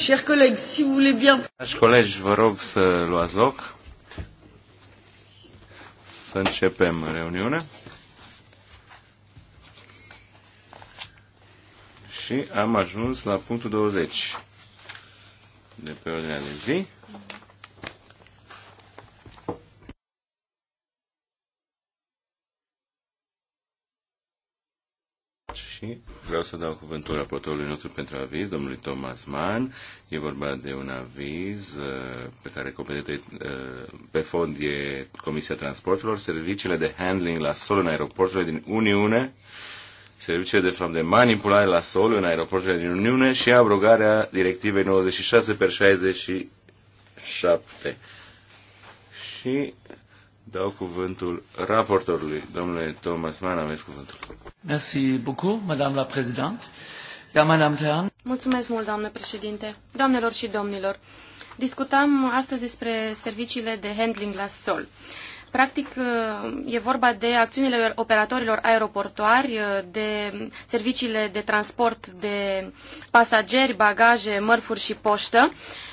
Chers collègues, si vous voulez bien... Dragi colegi, vă rog să luați loc. Să începem reuniunea. Și am ajuns la punctul 20 de pe ordinea de zi. și vreau să dau cuvântul raportorului nostru pentru aviz, domnului Thomas Mann. E vorba de un aviz uh, pe care competentă uh, pe fond e Comisia Transporturilor, serviciile de handling la sol în aeroporturile din Uniune, serviciile de fapt de manipulare la sol în aeroporturile din Uniune și abrogarea directivei 96 pe 67. Și dau cuvântul raportorului. Domnule Thomas Mann, aveți cuvântul. Merci beaucoup, madame la présidente. Ja, meine Damen und Herren. Mulțumesc mult, doamnă președinte. Doamnelor și domnilor, discutam astăzi despre serviciile de handling la sol. Practic, e vorba de acțiunile operatorilor aeroportuari, de serviciile de transport de pasageri, bagaje, mărfuri și poștă. Uh,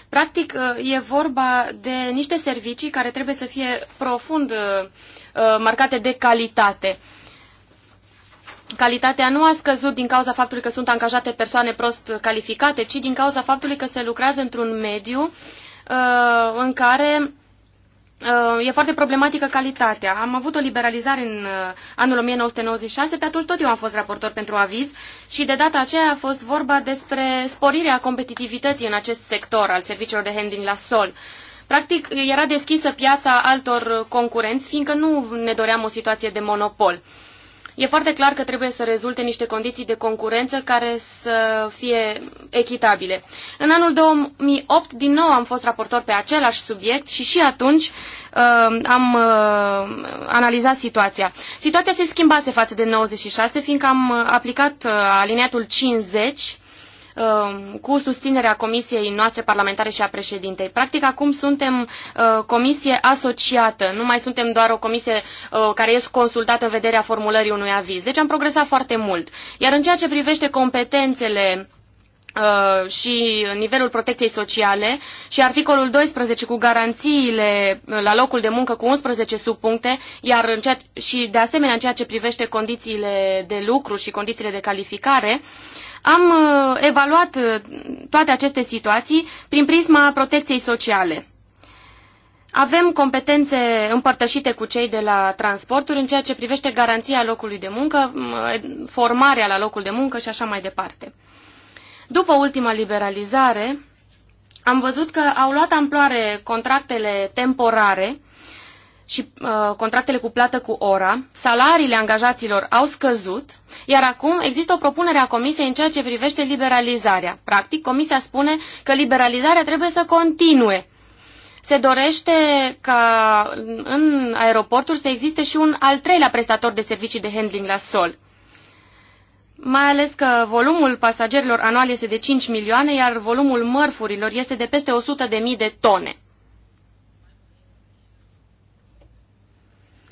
Practic, uh, e vorba de niște servicii care trebuie să fie profund uh, uh, marcate de calitate. Calitatea nu a scăzut din cauza faptului că sunt angajate persoane prost calificate, ci din cauza faptului că se lucrează într-un mediu în care Uh, e foarte problematică calitatea. Am avut o liberalizare în uh, anul 1996, pe atunci tot eu am fost raportor pentru aviz și de data aceea a fost vorba despre sporirea competitivității în acest sector al serviciilor de handling la sol. Practic, era deschisă piața altor concurenți, fiindcă nu ne doream o situație de monopol. Uh, E foarte clar că trebuie să rezulte niște condiții de concurență care să fie echitabile. În anul 2008, din nou, am fost raportor pe același subiect și și atunci uh, am uh, analizat situația. Situația se schimbase față de 96, fiindcă am uh, aplicat uh, aliniatul 50 Um, cu susținerea comisiei noastre parlamentare și a președintei. Practic, acum suntem uh, comisie asociată, nu mai suntem doar o comisie uh, care este consultată în vederea formulării unui aviz. Deci am progresat foarte mult. Iar în ceea ce privește competențele uh, și nivelul protecției sociale și articolul 12 cu garanțiile la locul de muncă cu 11 subpuncte iar în ceea, și de asemenea în ceea ce privește condițiile de lucru și condițiile de calificare uh, am uh, evaluat uh, toate aceste situații prin prisma protecției sociale. Avem competențe împărtășite cu cei de la transporturi în ceea ce privește garanția locului de muncă, formarea la locul de muncă și așa mai departe. După ultima liberalizare, am văzut că au luat amploare contractele temporare și uh, contractele cu plată cu ora, salariile angajaților au scăzut, iar acum există o propunere a Comisiei în ceea ce privește liberalizarea. Practic, Comisia spune că liberalizarea trebuie să continue. Se dorește ca în aeroporturi să existe și un al treilea prestator de servicii de handling la sol. Mai ales că volumul pasagerilor anual este de 5 milioane, iar volumul mărfurilor este de peste 100.000 de, de tone.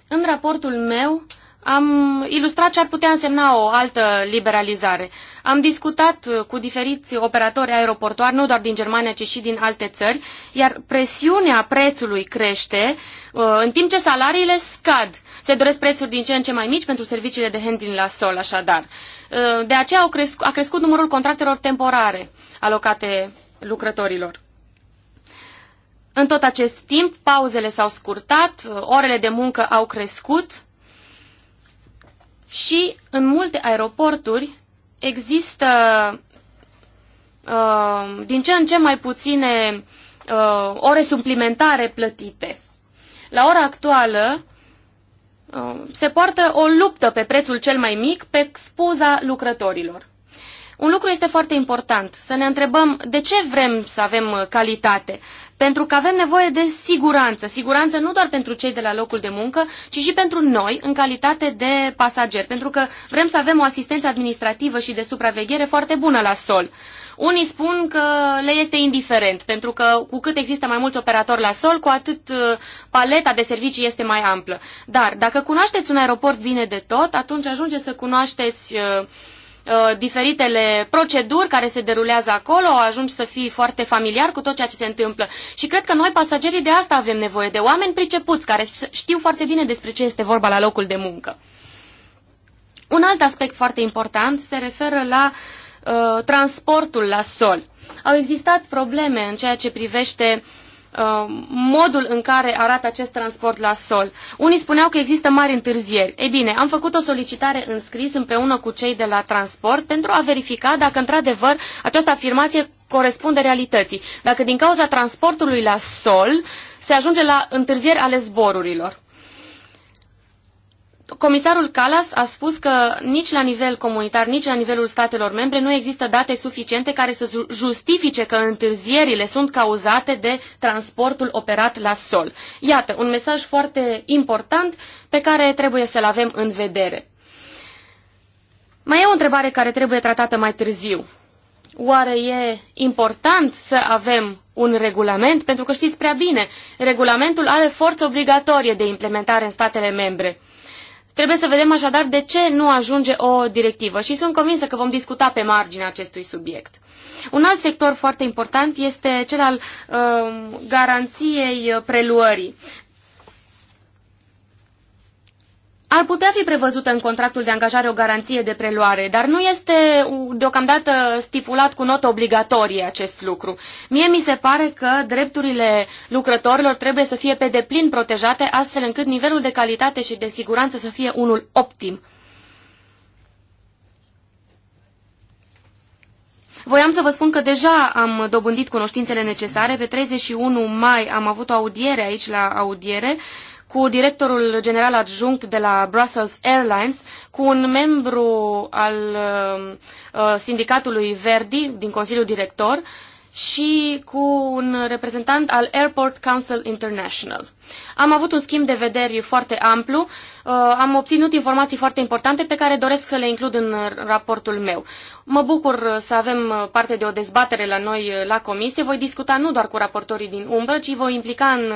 În raportul meu am ilustrat ce ar putea însemna o altă liberalizare. Am discutat cu diferiți operatori aeroportuari, nu doar din Germania, ci și din alte țări, iar presiunea prețului crește, uh, în timp ce salariile scad. Se doresc prețuri din ce în ce mai mici pentru serviciile de handling la sol, așadar. Uh, de aceea a crescut numărul contractelor temporare alocate lucrătorilor. În tot acest timp, pauzele s-au scurtat, orele de muncă au crescut și în multe aeroporturi există uh, din ce în ce mai puține uh, ore suplimentare plătite. La ora actuală uh, se poartă o luptă pe prețul cel mai mic pe spuza lucrătorilor. Un lucru este foarte important, să ne întrebăm de ce vrem să avem calitate pentru că avem nevoie de siguranță. Siguranță nu doar pentru cei de la locul de muncă, ci și pentru noi, în calitate de pasageri, pentru că vrem să avem o asistență administrativă și de supraveghere foarte bună la sol. Unii spun că le este indiferent, pentru că cu cât există mai mulți operatori la sol, cu atât uh, paleta de servicii este mai amplă. Dar dacă cunoașteți un aeroport bine de tot, atunci ajungeți să cunoașteți uh, Uh, diferitele proceduri care se derulează acolo, ajungi să fii foarte familiar cu tot ceea ce se întâmplă. Și cred că noi, pasagerii, de asta avem nevoie, de oameni pricepuți, care știu foarte bine despre ce este vorba la locul de muncă. Un alt aspect foarte important se referă la uh, transportul la sol. Au existat probleme în ceea ce privește uh, Uh, modul în care arată acest transport la sol. Unii spuneau că există mari întârzieri. Ei bine, am făcut o solicitare în scris împreună cu cei de la transport pentru a verifica dacă într-adevăr această afirmație corespunde realității. Dacă din cauza transportului la sol se ajunge la întârzieri ale zborurilor. Comisarul Calas a spus că nici la nivel comunitar, nici la nivelul statelor membre nu există date suficiente care să justifice că întârzierile sunt cauzate de transportul operat la sol. Iată, un mesaj foarte important pe care trebuie să-l avem în vedere. Mai e o întrebare care trebuie tratată mai târziu. Oare e important să avem un regulament? Pentru că știți prea bine, regulamentul are forță obligatorie de implementare în statele membre. Trebuie să vedem așadar de ce nu ajunge o directivă și sunt convinsă că vom discuta pe marginea acestui subiect. Un alt sector foarte important este cel al uh, garanției preluării. ar putea fi prevăzută în contractul de angajare o garanție de preluare, dar nu este deocamdată stipulat cu notă obligatorie acest lucru. Mie mi se pare că drepturile lucrătorilor trebuie să fie pe deplin protejate, astfel încât nivelul de calitate și de siguranță să fie unul optim. Voiam să vă spun că deja am dobândit cunoștințele necesare. Pe 31 mai am avut o audiere aici la audiere cu directorul general adjunct de la Brussels Airlines, cu un membru al uh, uh, sindicatului Verdi din Consiliul Director și cu un reprezentant al Airport Council International. Am avut un schimb de vederi foarte amplu, uh, am obținut informații foarte importante pe care doresc să le includ în uh, raportul meu. Mă bucur uh, să avem parte de o dezbatere la noi la comisie. Voi discuta nu doar cu raportorii din umbră, ci voi implica în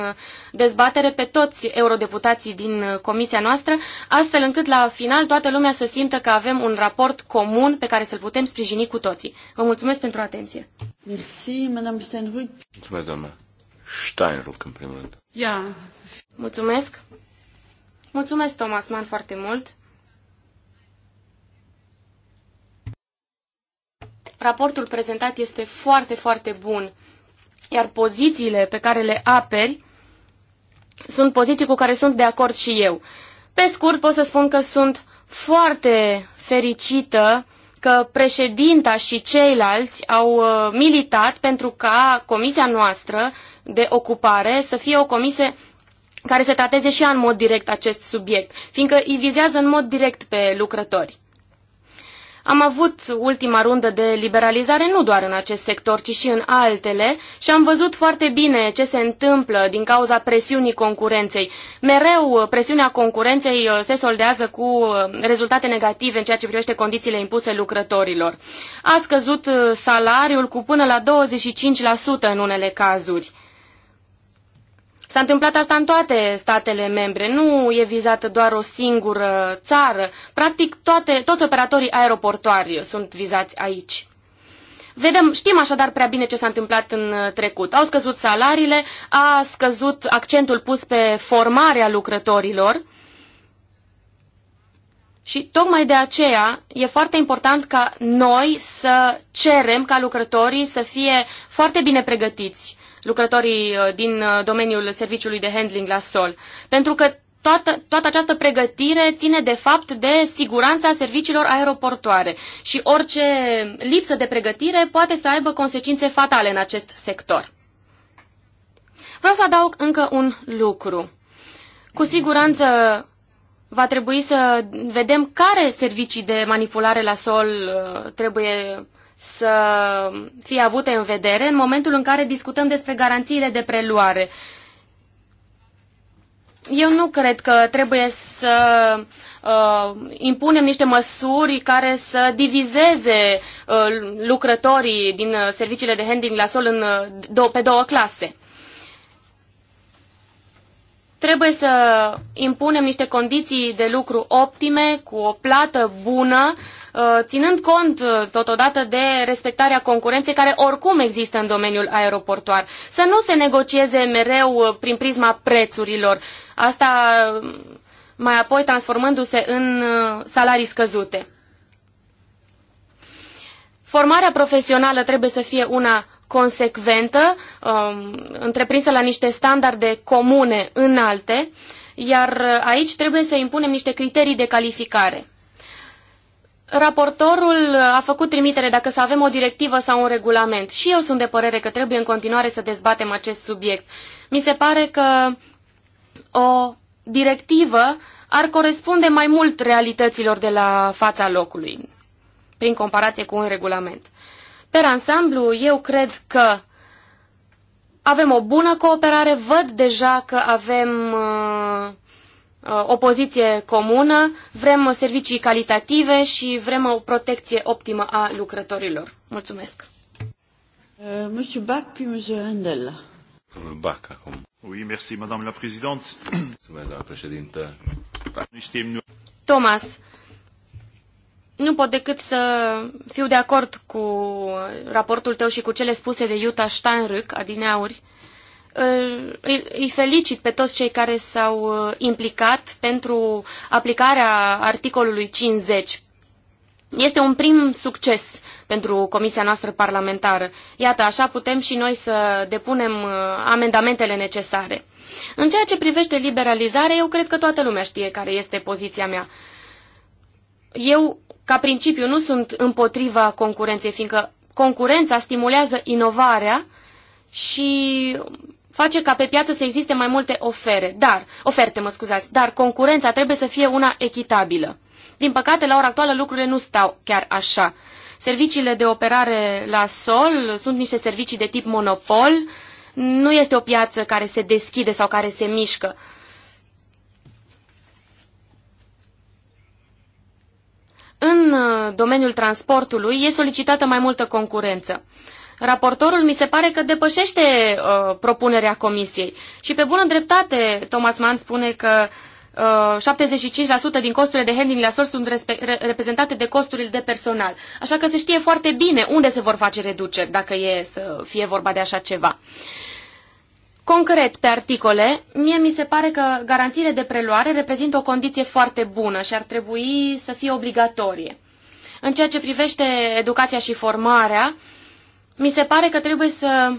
dezbatere pe toți eurodeputații din comisia noastră, astfel încât la final toată lumea să simtă că avem un raport comun pe care să-l putem sprijini cu toții. Vă mulțumesc pentru atenție. Mulțumesc, doamna Steinruck, în primul rând. Yeah. Mulțumesc. Mulțumesc, Thomas Mann, foarte mult. Raportul prezentat este foarte, foarte bun, iar pozițiile pe care le aperi sunt poziții cu care sunt de acord și eu. Pe scurt, pot să spun că sunt foarte fericită că președinta și ceilalți au uh, militat pentru ca comisia noastră de ocupare să fie o comisie care să trateze și ea în mod direct acest subiect, fiindcă îi vizează în mod direct pe lucrători. Am avut ultima rundă de liberalizare nu doar în acest sector, ci și în altele și am văzut foarte bine ce se întâmplă din cauza presiunii concurenței. Mereu uh, presiunea concurenței uh, se soldează cu uh, rezultate negative în ceea ce privește condițiile impuse lucrătorilor. A scăzut salariul cu până la 25% în unele cazuri. S-a întâmplat asta în toate statele membre, nu e vizată doar o singură țară. Practic, toate, toți operatorii aeroportuari sunt vizați aici. Vedem, știm așadar prea bine ce s-a întâmplat în trecut. Au scăzut salariile, a scăzut accentul pus pe formarea lucrătorilor. Și tocmai de aceea e foarte important ca noi să cerem ca lucrătorii să fie foarte bine pregătiți lucrătorii uh, din uh, domeniul serviciului de handling la sol. Pentru că toată, toată această pregătire ține de fapt de siguranța serviciilor aeroportoare și orice lipsă de pregătire poate să aibă consecințe fatale în acest sector. Vreau să adaug încă un lucru. Cu siguranță va trebui să vedem care servicii de manipulare la sol uh, trebuie să fie avute în vedere în momentul în care discutăm despre garanțiile de preluare. Eu nu cred că trebuie să uh, impunem niște măsuri care să divizeze uh, lucrătorii din uh, serviciile de handling la sol în, uh, dou- pe două clase. Trebuie să impunem niște condiții de lucru optime, cu o plată bună, uh, Uh, ținând cont uh, totodată de respectarea concurenței care oricum există în domeniul aeroportuar. Să nu se negocieze mereu uh, prin prisma prețurilor. Asta mai apoi transformându-se în salarii scăzute. Formarea profesională trebuie să fie una consecventă, um, întreprinsă la niște standarde comune înalte, iar aici trebuie să impunem niște criterii de calificare. Raportorul a făcut trimitere dacă să avem o directivă sau un regulament și eu sunt de părere că trebuie în continuare să dezbatem acest subiect. Mi se pare că o directivă ar corespunde mai mult realităților de la fața locului, prin comparație cu un regulament. Per ansamblu, eu cred că avem o bună cooperare, văd deja că avem uh, Uh, o poziție comună, vrem servicii calitative și vrem o protecție optimă a lucrătorilor. Mulțumesc! Uh, Monsieur Bach, puis Monsieur Handel. Bach, acum. Oui, merci, Madame la Présidente. Mulțumesc, doamna președintă. Thomas, nu pot decât să fiu de acord cu raportul tău și cu cele spuse de Jutta Steinrück, adineauri îi felicit pe toți cei care s-au uh, implicat pentru aplicarea articolului 50. Este un prim succes pentru comisia noastră parlamentară. Iată, așa putem și noi să depunem uh, amendamentele necesare. În ceea ce privește liberalizarea, eu cred că toată lumea știe care este poziția mea. Eu, ca principiu, nu sunt împotriva concurenței, fiindcă concurența stimulează inovarea și face ca pe piață să existe mai multe ofere, dar, oferte, mă scuzați, dar concurența trebuie să fie una echitabilă. Din păcate, la ora actuală lucrurile nu stau chiar așa. Serviciile de operare la sol sunt niște servicii de tip monopol, nu este o piață care se deschide sau care se mișcă. În uh, domeniul transportului e solicitată mai multă concurență. Raportorul mi se pare că depășește uh, propunerea comisiei. Și pe bună dreptate, Thomas Mann spune că uh, 75% din costurile de handling la sort sunt re reprezentate de costurile de personal. Așa că se știe foarte bine unde se vor face reduceri, dacă e să fie vorba de așa ceva. Concret, pe articole, mie mi se pare că garanțiile de preluare reprezintă o condiție foarte bună și ar trebui să fie obligatorie. În ceea ce privește educația și formarea, uh, mi se pare că trebuie să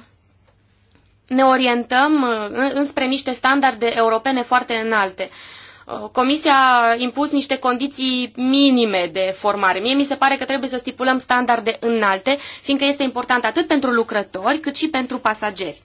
ne orientăm uh, înspre niște standarde europene foarte înalte. Uh, Comisia a impus niște condiții minime de formare. Mie mi se pare că trebuie să stipulăm standarde înalte, fiindcă este important atât pentru lucrători, cât și pentru pasageri.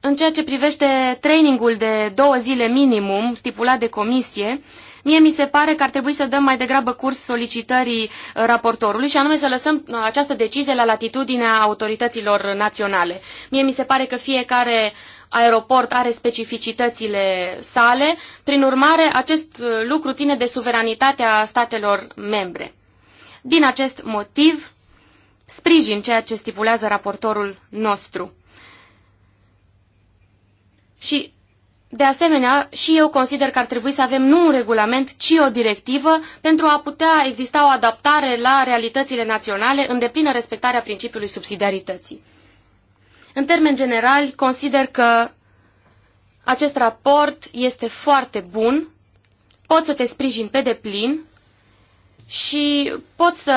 În ceea ce privește trainingul de două zile minimum stipulat de comisie, uh, Mie mi se pare că ar trebui să dăm mai degrabă curs solicitării uh, raportorului și anume să lăsăm uh, această decizie la latitudinea autorităților naționale. Mie mi se pare că fiecare aeroport are specificitățile sale, prin urmare acest uh, lucru ține de suveranitatea statelor membre. Din acest motiv, sprijin ceea ce stipulează raportorul nostru. Și de asemenea, și eu consider că ar trebui să avem nu un regulament, ci o directivă pentru a putea exista o adaptare la realitățile naționale în deplină respectarea principiului subsidiarității. În termen general, consider că acest raport este foarte bun, pot să te sprijin pe deplin și pot să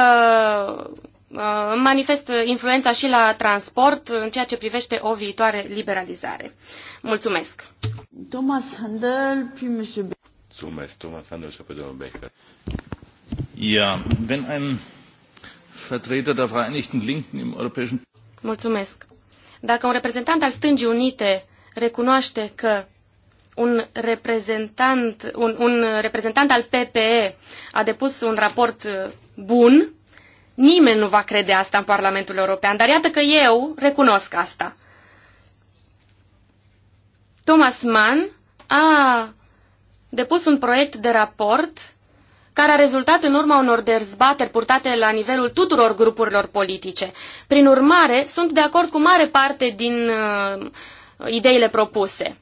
Uh, manifest influența și la transport în ceea ce privește o viitoare liberalizare. Mulțumesc! Thomas Handel, Mulțumesc, Thomas Handel și apoi domnul Becker. Ja, wenn ein Vertreter der Vereinigten Linken im Europäischen Mulțumesc. Dacă un reprezentant al Stângii Unite recunoaște că un reprezentant, un, un reprezentant al PPE a depus un raport uh, bun, Nimeni nu va crede asta în Parlamentul European, dar iată că eu recunosc asta. Thomas Mann a depus un proiect de raport care a rezultat în urma unor dezbateri purtate la nivelul tuturor grupurilor politice. Prin urmare, sunt de acord cu mare parte din uh, ideile propuse.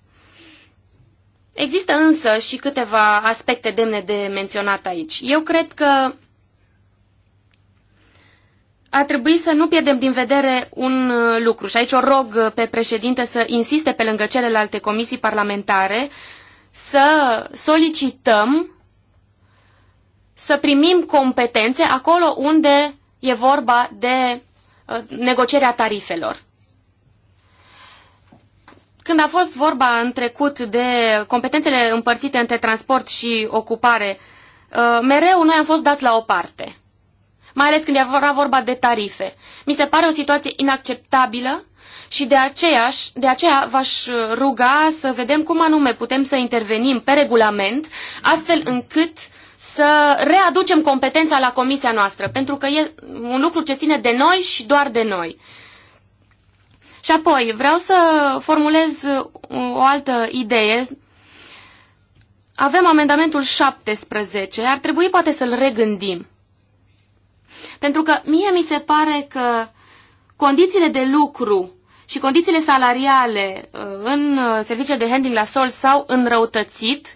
Există însă și câteva aspecte demne de menționat aici. Eu cred că a trebuit să nu pierdem din vedere un uh, lucru și aici o rog uh, pe președinte să insiste pe lângă celelalte comisii parlamentare să solicităm să primim competențe acolo unde e vorba de uh, negocierea tarifelor. Când a fost vorba în trecut de competențele împărțite între transport și ocupare, mereu noi am fost dat la o parte mai ales când era vorba de tarife. Mi se pare o situație inacceptabilă și de aceea, de aceea v-aș uh, ruga să vedem cum anume putem să intervenim pe regulament, astfel încât să readucem competența la comisia noastră, pentru că e un lucru ce ține de noi și doar de noi. Și apoi, vreau să formulez uh, o altă idee. Avem amendamentul 17, ar trebui poate să-l regândim. Pentru că mie mi se pare că condițiile de lucru și condițiile salariale uh, în uh, serviciile de handling la sol s-au înrăutățit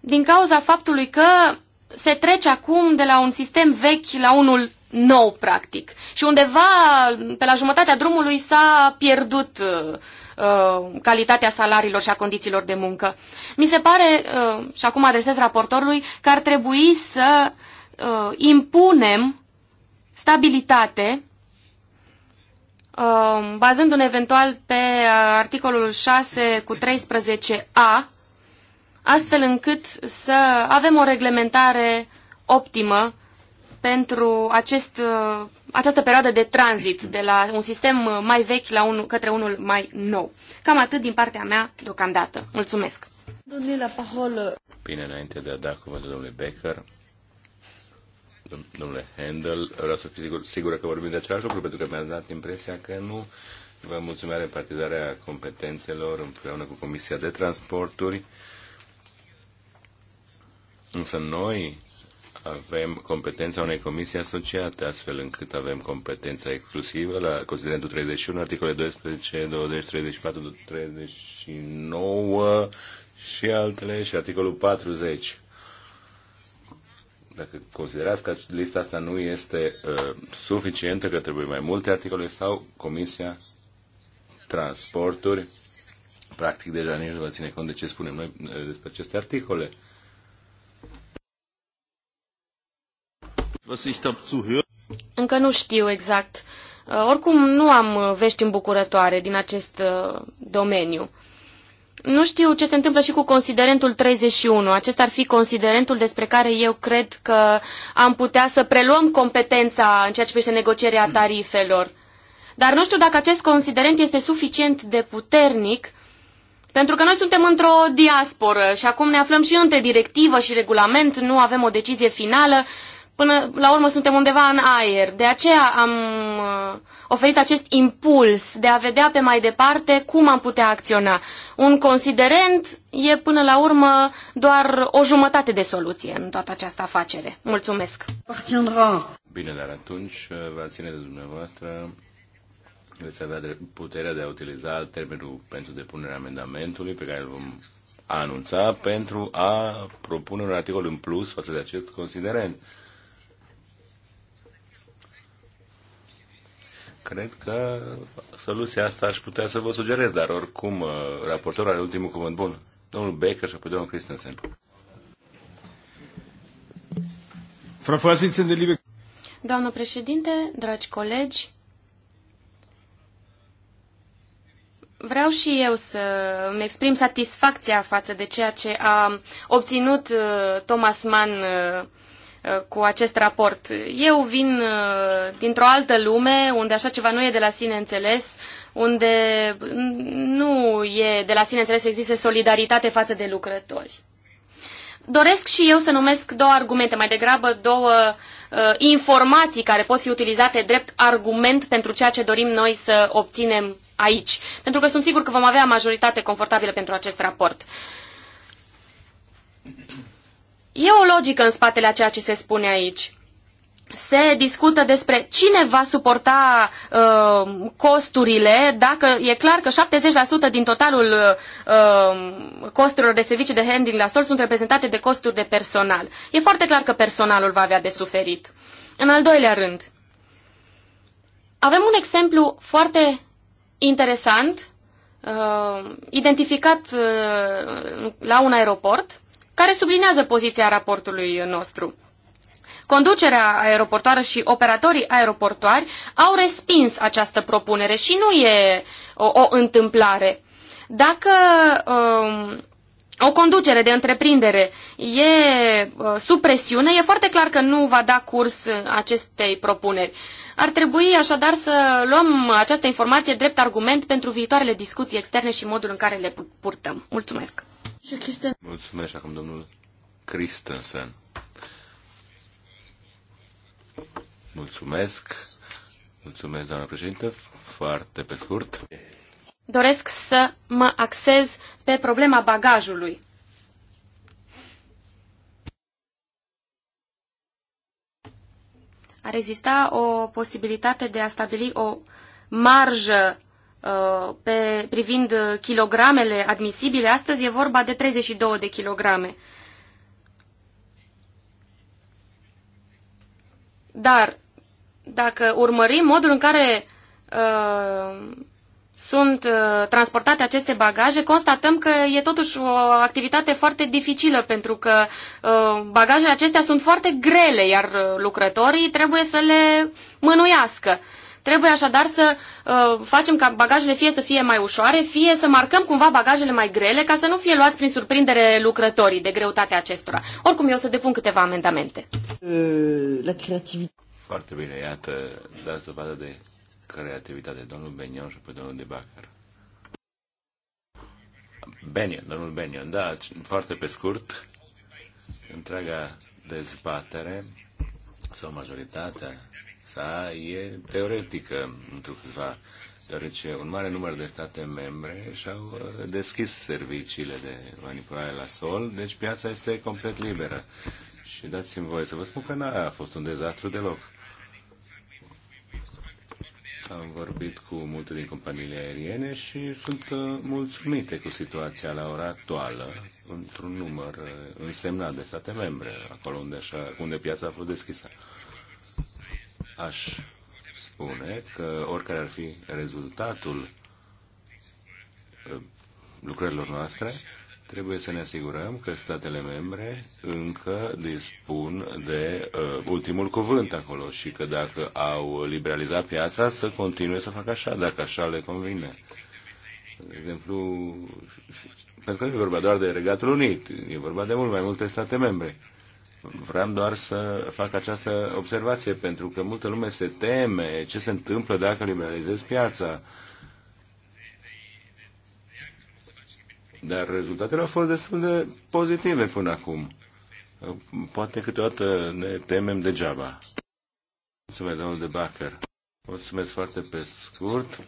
din cauza faptului că se trece acum de la un sistem vechi la unul nou, practic. Și undeva, pe la jumătatea drumului, s-a pierdut uh, uh calitatea salariilor și a condițiilor de muncă. Mi se pare, uh, și acum adresez raportorului, că ar trebui să uh, uh, impunem stabilitate uh, bazându-ne eventual pe uh, articolul 6 cu 13a, astfel încât să avem o reglementare optimă pentru acest, uh, această perioadă de tranzit de la un sistem mai vechi la un, către unul mai nou. Cam atât din partea mea deocamdată. Mulțumesc! la Bine, înainte de a da cuvântul domnului Becker, domnule Handel, vreau să fiu sigur, sigură că vorbim de același lucru, pentru că mi-a dat impresia că nu vă mulțumea repartizarea competențelor împreună cu Comisia de Transporturi. Însă noi avem competența unei comisii asociate, astfel încât avem competența exclusivă la considerentul 31, articole 12, 20, 34, 39 și altele și articolul 40 dacă considerați că lista asta nu este uh, suficientă, că trebuie mai multe articole sau Comisia Transporturi, practic deja nici nu vă ține cont de ce spunem noi uh, despre aceste articole. Încă nu știu exact. Uh, oricum, nu am uh, vești îmbucurătoare din acest domeniu. Nu știu ce se întâmplă și cu considerentul 31. Acesta ar fi considerentul despre care eu cred că am putea să preluăm competența în ceea ce privește negocierea tarifelor. Dar nu știu dacă acest considerent este suficient de puternic, pentru că noi suntem într-o diasporă și acum ne aflăm și între directivă și regulament, nu avem o decizie finală până la urmă suntem undeva în aer. De aceea am uh, oferit acest impuls de a vedea pe mai departe cum am putea acționa. Un considerent e până la urmă doar o jumătate de soluție în toată această afacere. Mulțumesc! Bine, dar atunci uh, va ține de dumneavoastră veți avea puterea de a utiliza termenul pentru depunerea amendamentului pe care îl vom anunța pentru a propune un articol în plus față de acest considerent Cred că soluția asta aș putea să vă sugerez, dar oricum uh, raportorul are ultimul cuvânt bun. Domnul Becker și apoi domnul Christensen. Doamnă președinte, dragi colegi, vreau și eu să îmi exprim satisfacția față de ceea ce a obținut uh, Thomas Mann uh, Uh, cu acest raport. Eu vin uh, dintr-o altă lume unde așa ceva nu e de la sine înțeles, unde nu e de la sine înțeles există solidaritate față de lucrători. Doresc și eu să numesc două argumente, mai degrabă două uh, informații care pot fi utilizate drept argument pentru ceea ce dorim noi să obținem aici. Pentru că sunt sigur că vom avea majoritate confortabilă pentru acest raport. Uh, E o logică în spatele a ceea ce se spune aici. Se discută despre cine va suporta uh, costurile, dacă e clar că 70% din totalul uh, costurilor de servicii de handling la sol sunt reprezentate de costuri de personal. E foarte clar că personalul va avea de suferit. În al doilea rând, avem un exemplu foarte interesant uh, identificat uh, la un aeroport care sublinează poziția raportului nostru. Conducerea aeroportoară și operatorii aeroportoari au respins această propunere și nu e o, o întâmplare. Dacă um, o conducere de întreprindere e uh, sub presiune, e foarte clar că nu va da curs acestei propuneri. Ar trebui așadar să luăm această informație drept argument pentru viitoarele discuții externe și modul în care le purtăm. Mulțumesc! Mulțumesc acum domnul Christensen. Mulțumesc. Mulțumesc, doamna președintă. Foarte pe scurt. Doresc să mă axez pe problema bagajului. Ar exista o posibilitate de a stabili o marjă Uh, pe, privind kilogramele admisibile, astăzi e vorba de 32 de kilograme. Dar dacă urmărim modul în care uh, sunt uh, transportate aceste bagaje, constatăm că e totuși o activitate foarte dificilă pentru că uh, bagajele acestea sunt foarte grele, iar uh, lucrătorii trebuie să le mânuiască. Uh, Trebuie așadar să uh, facem ca bagajele fie să fie mai ușoare, fie să marcăm cumva bagajele mai grele ca să nu fie luați prin surprindere lucrătorii de greutatea acestora. Oricum, eu o să depun câteva amendamente. Uh, la creativitate. Foarte bine, iată, dați dovadă de creativitate, domnul Benion și pe domnul de Bacar. Benion, domnul Benion, da, foarte pe scurt, întreaga dezbatere sau majoritatea sa e teoretică, câțiva, deoarece un mare număr de state membre și-au deschis serviciile de manipulare la sol, deci piața este complet liberă. Și dați-mi voie să vă spun că n-a fost un dezastru deloc. Am vorbit cu multe din companiile aeriene și sunt uh, mulțumite cu situația la ora actuală într-un număr uh, însemnat de state membre, acolo unde, așa, unde piața a fost deschisă aș spune că oricare ar fi rezultatul uh, lucrărilor noastre, trebuie să ne asigurăm că statele membre încă dispun de uh, ultimul cuvânt acolo și că dacă au liberalizat piața, să continue să facă așa, dacă așa le convine. De exemplu, pentru că nu e vorba doar de Regatul Unit, e vorba de mult mai multe state membre. Vreau doar să fac această observație, pentru că multă lume se teme ce se întâmplă dacă liberalizezi piața. Dar rezultatele au fost destul de pozitive până acum. Poate câteodată ne temem degeaba. Mulțumesc, domnul de Bacher. Mulțumesc foarte pe scurt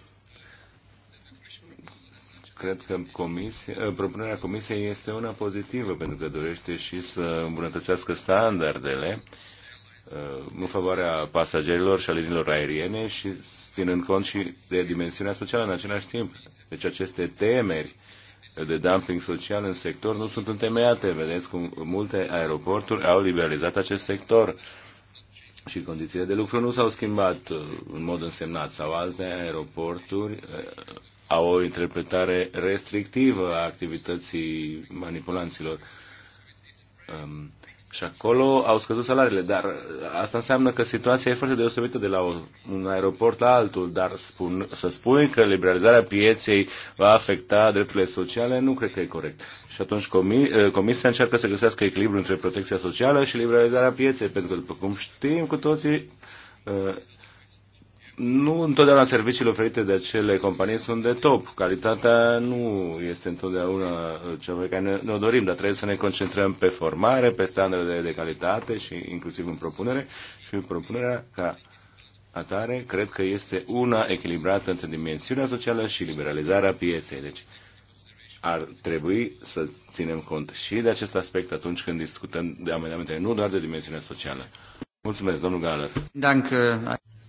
cred că comisia, uh, propunerea comisiei este una pozitivă, pentru că dorește și să îmbunătățească standardele uh, în favoarea pasagerilor și a liniilor aeriene și ținând cont și de dimensiunea socială în același timp. Deci aceste temeri de dumping social în sector nu sunt întemeiate. Vedeți cum multe aeroporturi au liberalizat acest sector și condițiile de lucru nu s-au schimbat uh, în mod însemnat sau alte aeroporturi au o interpretare restrictivă a activității manipulanților. Um, și acolo au scăzut salariile, dar asta înseamnă că situația e foarte deosebită de la un aeroport la altul, dar spun, să spui că liberalizarea pieței va afecta drepturile sociale, nu cred că e corect. Și atunci comi, uh, Comisia încearcă să găsească echilibru între protecția socială și liberalizarea pieței, pentru că, după cum știm cu toții, uh, nu întotdeauna serviciile oferite de acele companii sunt de top. Calitatea nu este întotdeauna ceva pe care ne, ne dorim, dar trebuie să ne concentrăm pe formare, pe standardele de calitate și inclusiv în propunere. Și în propunerea ca atare cred că este una echilibrată între dimensiunea socială și liberalizarea pieței. Deci ar trebui să ținem cont și de acest aspect atunci când discutăm de amendamente, nu doar de dimensiunea socială. Mulțumesc, domnul Galer. Danke.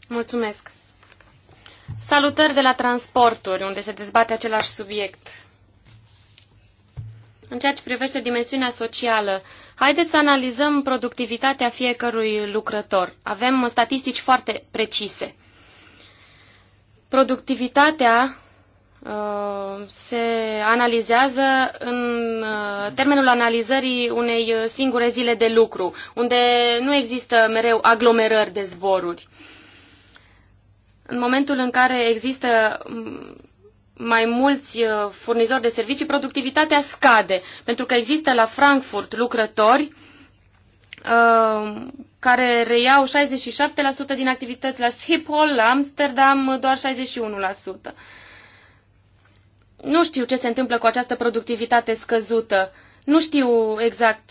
Mulțumesc. Salutări de la transporturi, unde se dezbate același subiect. În ceea ce privește dimensiunea socială, haideți să analizăm productivitatea fiecărui lucrător. Avem statistici foarte precise. Productivitatea uh, se analizează în uh, termenul analizării unei singure zile de lucru, unde nu există mereu aglomerări de zboruri în momentul în care există mai mulți uh, furnizori de servicii, productivitatea scade, pentru că există la Frankfurt lucrători uh, care reiau 67% din activități la Schiphol, la Amsterdam doar 61%. Nu știu ce se întâmplă cu această productivitate scăzută. Nu știu exact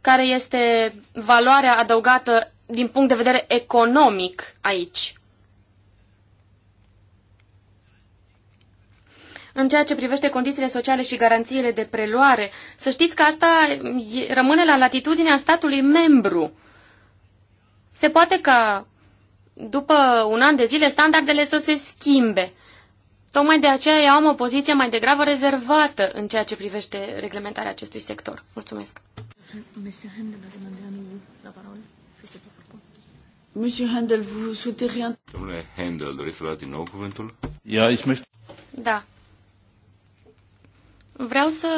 care este valoarea adăugată din punct de vedere economic aici. în ceea ce privește condițiile sociale și garanțiile de preluare. Să știți că asta rămâne la latitudinea statului membru. Se poate ca după un an de zile standardele să se schimbe. Tocmai de aceea eu am o poziție mai degrabă rezervată în ceea ce privește reglementarea acestui sector. Mulțumesc. Monsieur Handel, vous souhaitez rien? Domnule Handel, doriți să luați din nou cuvântul? Ja, ich möchte... Da, Vreau să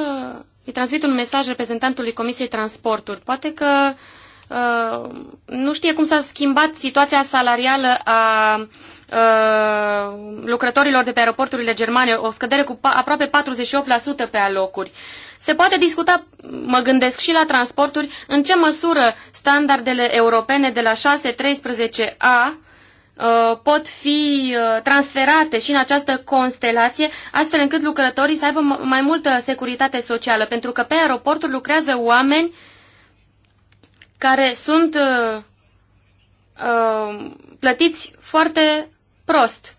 îi transmit un mesaj reprezentantului Comisiei Transporturi. Poate că uh, nu știe cum s-a schimbat situația salarială a uh, lucrătorilor de pe aeroporturile germane, o scădere cu aproape 48% pe alocuri. Se poate discuta, mă gândesc și la transporturi, în ce măsură standardele europene de la 6.13a Uh, pot fi uh, transferate și în această constelație, astfel încât lucrătorii să aibă mai multă securitate socială, pentru că pe aeroporturi lucrează oameni care sunt uh, uh, plătiți foarte prost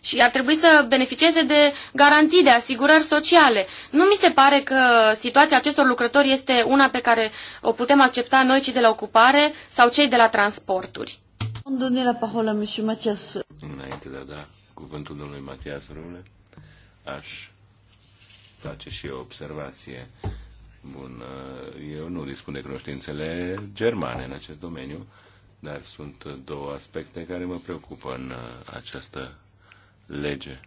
și ar trebui să beneficieze de garanții, de asigurări sociale. Nu mi se pare că situația acestor lucrători este una pe care o putem accepta noi cei de la ocupare sau cei de la transporturi. Donne la parola, monsieur Matias. Înainte de a da cuvântul domnului Matias Rune, aș face și o observație. Bun, uh, eu nu dispun de cunoștințele germane în acest domeniu, dar sunt două aspecte care mă preocupă în uh, această lege.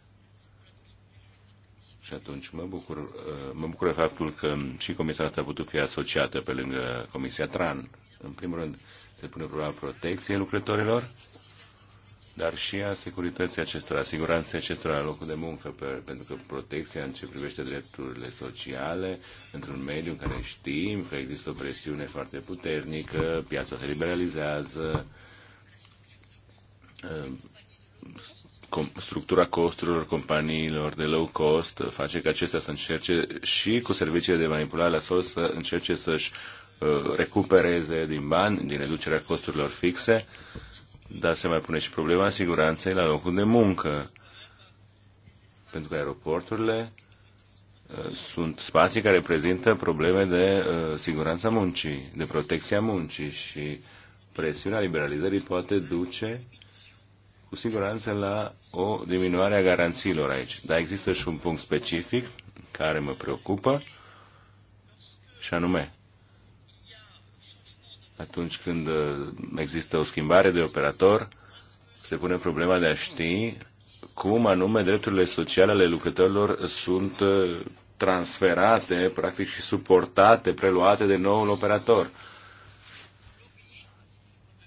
Și atunci mă bucur, uh, mă bucur de faptul că și comisia asta a putut fi asociată pe lângă Comisia TRAN. În primul rând, se pune problema protecției lucrătorilor, dar și a securității acestora, a siguranței acestora la locul de muncă, pe, pentru că protecția în ce privește drepturile sociale, într-un mediu în care știm că există o presiune foarte puternică, piața se liberalizează, uh, structura costurilor companiilor de low cost face ca acestea să încerce și cu serviciile de manipulare la sol să încerce să-și Uh, recupereze din bani, din reducerea costurilor fixe, dar se mai pune și problema siguranței la locul de muncă. Pentru că aeroporturile uh, sunt spații care prezintă probleme de uh, siguranța muncii, de protecția muncii și presiunea liberalizării poate duce cu siguranță la o diminuare a garanțiilor aici. Dar există și un punct specific care mă preocupă și anume atunci când uh, există o schimbare de operator, se pune problema de a ști cum anume drepturile sociale ale lucrătorilor sunt uh, transferate, practic, și suportate, preluate de noul operator.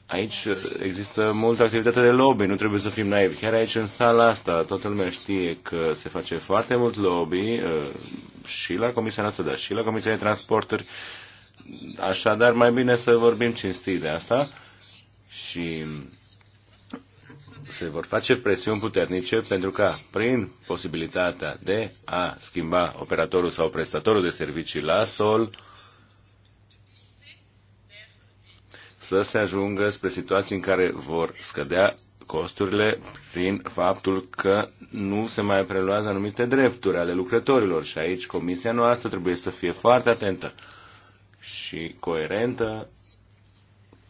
Aici uh, există multă activitate de lobby, nu trebuie să fim naivi. Chiar aici, în sala asta, toată lumea știe că se face foarte mult lobby și la Comisia națională, dar și la Comisia de Transporturi Așadar, mai bine să vorbim cinstit de asta și se vor face presiuni puternice pentru ca, prin posibilitatea de a schimba operatorul sau prestatorul de servicii la sol, să se ajungă spre situații în care vor scădea costurile prin faptul că nu se mai preluează anumite drepturi ale lucrătorilor și aici comisia noastră trebuie să fie foarte atentă și coerentă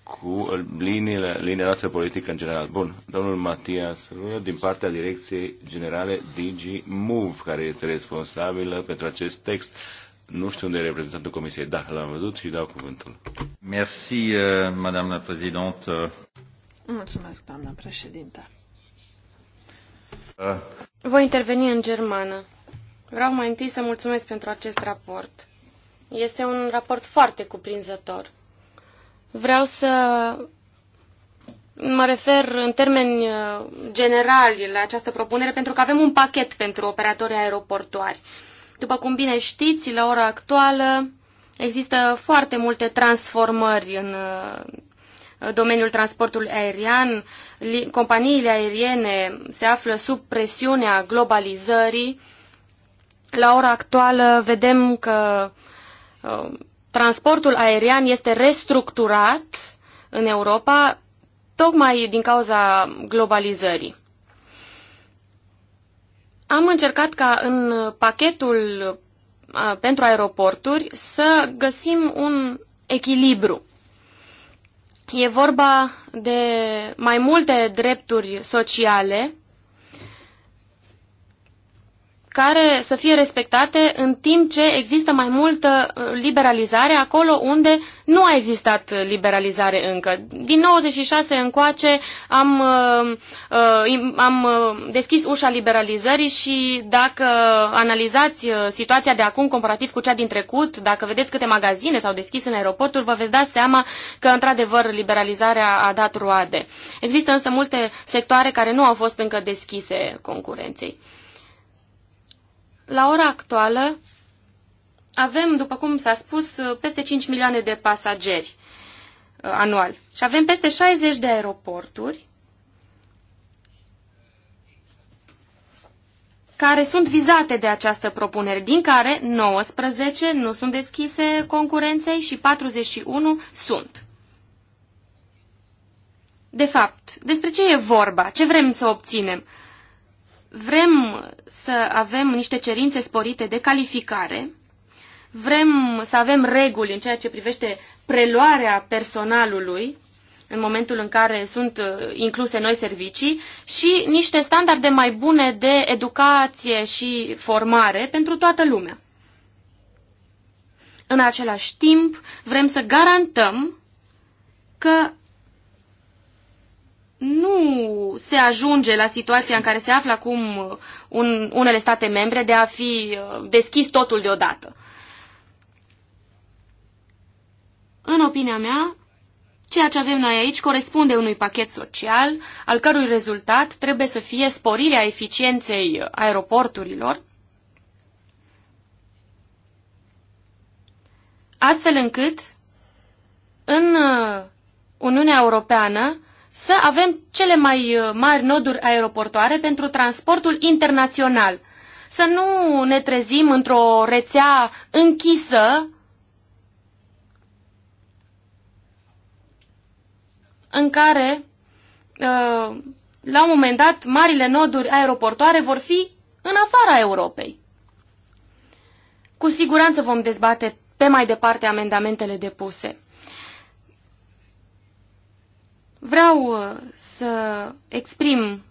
cu liniile, linia noastră politică în general. Bun, domnul Matias Rură, din partea Direcției Generale DG Move, care este responsabilă pentru acest text. Nu știu unde e reprezentantul Comisiei. Da, l-am văzut și dau cuvântul. Merci, uh, madame la Mulțumesc, doamna președinte. Uh. Voi interveni în germană. Vreau mai întâi să mulțumesc pentru acest raport. Este un raport foarte cuprinzător. Vreau să mă refer în termeni uh, generali la această propunere pentru că avem un pachet pentru operatorii aeroportuari. După cum bine știți, la ora actuală există foarte multe transformări în uh, domeniul transportului aerian. Companiile aeriene se află sub presiunea globalizării. La ora actuală vedem că Um, transportul aerian este restructurat în Europa tocmai din cauza globalizării. Am încercat ca în pachetul uh, pentru aeroporturi să găsim un echilibru. E vorba de mai multe drepturi sociale care să fie respectate în timp ce există mai multă uh, liberalizare acolo unde nu a existat liberalizare încă. Din 96 încoace am, uh, uh, am deschis ușa liberalizării și dacă analizați situația de acum comparativ cu cea din trecut, dacă vedeți câte magazine s-au deschis în aeroporturi, vă veți da seama că într-adevăr liberalizarea a dat roade. Există însă multe sectoare care nu au fost încă deschise concurenței. La ora actuală avem, după cum s-a spus, peste 5 milioane de pasageri uh, anual și avem peste 60 de aeroporturi care sunt vizate de această propunere, din care 19 nu sunt deschise concurenței și 41 sunt. De fapt, despre ce e vorba? Ce vrem să obținem? Vrem să avem niște cerințe sporite de calificare, vrem să avem reguli în ceea ce privește preluarea personalului în momentul în care sunt uh, incluse noi servicii și niște standarde mai bune de educație și formare pentru toată lumea. În același timp, vrem să garantăm că nu se ajunge la situația în care se află acum uh, un, unele state membre de a fi uh, deschis totul deodată. În opinia mea, ceea ce avem noi aici corespunde unui pachet social, al cărui rezultat trebuie să fie sporirea eficienței aeroporturilor, astfel încât în uh, Uniunea Europeană să avem cele mai uh, mari noduri aeroportoare pentru transportul internațional. Să nu ne trezim într-o rețea închisă în care, uh, la un moment dat, marile noduri aeroportoare vor fi în afara Europei. Cu siguranță vom dezbate pe mai departe amendamentele depuse. Vreau uh, să exprim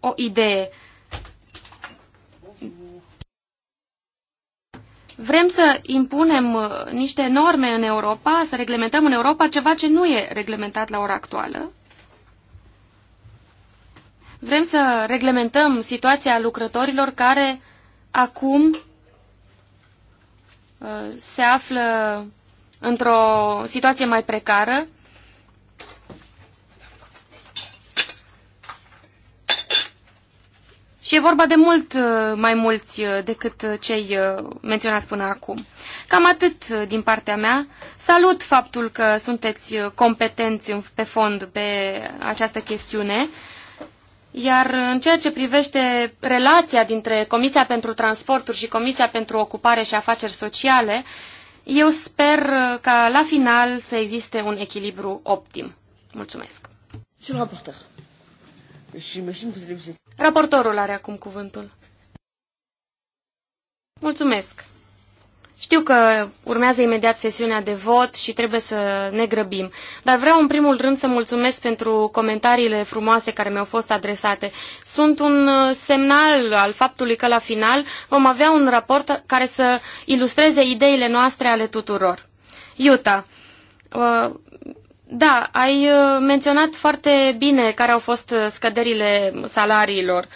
o idee. Vrem să impunem uh, niște norme în Europa, să reglementăm în Europa ceva ce nu e reglementat la ora actuală. Vrem să reglementăm situația lucrătorilor care acum uh, se află într-o situație mai precară Și e vorba de mult uh, mai mulți uh, decât uh, cei menționați până acum. Cam atât din partea mea. Salut faptul că sunteți competenți pe fond pe această chestiune. Iar în ceea ce privește relația dintre Comisia pentru Transporturi și Comisia pentru Ocupare și Afaceri Sociale, eu sper ca la final să existe un echilibru optim. Mulțumesc. Și Raportorul are acum cuvântul. Mulțumesc! Știu că urmează imediat sesiunea de vot și trebuie să ne grăbim, dar vreau în primul rând să mulțumesc pentru comentariile frumoase care mi-au fost adresate. Sunt un uh, semnal al faptului că la final vom avea un raport care să ilustreze ideile noastre ale tuturor. Iuta, uh, da, ai uh, menționat foarte bine care au fost uh, scăderile salariilor.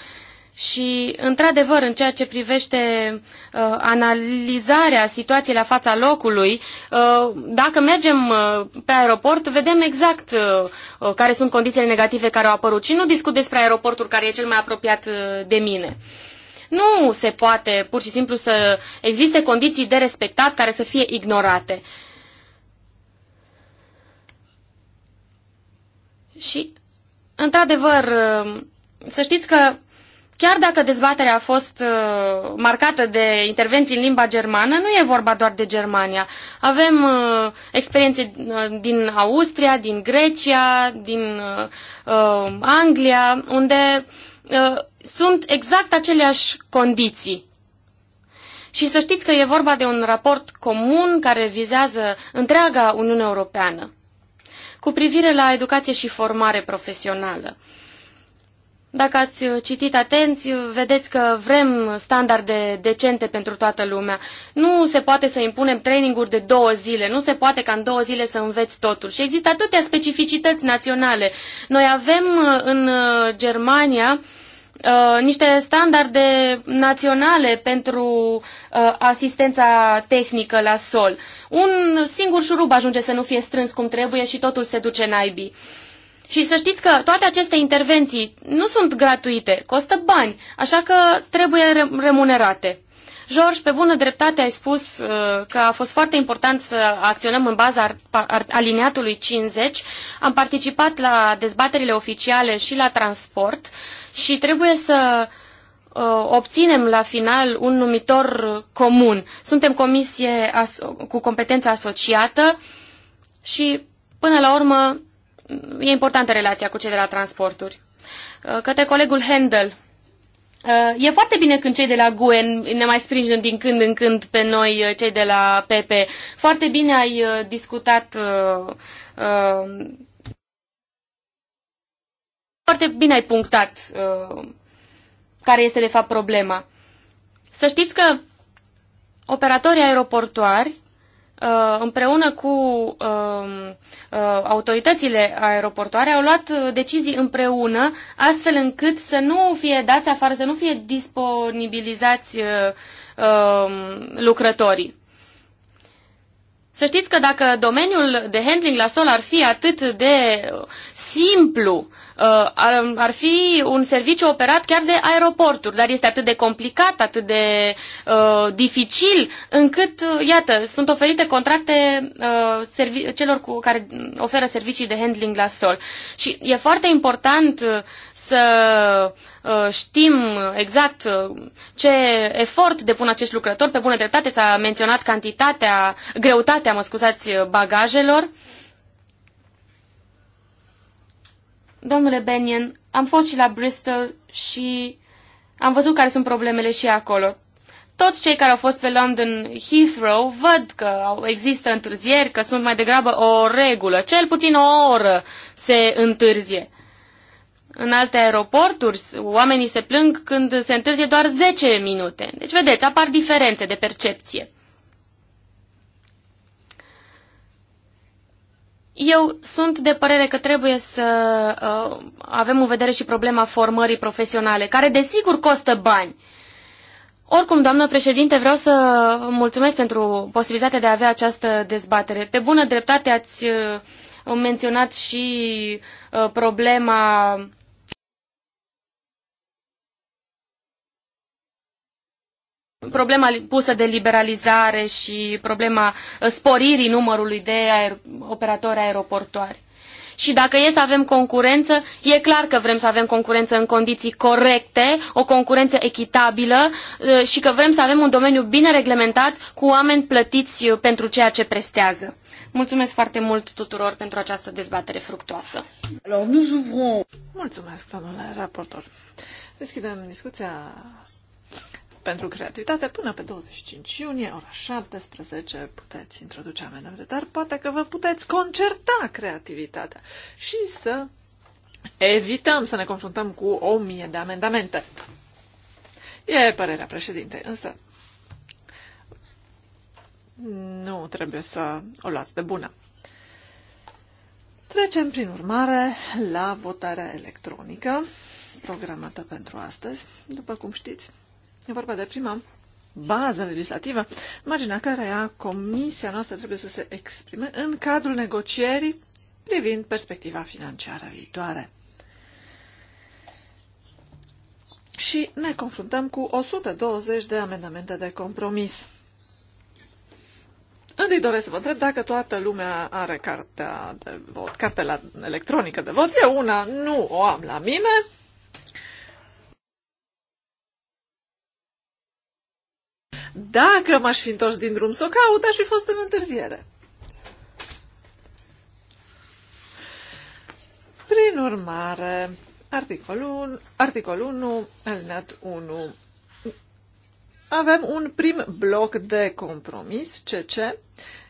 Și, într-adevăr, în ceea ce privește uh, analizarea situației la fața locului, uh, dacă mergem uh, pe aeroport, vedem exact uh, uh, care sunt condițiile negative care au apărut. Și nu discut despre aeroportul care e cel mai apropiat uh, de mine. Nu se poate pur și simplu să existe condiții de respectat care să fie ignorate. Uh, Și, într-adevăr, uh, să știți că chiar dacă dezbaterea a fost uh, marcată de intervenții în limba germană, nu e vorba doar de Germania. Avem uh, experiențe din Austria, din Grecia, din Anglia, unde sunt exact aceleași condiții. Și să știți că e vorba de un raport comun care vizează întreaga Uniune Europeană cu privire la educație și formare profesională. Dacă ați uh, citit atenți, uh, vedeți că vrem standarde decente pentru toată lumea. Nu se poate să impunem traininguri de două zile, nu se poate ca în două zile să înveți totul. Și există atâtea specificități naționale. Noi avem uh, în Germania uh, Uh, niște standarde naționale pentru uh, asistența tehnică la sol. Un singur șurub ajunge să nu fie strâns cum trebuie și totul se duce naibii. Și să știți că toate aceste intervenții nu sunt gratuite, costă bani, așa că trebuie remunerate. George, pe bună dreptate ai spus uh, că a fost foarte important să acționăm în baza aliniatului 50. Am participat la dezbaterile oficiale și la transport și trebuie să uh, obținem la final un numitor comun. Suntem comisie cu competență asociată și, până la urmă, e importantă relația cu cei de la transporturi. Uh, către colegul Handel, uh, E foarte bine când cei de la Guen ne mai sprijin din când în când pe noi, cei de la PP. Foarte bine ai discutat foarte bine ai punctat uh, care este de fapt problema. Să știți că operatorii aeroportuari uh, împreună cu um, uh, autoritățile aeroportoare au luat uh, decizii împreună astfel încât să nu fie dați afară, să nu fie disponibilizați um, lucrătorii. Să știți că dacă domeniul de handling la sol ar fi atât de simplu Uh, ar, ar fi un serviciu operat chiar de aeroporturi, dar este atât de complicat, atât de uh, dificil, încât, uh, iată, sunt oferite contracte uh, celor cu care oferă servicii de handling la sol. Și e foarte important uh, să știm exact ce efort depun acești lucrători. Pe bună dreptate s-a menționat cantitatea, greutatea, mă scuzați, bagajelor. Uh, Domnule Benyon, am fost și la Bristol și am văzut care sunt problemele și acolo. Toți cei care au fost pe London Heathrow văd că există întârzieri, că sunt mai degrabă o regulă. Cel puțin o oră se întârzie. În alte aeroporturi, oamenii se plâng când se întârzie doar 10 minute. Deci, vedeți, apar diferențe de percepție. Eu sunt de părere că trebuie să uh, avem în vedere și problema formării profesionale, care desigur costă bani. Oricum, doamnă președinte, vreau să mulțumesc pentru posibilitatea de a avea această dezbatere. Pe bună dreptate ați uh, menționat și uh, problema problema pusă de liberalizare și problema uh, sporirii numărului de aer, operatori aeroportuari. Și dacă e să avem concurență, e clar că vrem să avem concurență în condiții corecte, o concurență echitabilă uh, și că vrem să avem un domeniu bine reglementat cu oameni plătiți uh, pentru ceea ce prestează. Mulțumesc foarte mult tuturor pentru această dezbatere fructuoasă. Mulțumesc, domnule raportor. Deschidem discuția pentru creativitate până pe 25 iunie, ora 17, puteți introduce amendamente, dar poate că vă puteți concerta creativitatea și să evităm să ne confruntăm cu o mie de amendamente. E părerea președintei, însă nu trebuie să o luați de bună. Trecem, prin urmare, la votarea electronică programată pentru astăzi. După cum știți, E vorba de prima bază legislativă, marginea a comisia noastră trebuie să se exprime în cadrul negocierii privind perspectiva financiară viitoare. Și ne confruntăm cu 120 de amendamente de compromis. Întâi doresc să vă întreb dacă toată lumea are cartea de vot, cartela electronică de vot. Eu una nu o am la mine, Dacă m-aș fi întors din drum să o caut, aș fi fost în întârziere. Prin urmare, articolul 1, articol 1 alineat 1. Avem un prim bloc de compromis, CC,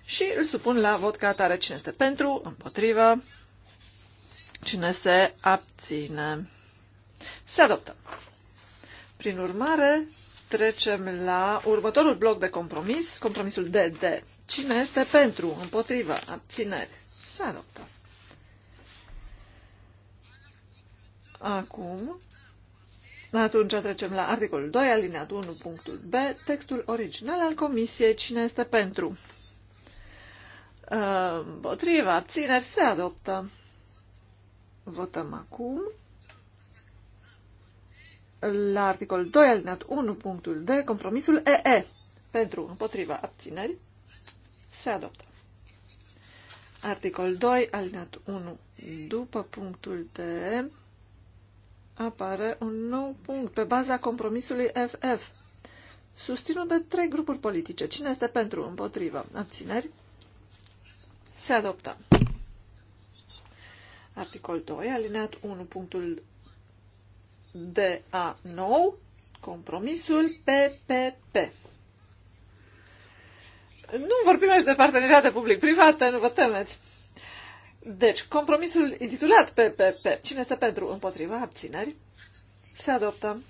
și îl supun la vot ca atare. Cine este pentru, împotrivă, cine se abține. Se adoptă. Prin urmare, trecem la următorul bloc de compromis, compromisul DD. Cine este pentru, împotrivă, abțineri? Se adoptă. Acum, atunci trecem la articolul 2, alineatul 1, punctul B, textul original al comisiei. Cine este pentru? Împotrivă, abțineri, se adoptă. Votăm acum la articolul 2, alineat 1, punctul D, compromisul EE pentru împotriva abțineri se adoptă. Articol 2, alineat 1, după punctul D, apare un nou punct pe baza compromisului FF, susținut de trei grupuri politice. Cine este pentru împotriva abțineri? Se adoptă. Articol 2, alineat 1, punctul de a nou, compromisul PPP. Nu vorbim aici de parteneriate public-private, nu vă temeți. Deci, compromisul intitulat PPP. Cine este pentru? Împotriva abțineri. Se adoptă.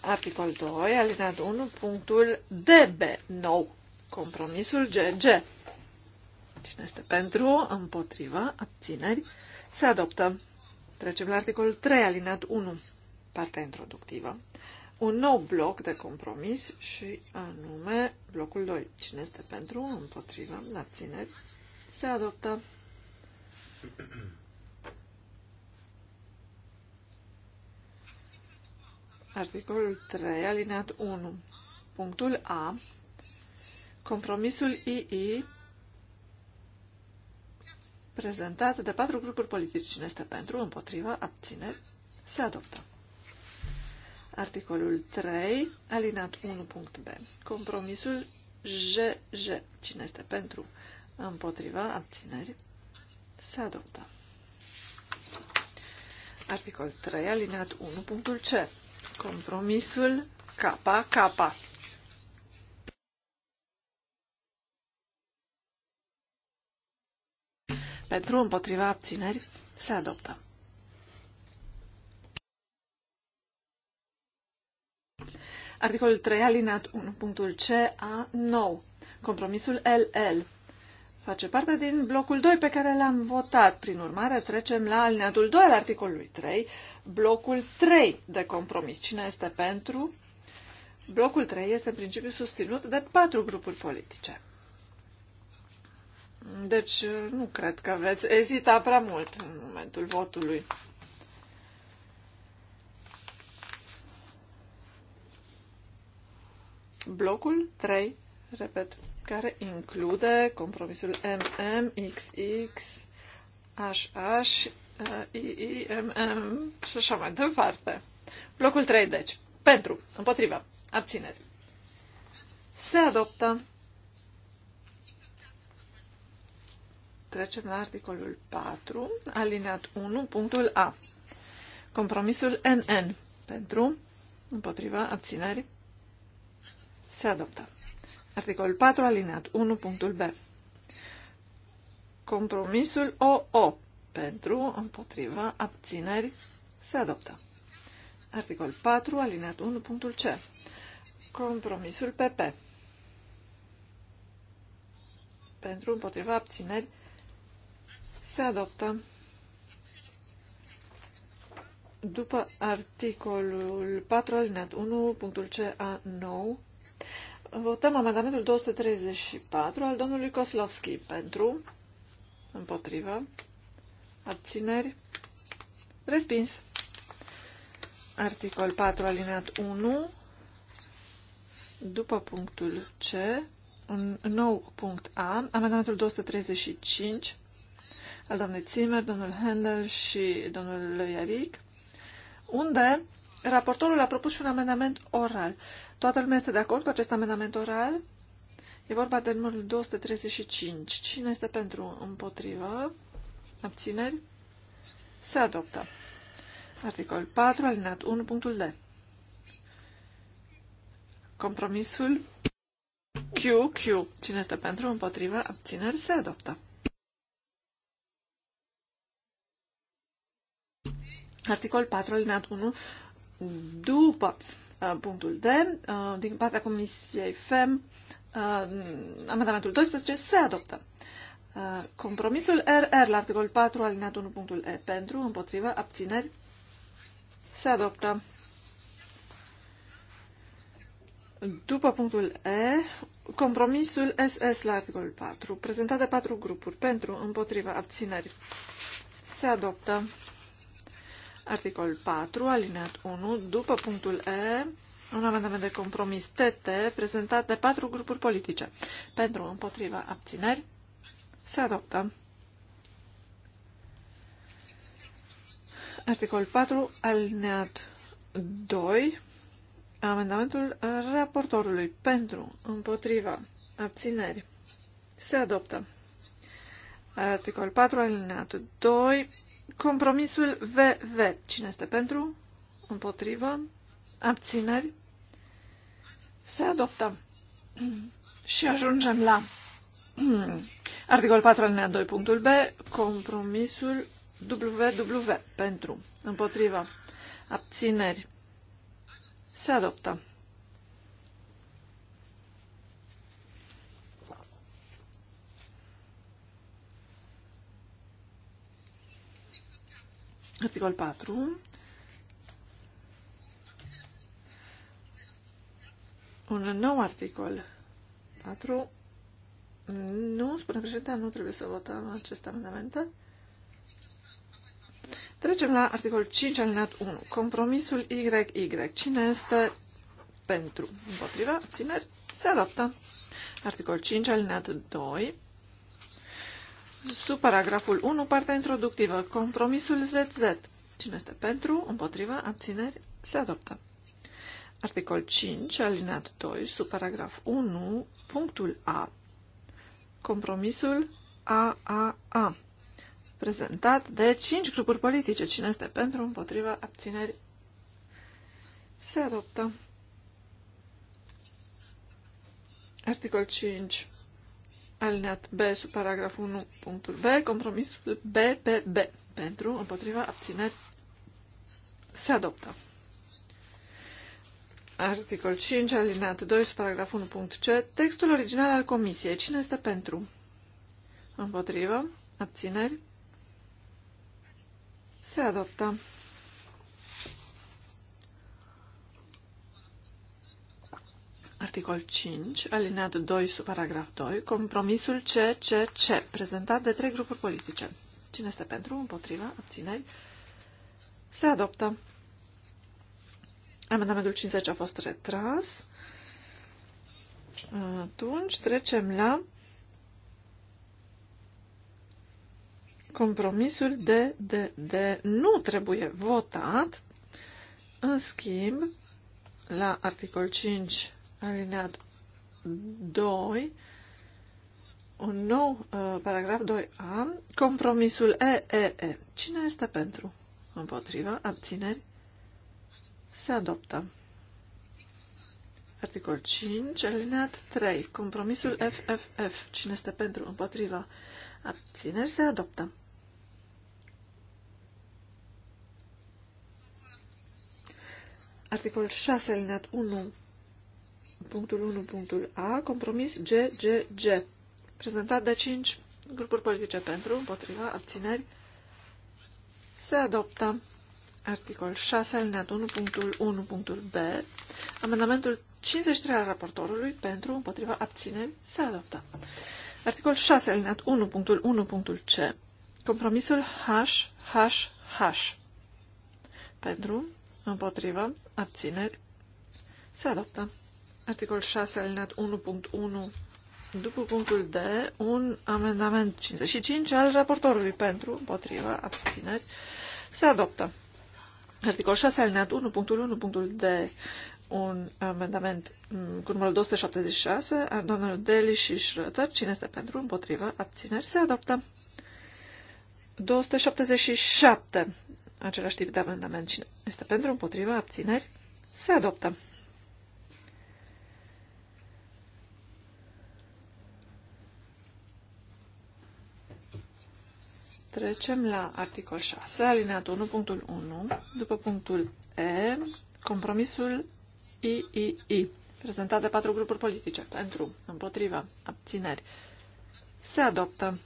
Articol 2, alineat 1, punctul DB9. Compromisul GG. Cine este pentru? Împotrivă. Abțineri. Se adoptă. Trecem la articolul 3, alineat 1, partea introductivă. Un nou bloc de compromis și anume blocul 2. Cine este pentru? Împotrivă. Abțineri. Se adoptă. Articolul 3, alineat 1. Punctul A. Compromisul II prezentat de patru grupuri politice. Cine este pentru, împotrivă, abține, se adoptă. Articolul 3, alinat 1.b. Compromisul JJ. Cine este pentru, împotrivă, abțineri, se adoptă. Articol 3, alineat 1.c. Compromisul KK. Pentru, împotriva, abțineri, se adoptă. Articolul 3, alineat 1, punctul C, A, 9. Compromisul LL face parte din blocul 2 pe care l-am votat. Prin urmare, trecem la alineatul 2 al articolului 3, blocul 3 de compromis. Cine este pentru? Blocul 3 este în principiu susținut de patru grupuri politice. Deci nu cred că veți ezita prea mult în momentul votului. Blocul 3, repet, care include compromisul MM, XX, HH, II, MM și așa mai departe. Blocul 3, deci, pentru, împotriva, abțineri. Se adoptă Trecem la articolul 4, alineat 1, punctul A. Compromisul NN pentru, împotriva, abțineri, se adoptă. Articolul 4, alineat 1, punctul B. Compromisul OO pentru, împotriva, abțineri, se adoptă. Articolul 4, alineat 1, punctul C. Compromisul PP. Pentru, împotriva, abțineri, se se adoptă. După articolul 4 alineat 1, punctul CA9, votăm amendamentul 234 al domnului Koslovski pentru, împotrivă, abțineri, respins. Articol 4 alineat 1, după punctul C, în nou punct A, amendamentul 235 al doamnei Zimmer, domnul Handel și domnul Iaric, unde raportorul a propus și un amendament oral. Toată lumea este de acord cu acest amendament oral? E vorba de numărul 235. Cine este pentru împotrivă? Abțineri? Se adoptă. Articol 4, alineat 1, punctul D. Compromisul QQ. Cine este pentru, împotrivă, abțineri, se adoptă. articol 4, alineat 1, după uh, punctul D, uh, din partea Comisiei FEM, uh, amendamentul 12 se adoptă. Uh, compromisul RR la articol 4, alineat 1, punctul E, pentru, împotrivă, abțineri, se adoptă. După punctul E, compromisul SS la articol 4, prezentat de patru grupuri, pentru, împotrivă, abțineri, se adoptă. Articol 4, alineat 1, după punctul E, un amendament de compromis TT prezentat de patru grupuri politice. Pentru împotriva abțineri se adoptă. Articol 4, alineat 2, amendamentul raportorului pentru împotriva abțineri se adoptă. Articol 4, alineat 2, Compromisul VV. Cine este pentru? Împotrivă? Abțineri? Se adoptă. Și ajungem la articol 4 alinea 2 punctul B, compromisul WW pentru, Împotrivă? abțineri, se adoptă. Articol 4. Un nou articol 4. Nu, spune președinte, nu trebuie să votăm acest amendament. Trecem la articolul 5, alineat 1. Compromisul YY. Cine este pentru? Împotriva? Țineri? Se adoptă. Articol 5, alineat 2. Subparagraful 1, partea introductivă. Compromisul ZZ. Cine este pentru, împotriva, abțineri, se adoptă. Articol 5, alineat 2, subparagraf 1, punctul A. Compromisul AAA. Prezentat de 5 grupuri politice. Cine este pentru, împotriva, abțineri, se adoptă. Articol 5, alineat B sub paragraful 1, punctul B, compromisul B, B, B. Pentru, împotriva, abțineri, se adoptă. Articol 5, alineat 2, sub paragraful 1, punct C, textul original al comisiei. Cine este pentru? Împotrivă, abțineri, se adoptă. Articol 5, alineat 2, sub paragraf 2, compromisul CCC, prezentat de trei grupuri politice. Cine este pentru, împotriva, abțineri, se adoptă. Amendamentul 50 a fost retras. Atunci trecem la compromisul de, de, de nu trebuie votat. În schimb, la articol 5 alineat 2, un nou uh, paragraf 2a, compromisul EEE. Cine este pentru? Împotriva? abțineri, se adoptă. Articol 5, alineat 3, compromisul FFF. Cine este pentru? Împotriva? abțineri, se adoptă. Articol 6, alineat 1, punctul 1, punctul A, compromis G, G, G. prezentat de 5 grupuri politice pentru, împotriva, abțineri, se adoptă articol 6, alineat 1, punctul 1, punctul B, amendamentul 53 al raportorului pentru, împotriva, abțineri, se adoptă. Articol 6, alineat 1, punctul 1, punctul C, compromisul H, H, H, pentru, împotriva, abțineri, se adoptă articol 6, alineat 1.1, după punctul D, un amendament 55 al raportorului pentru, împotriva, abțineri, se adoptă. Articol 6, alineat d, un amendament mm, cu numărul 276 al domnului Deli și Schröter. Cine este pentru, împotriva, abțineri, se adoptă. 277, același tip de amendament. Cine este pentru, împotriva, abțineri, se adoptă. Trecem la articol 6, alineat 1.1, după punctul E, compromisul III, prezentat de patru grupuri politice, pentru, împotriva, abțineri, se adoptă.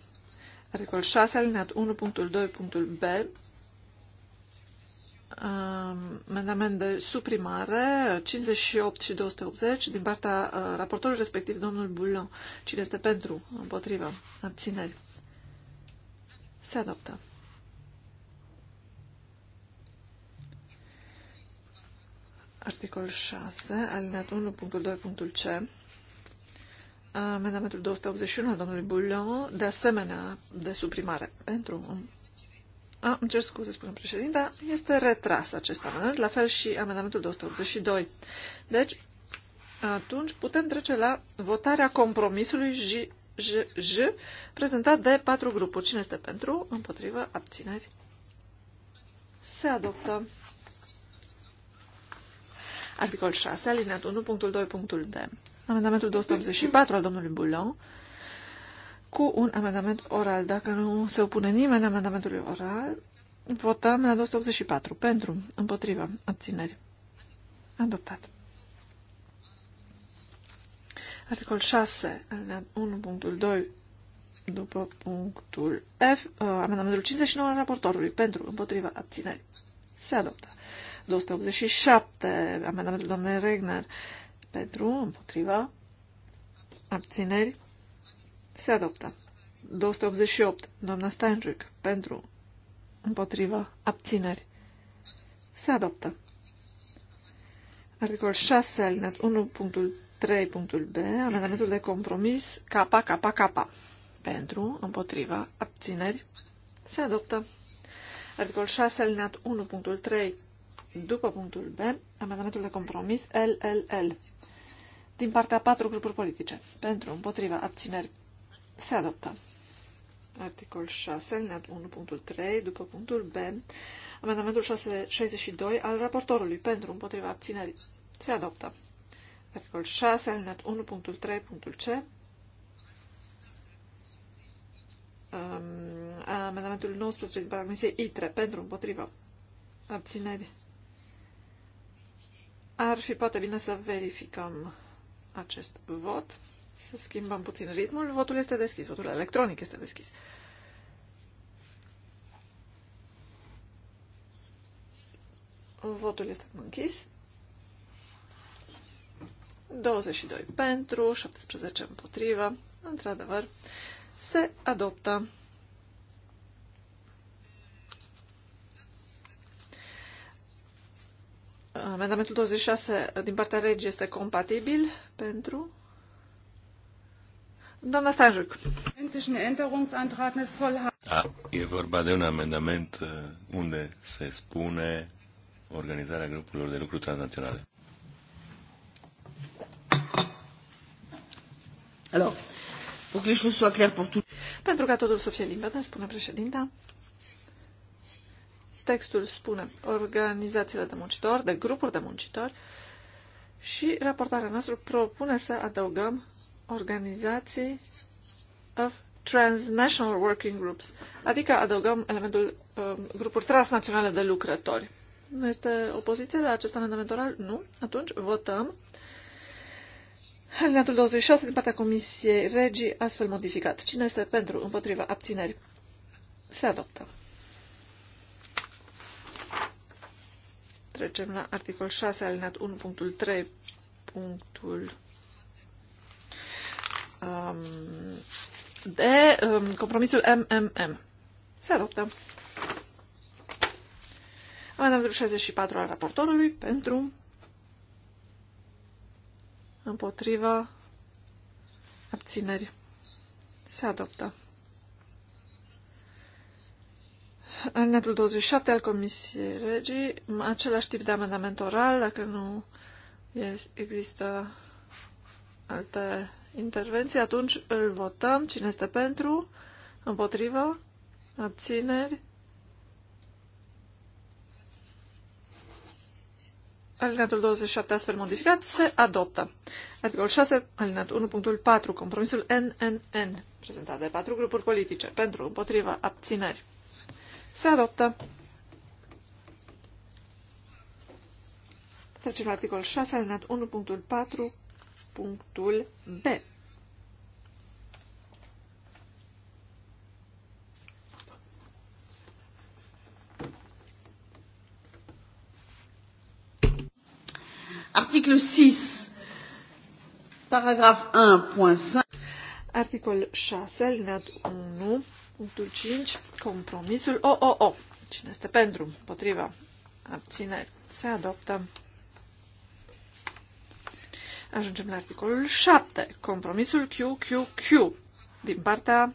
Articol 6, alineat 1.2.b, punctul B, amendament de suprimare 58 și 280 din partea uh, raportorului respectiv, domnul Bulon. Cine este pentru, împotriva, abțineri, se adoptă. Articol 6, alineat 1.2.C Amendamentul 281 al domnului Bullion, de asemenea, de suprimare. Pentru... A, îmi cer scuze, spune președinte, este retras acest amendament, la fel și amendamentul 282. Deci, atunci putem trece la votarea compromisului și JJ, prezentat de patru grupuri. Cine este pentru? Împotrivă? Abțineri? Se adoptă. Articol 6, alineat 1, punctul 2, punctul D. Amendamentul 284 al domnului Boulon cu un amendament oral. Dacă nu se opune nimeni amendamentului oral, votăm la 284 pentru, împotrivă, abțineri. Adoptat. Articol 6, alinea 1.2, după punctul F, uh, amendamentul 59 al raportorului pentru împotriva abțineri. Se adoptă. 287, amendamentul doamnei Regner pentru împotriva abțineri. Se adoptă. 288, doamna Steinrück pentru împotriva abțineri. Se adoptă. Articol 6, alinat 1, punctul 3, punctul B, amendamentul de compromis KKK. Pentru, împotriva, abțineri, se adoptă. Articol 6, alineat 1, punctul 3, după punctul B, amendamentul de compromis LLL. Din partea patru grupuri politice. Pentru, împotriva, abțineri, se adoptă. Articol 6, alineat 1.3, după punctul B, amendamentul 662 al raportorului pentru împotriva abțineri, se adoptă. Articol 6, alinat 1.3.c, amendamentul 19 din partea Comisiei ITRE pentru împotriva abțineri. Ar fi poate bine să verificăm acest vot, să schimbăm puțin ritmul. Votul este deschis, votul electronic este deschis. Votul este închis. 22 pentru, 17 împotrivă, într-adevăr, se adoptă. Amendamentul 26 din partea regii este compatibil pentru Doamna Stanjuc. A, e vorba de un amendament uh, unde se spune organizarea grupurilor de lucru transnaționale. Alors, pour que les choses soient claires pour tout... Pentru ca totul să fie limpede, spune președinta, textul spune organizațiile de muncitori, de grupuri de muncitori și raportarea noastră propune să adăugăm organizații of transnational working groups, adică adăugăm elementul uh, grupuri transnaționale de lucrători. Nu este opoziție la acest amendament oral? Nu. Atunci votăm Alinatul 26 din partea Comisiei Regii, astfel modificat. Cine este pentru, împotriva, abțineri? Se adoptă. Trecem la articol 6, alinat 1.3, punctul 3, punctul um, de um, compromisul MMM. Se adoptă. Amendamentul 64 al raportorului pentru împotriva, abțineri. Se adoptă. Alineatul 27 al Comisiei Regii, același tip de amendament oral, dacă nu există alte intervenții, atunci îl votăm. Cine este pentru? Împotrivă? Abțineri? Alineatul 27 astfel modificat se adoptă. Articolul 6, alineatul 1.4, compromisul NNN, prezentat de patru grupuri politice, pentru, împotriva, abțineri, se adoptă. Trecem la articolul 6, alineat 1.4, punctul B. Article 6, paragraf 1.5. Articol 6, alineat 1, punctul 5, compromisul OOO. Cine este pentru? Potriva. Abțineri. Se adoptă. Ajungem la articolul 7, compromisul QQQ, din partea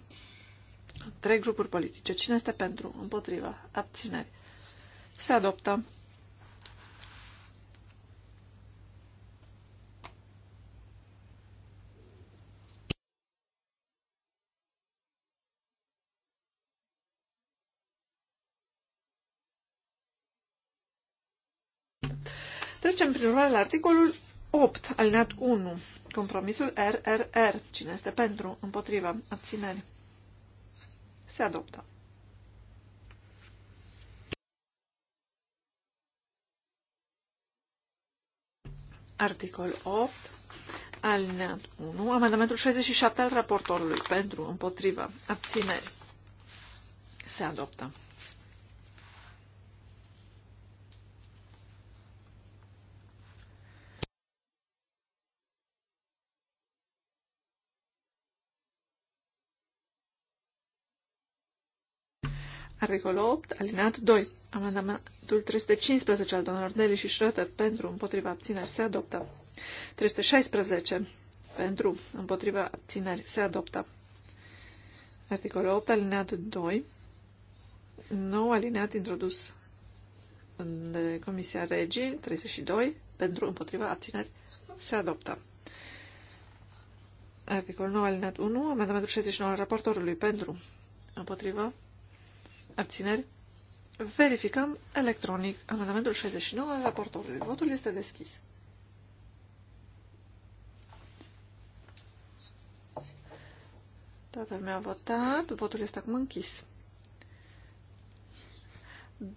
trei grupuri politice. Cine este pentru? Împotriva? Abțineri. Se adoptă. Trecem prin urmare la articolul 8, alineat 1. Compromisul RRR. Cine este pentru? Împotriva. Abțineri. Se adoptă. Articol 8, alineat 1, amendamentul 67 al raportorului pentru, împotriva, abțineri. Se adoptă. Articolul 8, alineat 2. Amendamentul 315 al domnilor Deli și Schröter pentru împotriva abțineri se adoptă. 316 pentru împotriva abțineri se adoptă. Articolul 8, alineat 2. Nou alineat introdus de Comisia Regii, 32, pentru împotriva abțineri se adoptă. Articolul 9, alineat 1, amendamentul 69 al raportorului pentru împotriva Abțineri? Verificăm electronic amendamentul 69 al raportorului. Votul este deschis. Toată lumea a votat. Votul este acum închis.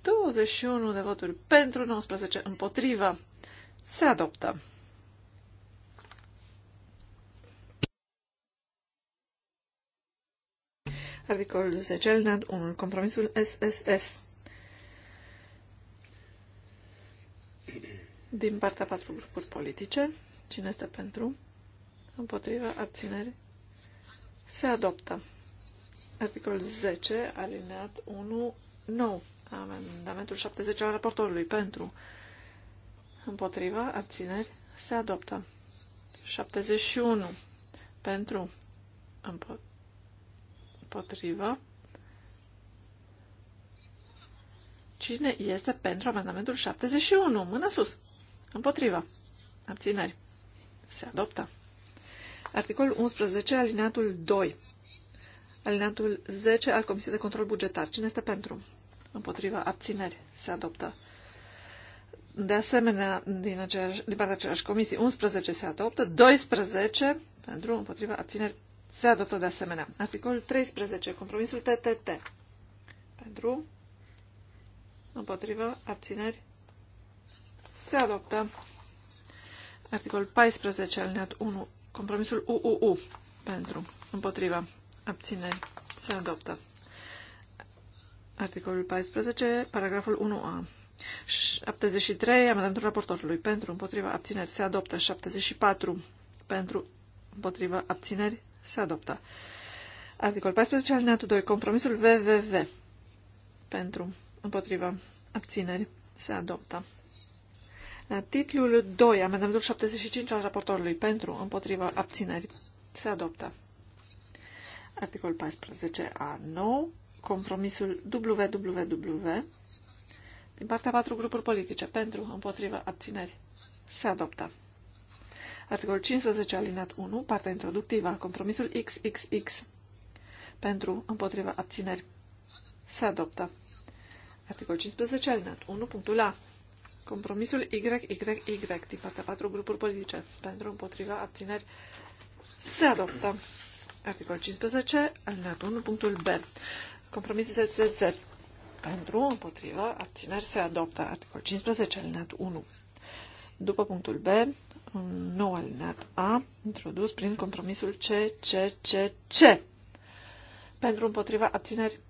21 de voturi pentru, 19 împotrivă. Se adoptă. Articolul 10, alineat 1, compromisul SSS. Din partea patru grupuri politice, cine este pentru? Împotriva abțineri. Se adoptă. Articolul 10, alineat 1, nou. Amendamentul 70 al raportorului pentru. Împotriva abțineri. Se adoptă. 71 pentru. Împotriva Împotrivă. Cine este pentru amendamentul 71? Mână sus. Împotrivă. Abțineri. Se adoptă. Articolul 11, alineatul 2. Alineatul 10 al Comisiei de Control Bugetar. Cine este pentru? Împotriva abțineri. Se adoptă. De asemenea, din, aceeași, din partea aceleași comisii, 11 se adoptă, 12 pentru, împotriva abțineri se adoptă de asemenea. Articolul 13. Compromisul TTT. Pentru. Împotrivă. Abțineri. Se adoptă. Articolul 14. Alineat 1. Compromisul UUU. Pentru. Împotrivă. Abțineri. Se adoptă. Articolul 14. Paragraful 1A. 73. Amendamentul raportorului. Pentru. împotriva, Abțineri. Se adoptă. 74. Pentru. împotriva, Abțineri se adoptă. Articol 14, alineatul 2. Compromisul VVV. Pentru, împotriva, abțineri. Se adoptă. La titlul 2, amendamentul 75 al raportorului. Pentru, împotriva, abțineri. Se adoptă. Articol 14a9. Compromisul WWW. Din partea patru grupuri politice. Pentru, împotriva, abțineri. Se adoptă. Articolul 15, alinat 1, partea introductivă, compromisul XXX pentru împotriva abțineri. Se adoptă. Articol 15, alinat 1, punctul A. Compromisul YYY din partea 4 grupuri politice pentru împotriva abțineri se adoptă. Articol 15, alinat 1, punctul B. Compromis ZZZ pentru împotriva abțineri se adoptă. Articol 15, alinat 1. După punctul B, un nou alineat A, introdus prin compromisul c c c c Pentru împotriva abțineri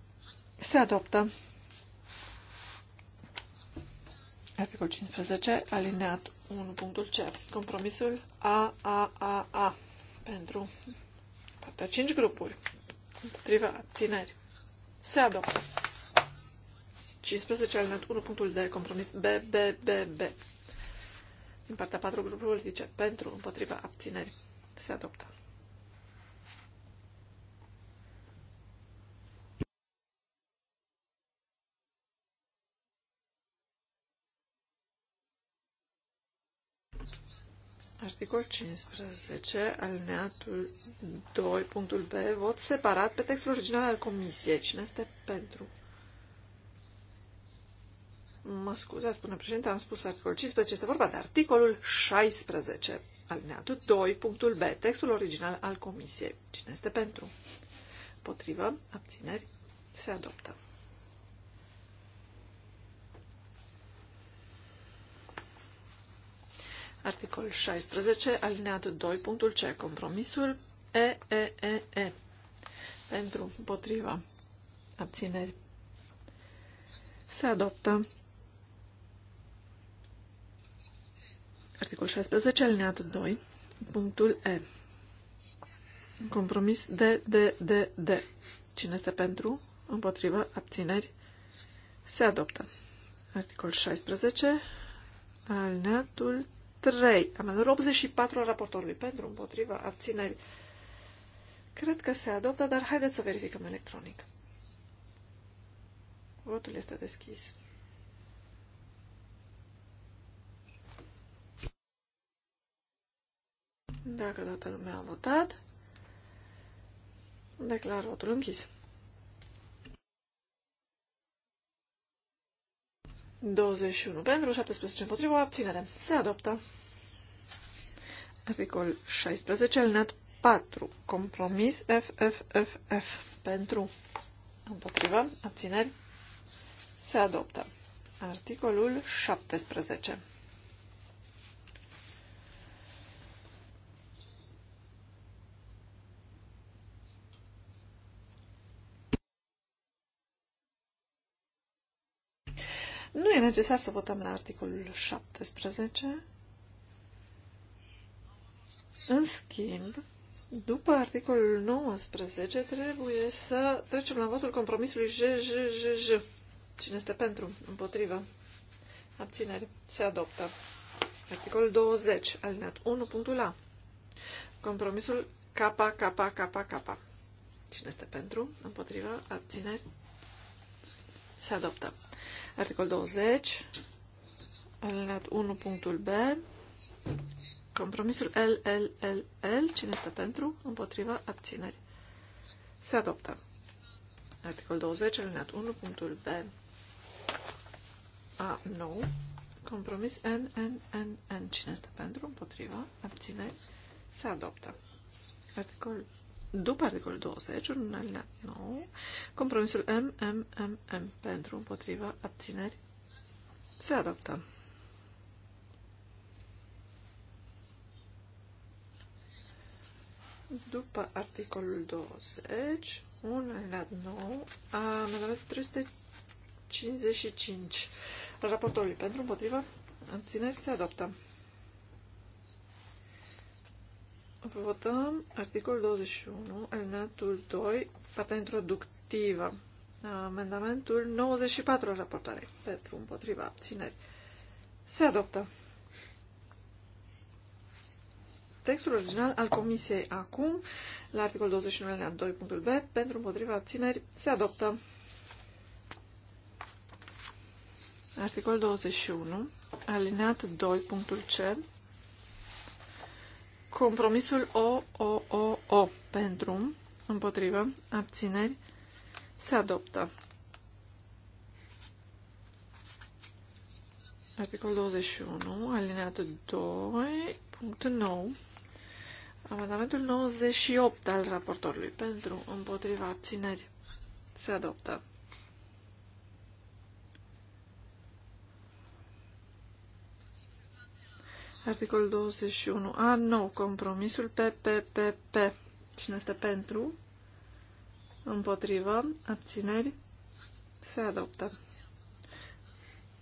se adoptă articol 15, alineat Compromisul punctul C, compromisul a pentru partea 5 grupuri împotriva abțineri se adoptă. 15 alineat compromis punctul D, compromis b din partea patru grupuri politice pentru, împotriva, abțineri se adoptă. Articol 15, alineatul 2, punctul B, vot separat pe textul original al comisiei. Cine este pentru? Mă scuze, spune președinte, am spus articolul 15, este vorba de articolul 16, alineatul 2, punctul B, textul original al comisiei. Cine este pentru? Potrivă, abțineri, se adoptă. Articol 16, alineatul 2, punctul C, compromisul e e e e Pentru, împotriva, abțineri, se adoptă. Articol 16, alineat 2, punctul E. Compromis de, de, de, de. Cine este pentru, împotrivă, abțineri, se adoptă. Articol 16, alineatul 3, amendul 84 al raportorului pentru, împotrivă, abțineri. Cred că se adoptă, dar haideți să verificăm electronic. Votul este deschis. Dacă toată lumea a votat, declar votul închis. 21 pentru, 17 împotriva, abținere. Se adoptă. Articol 16, alineat 4. Compromis FFFF. Pentru, împotriva, abțineri. Se adoptă. Articolul 17. Nu e necesar să votăm la articolul 17. În schimb, după articolul 19, trebuie să trecem la votul compromisului JJJJ. Cine este pentru? Împotrivă? Abțineri. Se adoptă. Articolul 20, alineat 1, punctul A. Compromisul K. Cine este pentru? Împotrivă? Abțineri. Se adoptă. Articol 20, alineat 1, punctul B, compromisul LLLL, cine este pentru, împotriva, abțineri. Se adoptă. Articol 20, alineat 1, punctul B, A9, compromis NNNN, cine este pentru, împotriva, abțineri, se adoptă. Articol după articolul 20, un alineat nou, compromisul MMMM pentru împotriva abțineri se adoptă. După articolul 20, un alineat nou, amendamentul 355 al raportului pentru împotriva abțineri se adoptă. Votăm articolul 21, alinatul 2, partea introductivă. Amendamentul 94 al raportoarei. Pentru împotriva abțineri. Se adoptă. Textul original al comisiei acum, la articolul 21 alineat 2.b, pentru împotriva abțineri, se adoptă. Articolul 21, alineat 2.c, Compromisul OOOO pentru, împotrivă, abțineri, se adoptă. Articolul 21, alineatul 2, punctul 9. Amendamentul 98 al raportorului pentru împotriva abțineri se adoptă. Articolul 21a, nou compromisul PPPP. Cine este pentru? Împotrivă. Abțineri. Se adoptă.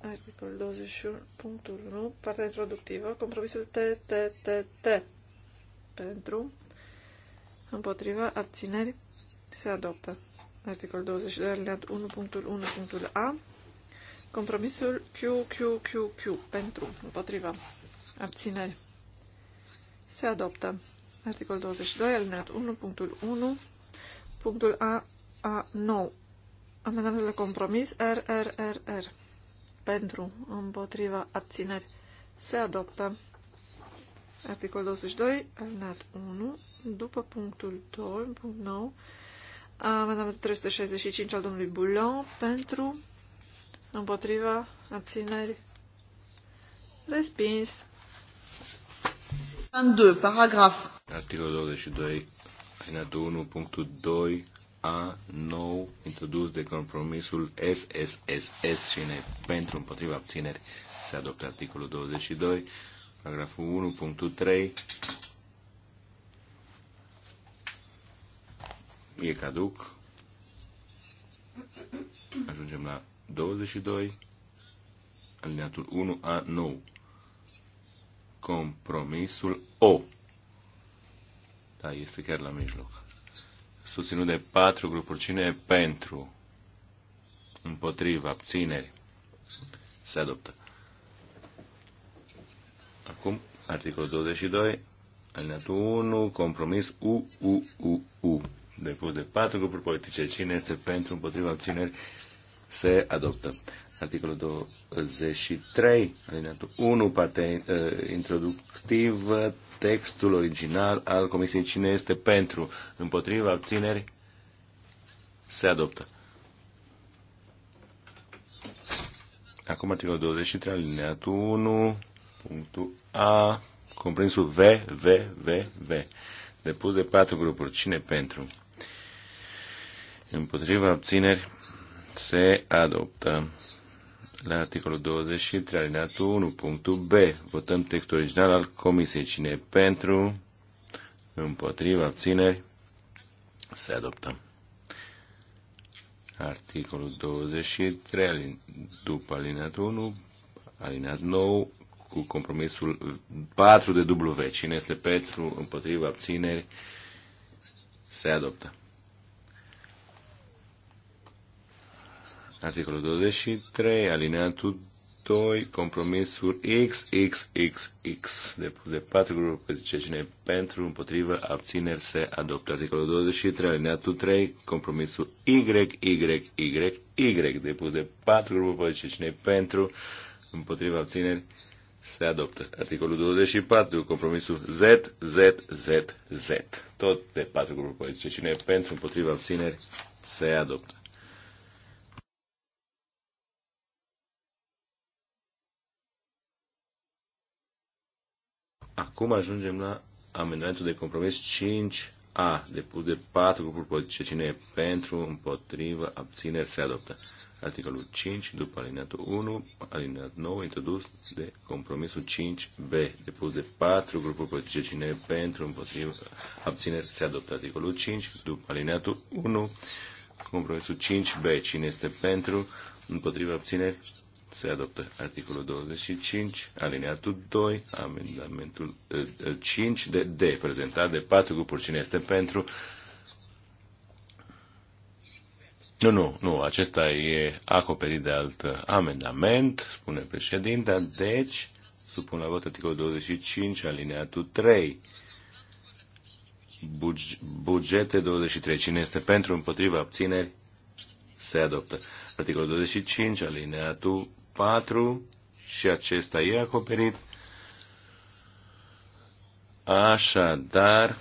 Articolul 21.1, partea introductivă, compromisul TTTT. Pentru. Împotrivă. Abțineri. Se adoptă. Articolul 22, alineat 1.1.a. Compromisul QQQQ. Pentru. Împotrivă. Abțineri. Se adoptă. Articol 22, alineat 1, punctul 1, punctul A, A, 9. Amendamentul de compromis R, R, R, R. Pentru, împotriva, abțineri. Se adoptă. Articol 22, alineat 1, după punctul 2, punct 9, amendamentul 365 al domnului Boulon, pentru, împotriva, abțineri. Respins. 22, paragraf. Articolul 22, alineatul 1, punctul 2, a nou introdus de compromisul SSSS și pentru împotriva abțineri se adoptă articolul 22, paragraful 1.3 e caduc ajungem la 22 alineatul 1 a nou compromisul O. Da, este chiar la mijloc. Susținut de patru grupuri. Cine e pentru? Împotriva, abțineri. Se adoptă. Acum, articolul 22, alineatul 1, compromis UUUU. Depus de patru grupuri politice. Cine este pentru, împotriva, abțineri? Se adoptă. Articolul 23, alineatul 1, parte uh, introductivă, textul original al Comisiei. Cine este pentru? Împotriva abțineri? Se adoptă. Acum articolul 23, alineatul 1, punctul A, comprinsul V, V, V, V. Depus de patru grupuri. Cine pentru? Împotriva abțineri se adoptă la articolul 23, alineatul 1, punctul B. Votăm textul original al comisiei. Cine e pentru? Împotriva? Abțineri? Se adoptă. Articolul 23, după alineatul 1, alineat nou cu compromisul 4 de W. Cine este pentru? Împotriva? Abțineri? Se adoptă. Articolul 23, alineatul 2, compromisul XXXX, depus de 4 grupuri, zice cine pentru, împotrivă, abțineri, se adoptă. Articolul 23, alineatul 3, compromisul YYYY, depus de 4 grupuri, zice cine pentru, împotrivă, abțineri, se adoptă. Articolul 24, compromisul ZZZZ, tot de 4 grupuri, zice cine pentru, împotrivă, abțineri, se adoptă. Acum ajungem la amendamentul de compromis 5A, depus de patru grupuri politice. Cine e pentru, împotrivă, abțineri, se adoptă. Articolul 5, după alineatul 1, alineat 9, introdus de compromisul 5B, depus de patru grupuri politice. Cine e pentru, împotrivă, abțineri, se adoptă. Articolul 5, după alineatul 1, compromisul 5B. Cine este pentru, împotrivă, abțineri, se adoptă articolul 25, alineatul 2, amendamentul 5 ă, ă, de D, prezentat de patru grupuri. Cine este pentru? Nu, nu, nu, acesta e acoperit de alt amendament, spune președinta, deci supun la vot articolul 25, alineatul 3. Bugete 23. Cine este pentru, împotriva, abțineri, se adoptă. Articolul 25, alineatul 4 și acesta e acoperit. Așadar,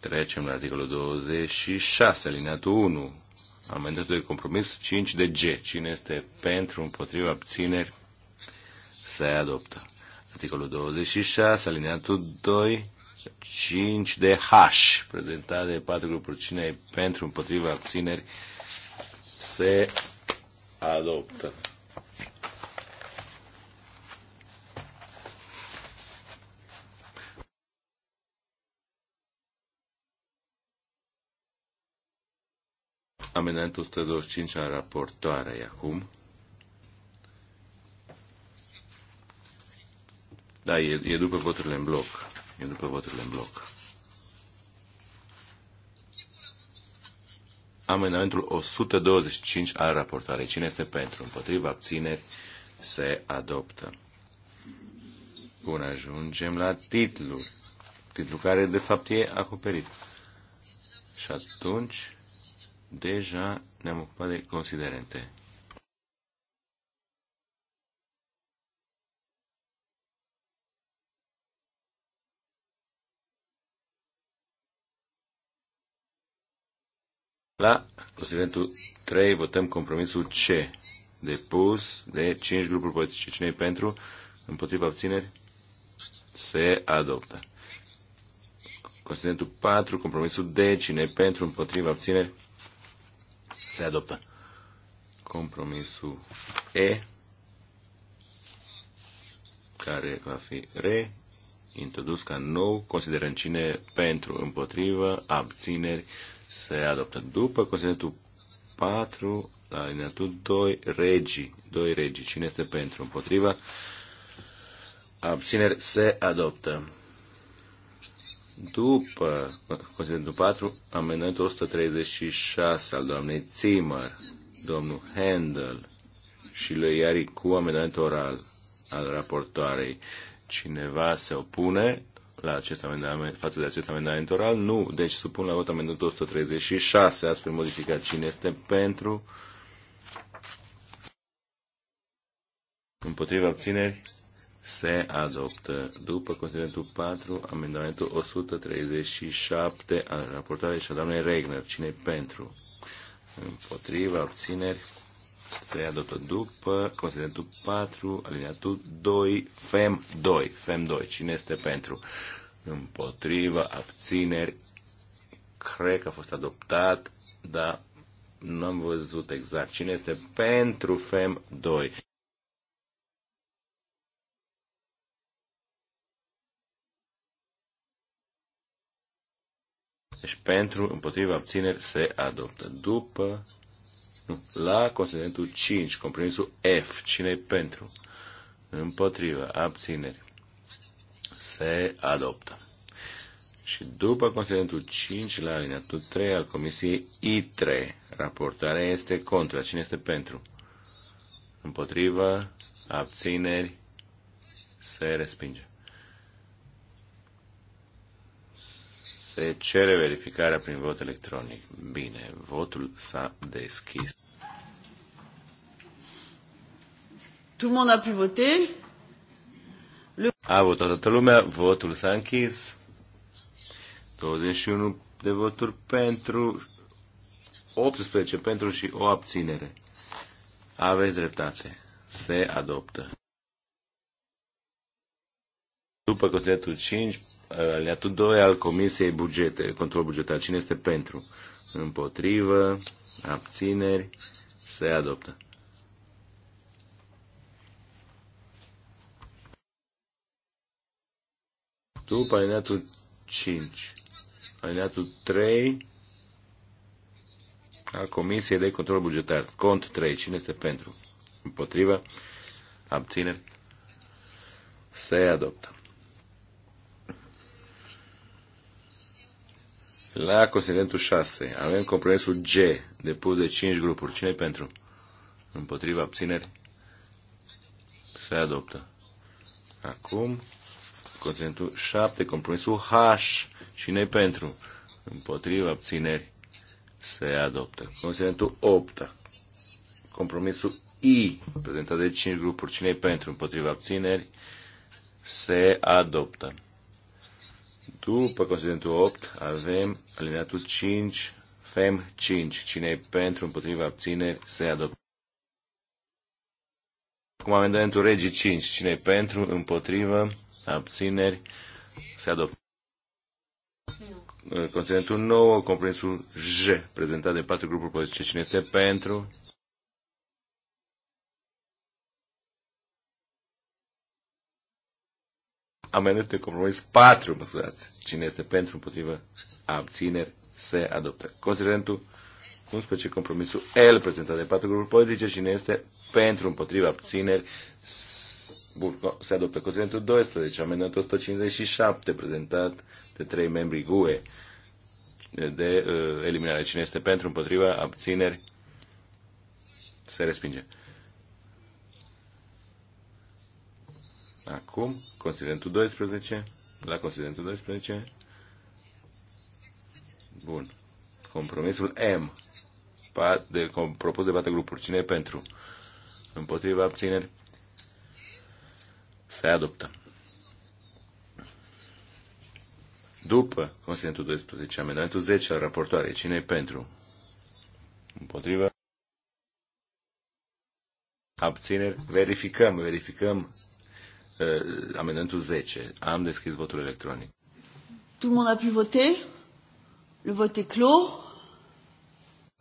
trecem la articolul 26, alineatul 1, amendatul de compromis 5 de G. Cine este pentru, împotriva, abțineri, se adoptă. Articolul 26, alineatul 2, 5 de H, prezentat de patru grupuri. Cine e pentru, împotriva, abțineri, se adoptă. Amendamentul 125 al raportoarei acum. Da, e, e după voturile în bloc. E după voturile în bloc. Amendamentul 125 al raportoarei. Cine este pentru? Împotriva abțineri se adoptă. Bun, ajungem la titlu, titlu care de fapt e acoperit. Și atunci deja ne-am ocupat de considerente. La considerentul 3 votăm compromisul C, depus de 5 grupuri politice. cine pentru? Împotriva abțineri? Se adoptă. Considerentul 4, compromisul D, cine pentru? Împotriva abțineri? Se adoptă. Compromisul E, care va fi re, introdus ca nou, considerăm cine pentru, împotrivă, abțineri, se adoptă. După considerentul 4, la alineatul 2, regii. 2 regii. Cine este pentru? Împotriva. Abțineri se adoptă. După considerentul 4, amendamentul 136 al doamnei Zimmer, domnul Handel și lui Iari cu amendament oral al raportoarei. Cineva se opune? la acest amendament, față de acest amendament oral? Nu. Deci supun la vot amendamentul 136, astfel modificat. Cine este pentru? Împotriva obțineri? Se adoptă. După considerentul 4, amendamentul 137 al raportării și a doamnei Regner. cine pentru? Împotriva obțineri? se adoptă după considerentul 4, alineatul 2, FEM 2. FEM 2. Cine este pentru? Împotriva, abțineri. Cred că a fost adoptat, dar nu am văzut exact. Cine este pentru FEM 2? Deci pentru, împotriva, abțineri se adoptă. După nu. La considerentul 5, compromisul F, cine pentru? Împotriva, abțineri. Se adoptă. Și după considerentul 5, la alineatul 3 al comisiei I3, raportarea este contra. Cine este pentru? Împotriva, abțineri, se respinge. Se cere verificarea prin vot electronic. Bine, votul s-a deschis. Tout le monde a pu voter. Le... A votat toată lumea, votul s-a închis. 21 de voturi pentru, 18 pentru și o abținere. Aveți dreptate. Se adoptă. După considerentul 5, Aliatul 2 al Comisiei Bugete, control bugetar. Cine este pentru? Împotrivă, abțineri, se adoptă. După alineatul 5, alineatul 3 al Comisiei de Control Bugetar. Cont 3. Cine este pentru? Împotrivă? Abțineri? Se adoptă. La considerentul 6 avem compromisul G, depus de 5 grupuri. Cine pentru? Împotriva abțineri? Se adoptă. Acum, considerentul 7, compromisul H. Cine pentru? Împotriva abțineri? Se adoptă. Considerentul 8, compromisul I, prezentat de 5 grupuri. Cine pentru? Împotriva abțineri? Se adoptă. După considerentul 8 avem alineatul 5, FEM 5. Cine e pentru, împotriva, abțineri, se adoptă. Acum avem alineatul regii 5. Cine e pentru, împotriva, abțineri, se adoptă. Considerentul 9, compromisul J, prezentat de patru grupuri politice. Cine este pentru, Amendamentul de compromis patru, măsurați. Cine este pentru, împotrivă, abțineri, se adoptă. Considerentul 11, compromisul L, prezentat de patru grupuri politice. Cine este pentru, împotrivă, abțineri, se adoptă. Considerentul 12, amendamentul 157, prezentat de trei membri GUE de uh, eliminare. Cine este pentru, împotrivă, abțineri, se respinge. Acum, considerentul 12, la considerentul 12. Bun. Compromisul M. de, com, propus de toate grupuri. Cine e pentru? Împotriva abțineri? Se adoptă. După considerentul 12, amendamentul 10 al raportoarei. Cine e pentru? Împotriva? Abțineri? Verificăm, verificăm uh, amendamentul 10. Am deschis votul electronic. Tout le monde a pu voter? Le vote est clos.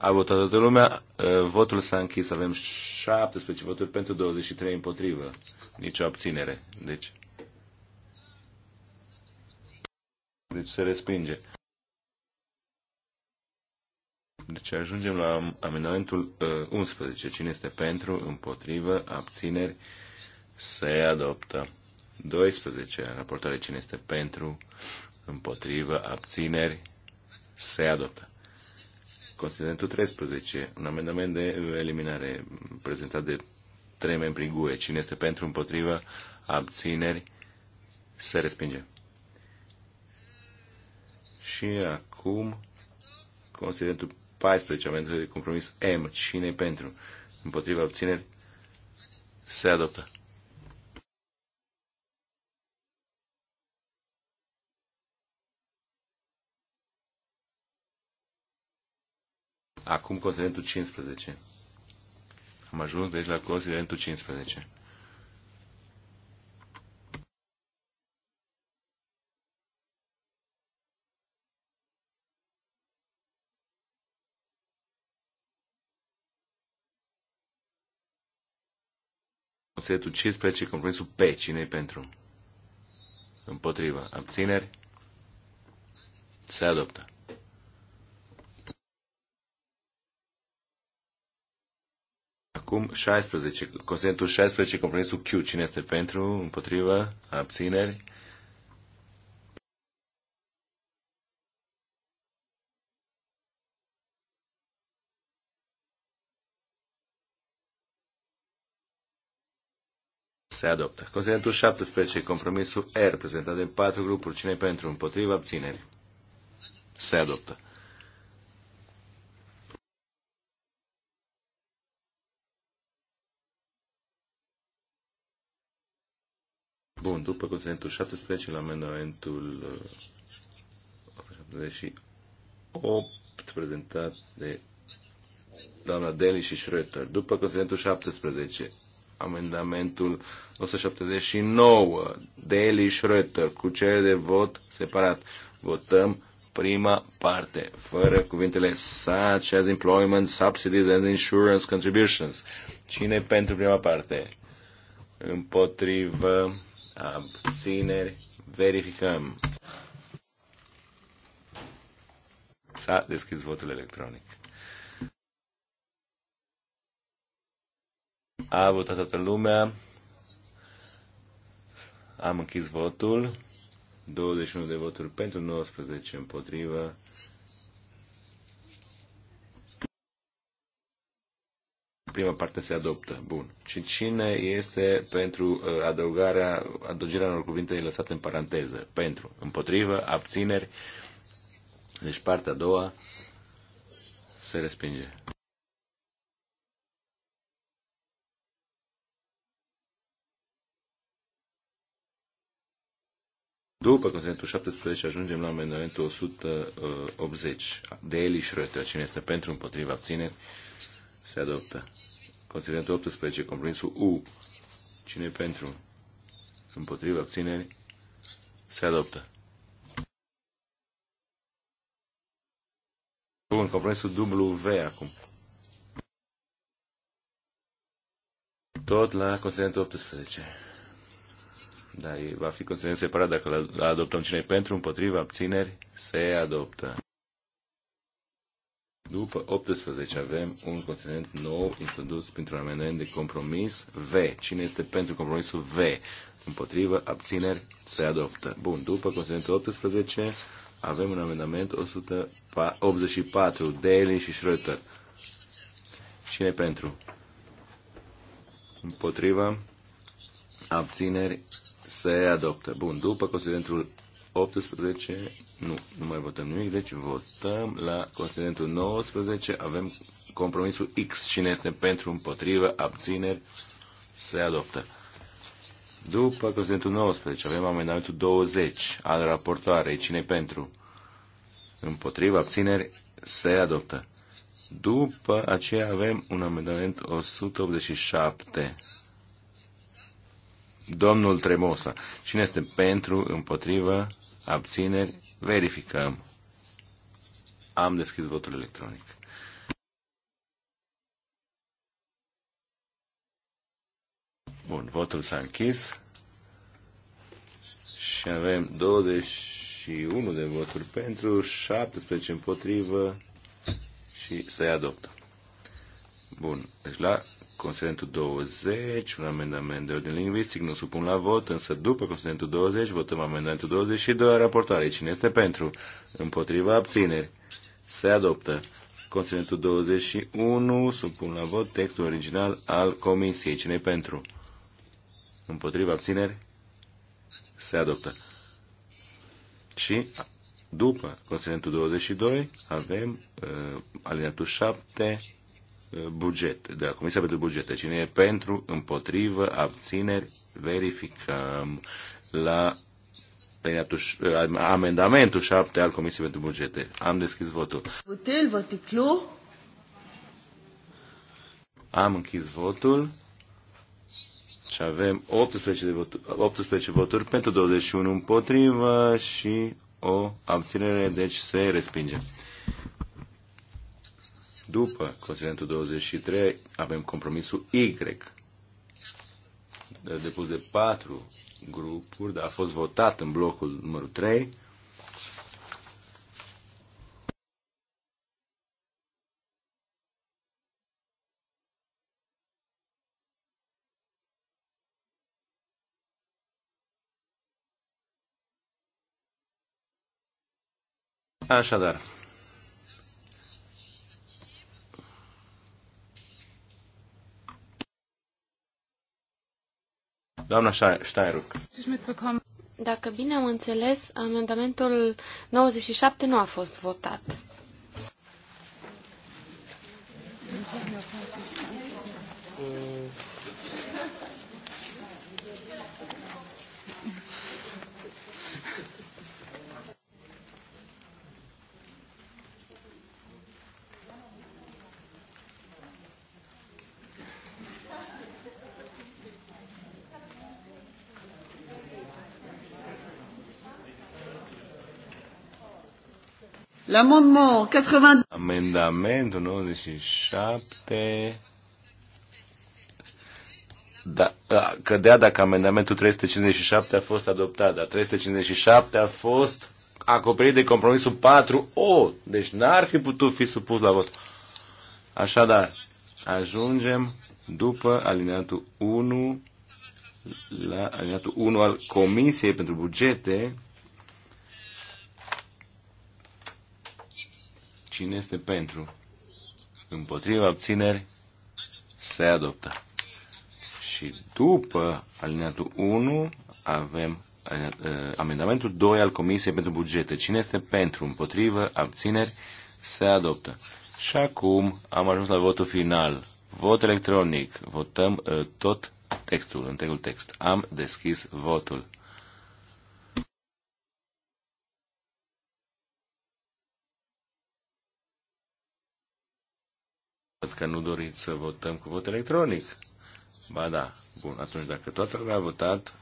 A votat toată lumea. Uh, votul s-a închis. Avem 17 voturi pentru 23 împotrivă. Nici o abținere. Deci, deci se respinge. Deci ajungem la amendamentul uh, 11. Cine este pentru, împotrivă, abțineri, uh, se adoptă. 12. Raportare cine este pentru, împotrivă, abțineri, se adoptă. Considentul 13. Un amendament de eliminare prezentat de trei membri GUE. Cine este pentru, împotrivă, abțineri, se respinge. Și acum, considentul 14, amendamentul de compromis M. Cine pentru? împotrivă, abțineri? Se adoptă. Acum considerentul 15. Am ajuns deci la considerentul 15. Considerentul 15, compromisul P. cine pentru? Împotriva. Abțineri? Se adoptă. Acum 16, consentul 16, compromisul Q. Cine este pentru, împotrivă, abțineri? se adoptă. Consentul 17, compromisul R, prezentat de patru grupuri, cine pentru, împotrivă, abțineri, se adoptă. Bun, după consentul 17 la amendamentul 78 uh, prezentat de doamna Deli și Schroeter. După consentul 17, amendamentul 179, Deli Schroeter, cu cerere de vot separat. Votăm prima parte, fără cuvintele such as employment, subsidies and insurance contributions. Cine pentru prima parte? Împotrivă abțineri, verificăm. S-a deschis votul electronic. A votat toată lumea. Am închis votul. 21 de voturi pentru, 19 împotrivă. prima parte se adoptă. Bun. Și cine este pentru uh, adăugarea, adăugirea unor cuvinte lăsate în paranteză? Pentru, împotrivă, abțineri. Deci partea a doua se respinge. După consentul 17 ajungem la amendamentul 180 uh, de Eli Schröter. Cine este pentru, împotriva, abțineri? se adoptă. Considerentul 18, compromisul U. Cine pentru? Împotriva abțineri se adoptă. Bun, compromisul W acum. Tot la considerentul 18. Da, va fi considerent separat dacă adoptăm cine pentru, împotriva, abțineri, se adoptă. După 18 avem un conținut nou introdus printr-un amendament de compromis V. Cine este pentru compromisul V? Împotrivă, abțineri, se adoptă. Bun, după conținutul 18 avem un amendament 184, Daly și Schröter. Cine pentru? Împotrivă, abțineri, se adoptă. Bun, după conținutul 18 nu, nu mai votăm nimic, deci votăm la considerentul 19, avem compromisul X. Cine este pentru, împotrivă, abțineri, se adoptă. După considerentul 19 avem amendamentul 20 al raportoarei. Cine pentru? Împotrivă, abțineri, se adoptă. După aceea avem un amendament 187. Domnul Tremosa. Cine este pentru, împotrivă, abțineri, Verificăm. Am deschis votul electronic. Bun, votul s-a închis și avem 21 de voturi pentru, 17 împotrivă și să-i adoptă. Bun, deci la consentul 20, un amendament de ordine lingvistic, nu supun la vot, însă după consentul 20 votăm amendamentul 22 a raportarei. Cine este pentru? Împotriva abțineri. Se adoptă. Consentul 21, supun la vot textul original al comisiei. cine pentru? Împotriva abțineri? Se adoptă. Și după consentul 22 avem uh, alineatul 7, buget, de la Comisia pentru Bugete. Cine e pentru, împotrivă, abțineri, verificăm la amendamentul 7 al Comisiei pentru Bugete. Am deschis votul. Votel, voticlu. Am închis votul și avem 18, de voturi, 18 voturi pentru 21 împotrivă și o abținere, deci se respinge. După considerentul 23 avem compromisul Y, depus de patru grupuri, dar a fost votat în blocul numărul 3. Așadar, Doamna Steinruck. Dacă bine am înțeles, amendamentul 97 nu a fost votat. Uh. L'amendement 80... Amendamentul 97... Da, cădea dacă amendamentul 357 a fost adoptat, dar 357 a fost acoperit de compromisul 4O, deci n-ar fi putut fi supus la vot. Așadar, ajungem după alineatul 1 la alineatul 1 al Comisiei pentru Bugete Cine este pentru? Împotriva abțineri se adoptă. Și după alineatul 1 avem uh, amendamentul 2 al Comisiei pentru Bugete. Cine este pentru? Împotrivă? Abțineri? Se adoptă. Și acum am ajuns la votul final. Vot electronic. Votăm uh, tot textul, întregul text. Am deschis votul. Văd că nu doriți să votăm cu vot electronic. Ba da. Bun, atunci dacă toată lumea a votat,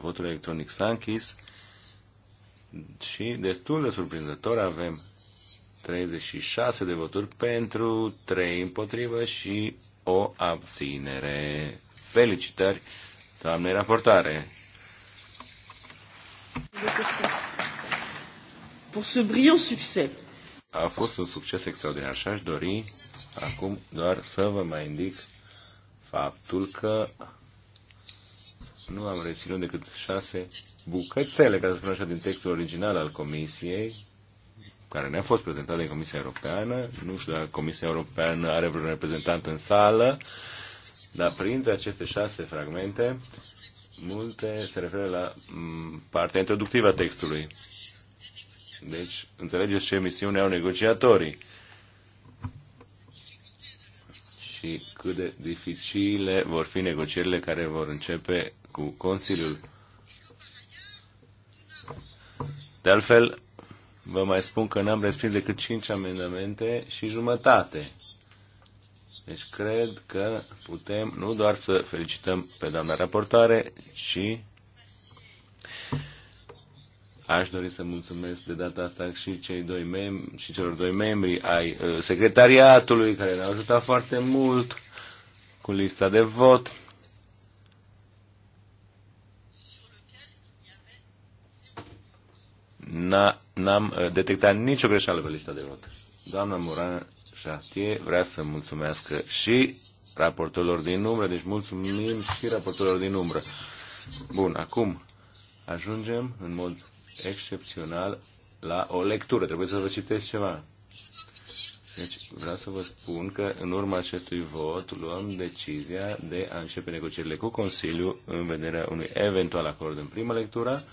votul electronic s-a închis și destul de surprinzător avem 36 de voturi pentru, 3 împotrivă și o abținere. Felicitări, doamne raportare! Pour ce brillant succès a fost un succes extraordinar și aș dori acum doar să vă mai indic faptul că nu am reținut decât șase bucățele, ca să spun așa, din textul original al Comisiei, care ne-a fost prezentat de Comisia Europeană. Nu știu dacă Comisia Europeană are vreun reprezentant în sală, dar printre aceste șase fragmente, multe se referă la mm, partea introductivă a textului. Deci, înțelegeți ce misiune au negociatorii și cât de dificile vor fi negocierile care vor începe cu Consiliul. De altfel, vă mai spun că n-am respins decât 5 amendamente și jumătate. Deci cred că putem nu doar să felicităm pe doamna raportoare, ci Aș dori să mulțumesc de data asta și, cei doi mem- și celor doi membri ai uh, secretariatului care ne-au ajutat foarte mult cu lista de vot. N-am uh, detectat nicio greșeală pe lista de vot. Doamna Moran Chartier vrea să mulțumesc și raportorilor din umbră, deci mulțumim și raportorilor din umbră. Bun, acum ajungem în mod excepțional la o lectură. Trebuie să vă citesc ceva. Deci vreau să vă spun că în urma acestui vot luăm decizia de a începe negocierile cu Consiliul în vederea unui eventual acord în prima lectură,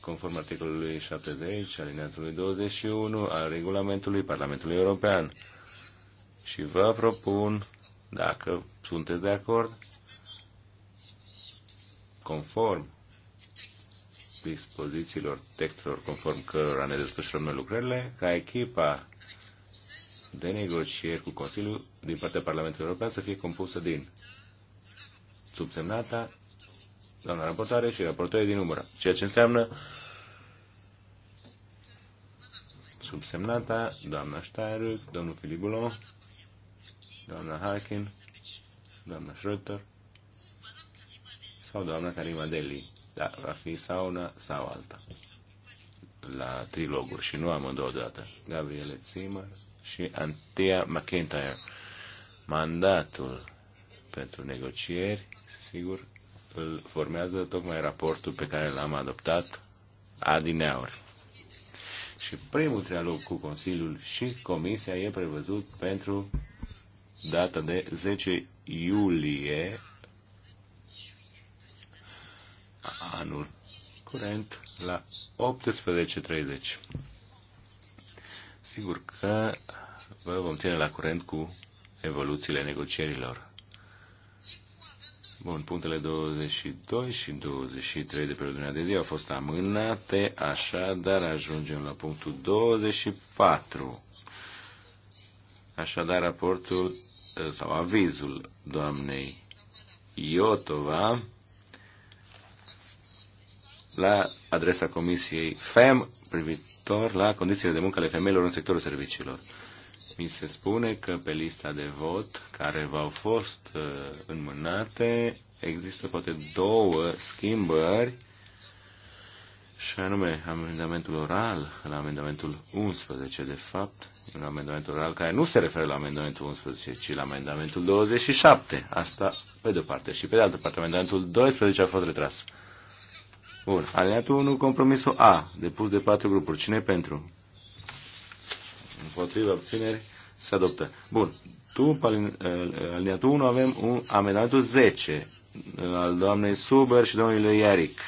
conform articolului 70, alineatului 21 al regulamentului Parlamentului European. Și vă propun, dacă sunteți de acord, conform dispozițiilor textelor conform cărora ne desfășurăm noi lucrările, ca echipa de negocieri cu Consiliul din partea Parlamentului European să fie compusă din subsemnata, doamna raportoare și raportoare din număr, Ceea ce înseamnă subsemnata, doamna Steinrück, domnul Filibulo, doamna Harkin, doamna Schröter sau doamna Karima Deli. Da, va fi sau una sau alta. La triloguri și nu amândouă deodată. Gabriele Zimmer și Antea McIntyre. Mandatul pentru negocieri, sigur, îl formează tocmai raportul pe care l-am adoptat adineauri. Și primul trialog cu Consiliul și Comisia e prevăzut pentru data de 10 iulie anul curent la 18.30. Sigur că vă vom ține la curent cu evoluțiile negocierilor. Bun, punctele 22 și 23 de pe lumea de zi au fost amânate, așadar ajungem la punctul 24. Așadar, raportul sau avizul doamnei Iotova la adresa Comisiei FEM privitor la condițiile de muncă ale femeilor în sectorul serviciilor. Mi se spune că pe lista de vot care v-au fost uh, înmânate există poate două schimbări și anume amendamentul oral la amendamentul 11, de fapt, un amendament oral care nu se referă la amendamentul 11, ci la amendamentul 27. Asta pe de o parte. Și pe de altă parte, amendamentul 12 a fost retras. Bun. aliatul 1, compromisul A, depus de patru grupuri. Cine pentru? Împotriva obțineri, se adoptă. Bun. Tu, aliatul eh, 1, avem un amendamentul 10 eh, al doamnei Suber și domnului Iaric.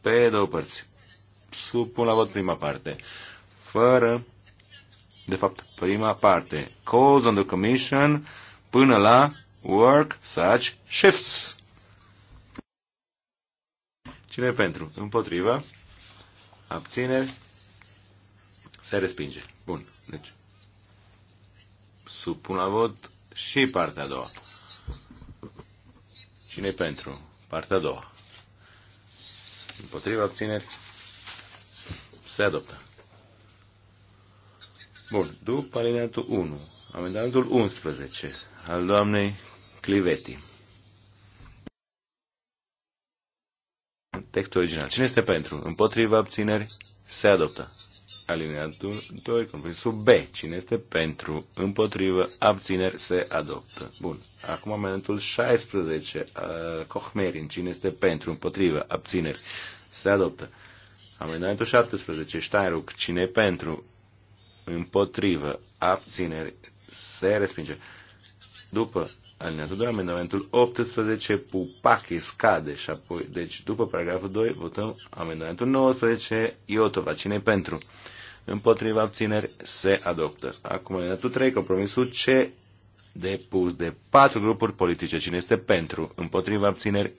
Pe două părți. Supun la vot prima parte. Fără, de fapt, prima parte. Calls on the Commission până la work such shifts. Cine pentru? Împotriva. abține, Se respinge. Bun. Deci, supun la vot și partea a doua. cine pentru? Partea a doua. Împotriva abțineri. Se adoptă. Bun. După alineatul 1, amendamentul 11 al doamnei Cliveti. textul original. Cine este pentru? Împotriva abțineri? Se adoptă. Alineatul 2, compromisul B. Cine este pentru? Împotrivă, abțineri, se adoptă. Bun. Acum amendamentul 16, uh, Cochmerin. Cine este pentru? Împotrivă, abțineri, se adoptă. Amendamentul 17, Steinruck. Cine e pentru? Împotrivă, abțineri, se respinge. După Alineatul 2, amendamentul 18, Pupache scade și apoi, deci după paragraful 2 votăm amendamentul 19, Iotova, cine pentru? Împotriva abțineri se adoptă. Acum alineatul 3, compromisul C, depus de patru grupuri politice. Cine este pentru? Împotriva abțineri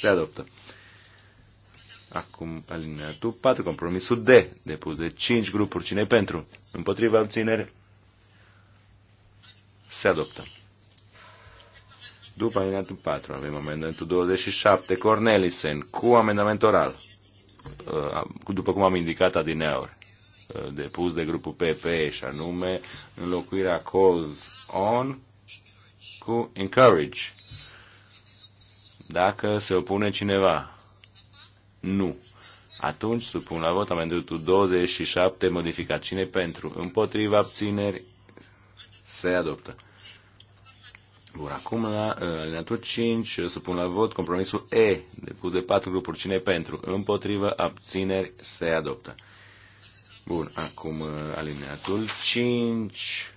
se adoptă. Acum alineatul 4, compromisul D, depus de 5 grupuri. Cine pentru? Împotriva abțineri se se adoptă. După amendamentul 4 avem amendamentul 27, Cornelisen, cu amendament oral, uh, după cum am indicat adineauri, uh, depus de grupul PP și anume înlocuirea calls on cu encourage. Dacă se opune cineva, nu. Atunci supun la vot amendamentul 27 modificat. Cine pentru? Împotriva abțineri se adoptă. Bun, acum la alineatul uh, 5 uh, pun la vot compromisul E, depus de patru grupuri. Cine pentru? Împotrivă, abțineri, se adoptă. Bun, acum uh, alineatul 5,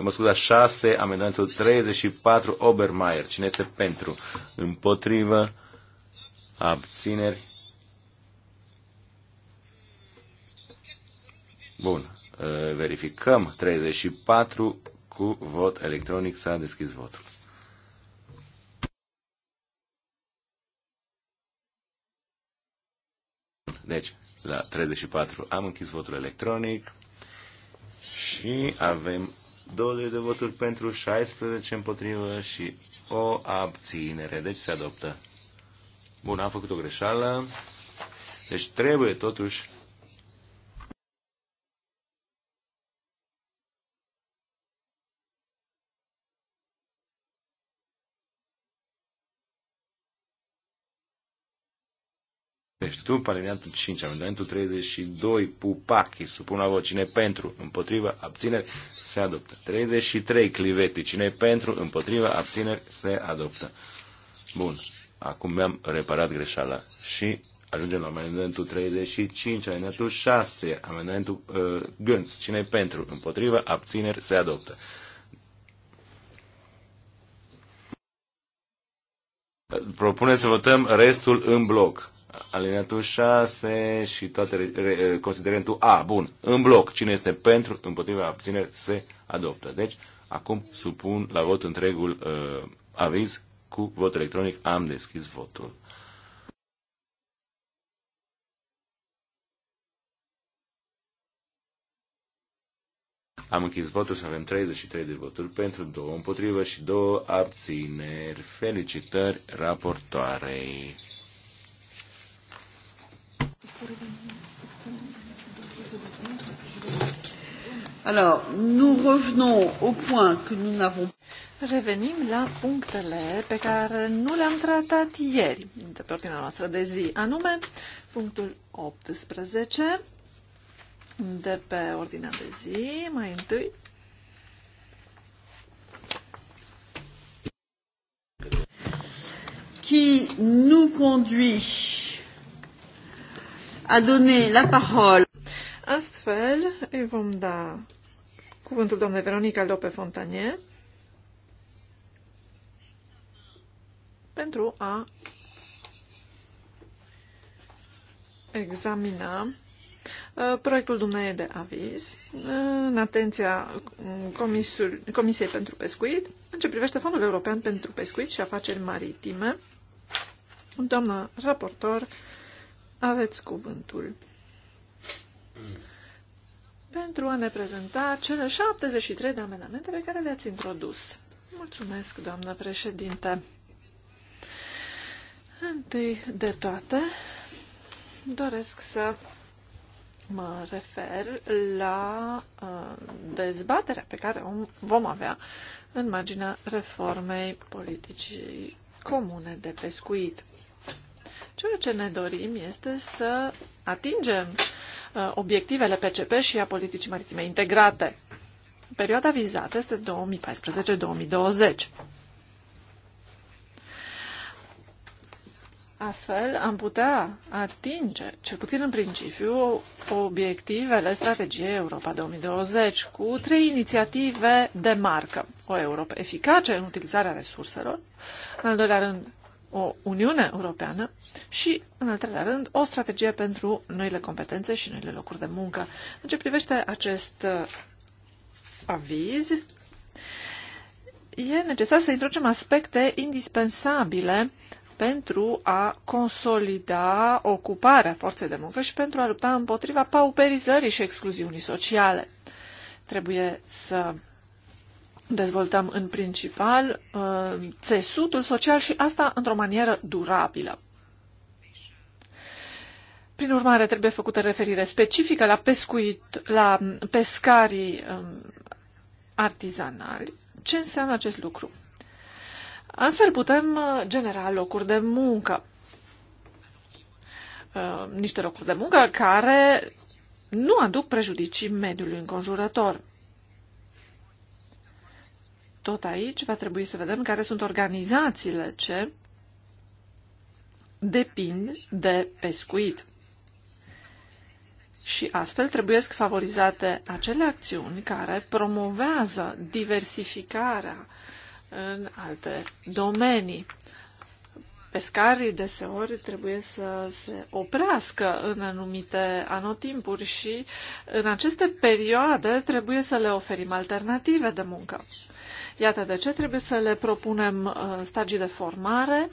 mă scuza, 6, amendamentul 34, Obermeier. Cine este pentru? Împotrivă, abțineri. Bun, verificăm 34 cu vot electronic. S-a deschis votul. Deci, la 34 am închis votul electronic și avem 20 de voturi pentru, 16 împotrivă și o abținere. Deci se adoptă. Bun, am făcut o greșeală. Deci trebuie totuși După deci, alineatul 5, amendamentul 32, Pupachi, supun la vot. Cine pentru, împotriva, abțineri, se adoptă. 33, Cliveti. Cine pentru, împotriva, abțineri, se adoptă. Bun. Acum mi-am reparat greșeala și ajungem la amendamentul 35, amendamentul 6, amendamentul uh, Gânț. Cine pentru, împotriva, abțineri, se adoptă. Propune să votăm restul în bloc alineatul 6 și toate considerentul A. Bun, în bloc, cine este pentru, împotriva abțineri, se adoptă. Deci, acum supun la vot întregul uh, aviz cu vot electronic. Am deschis votul. Am închis votul să avem 33 de voturi pentru, 2 împotrivă și 2 abțineri. Felicitări raportoarei! Alors, nous revenons au point que nous n'avons Revenim la punctele pe care nu le-am tratat ieri de pe ordinea noastră de zi, anume punctul 18 de pe ordinea de zi, mai întâi. Qui nous conduit a donné la parole. Astfel, îi vom da cuvântul doamnei Veronica Lope Fontanie pentru a examina uh, proiectul dumneavoastră de aviz uh, în atenția Comisiei pentru Pescuit în ce privește Fondul European pentru Pescuit și Afaceri Maritime. Doamna raportor aveți cuvântul pentru a ne prezenta cele 73 de amendamente pe care le-ați introdus. Mulțumesc, doamnă președinte. Întâi de toate, doresc să mă refer la uh, dezbaterea pe care o vom avea în marginea reformei politicii comune de pescuit. Ceea ce ne dorim este să atingem uh, obiectivele PCP și a politicii maritime integrate. Perioada vizată este 2014-2020. Astfel, am putea atinge, cel puțin în principiu, obiectivele strategiei Europa 2020 cu trei inițiative de marcă. O Europa eficace în utilizarea resurselor, în al doilea rând, o Uniune Europeană și, în al treilea rând, o strategie pentru noile competențe și noile locuri de muncă. În ce privește acest uh, aviz, e necesar să introducem aspecte indispensabile pentru a consolida ocuparea forței de muncă și pentru a lupta împotriva pauperizării și excluziunii sociale. Trebuie să dezvoltăm în principal uh, țesutul social și asta într-o manieră durabilă. Prin urmare, trebuie făcută referire specifică la, pescuit, la pescarii um, artizanali. Ce înseamnă acest lucru? Astfel putem uh, genera locuri de muncă. Uh, niște locuri de muncă care nu aduc prejudicii mediului înconjurător. Tot aici va trebui să vedem care sunt organizațiile ce depind de pescuit. Și astfel trebuie să favorizate acele acțiuni care promovează diversificarea în alte domenii. Pescarii deseori trebuie să se oprească în anumite anotimpuri și în aceste perioade trebuie să le oferim alternative de muncă. Iată de ce trebuie să le propunem uh, stagii de formare,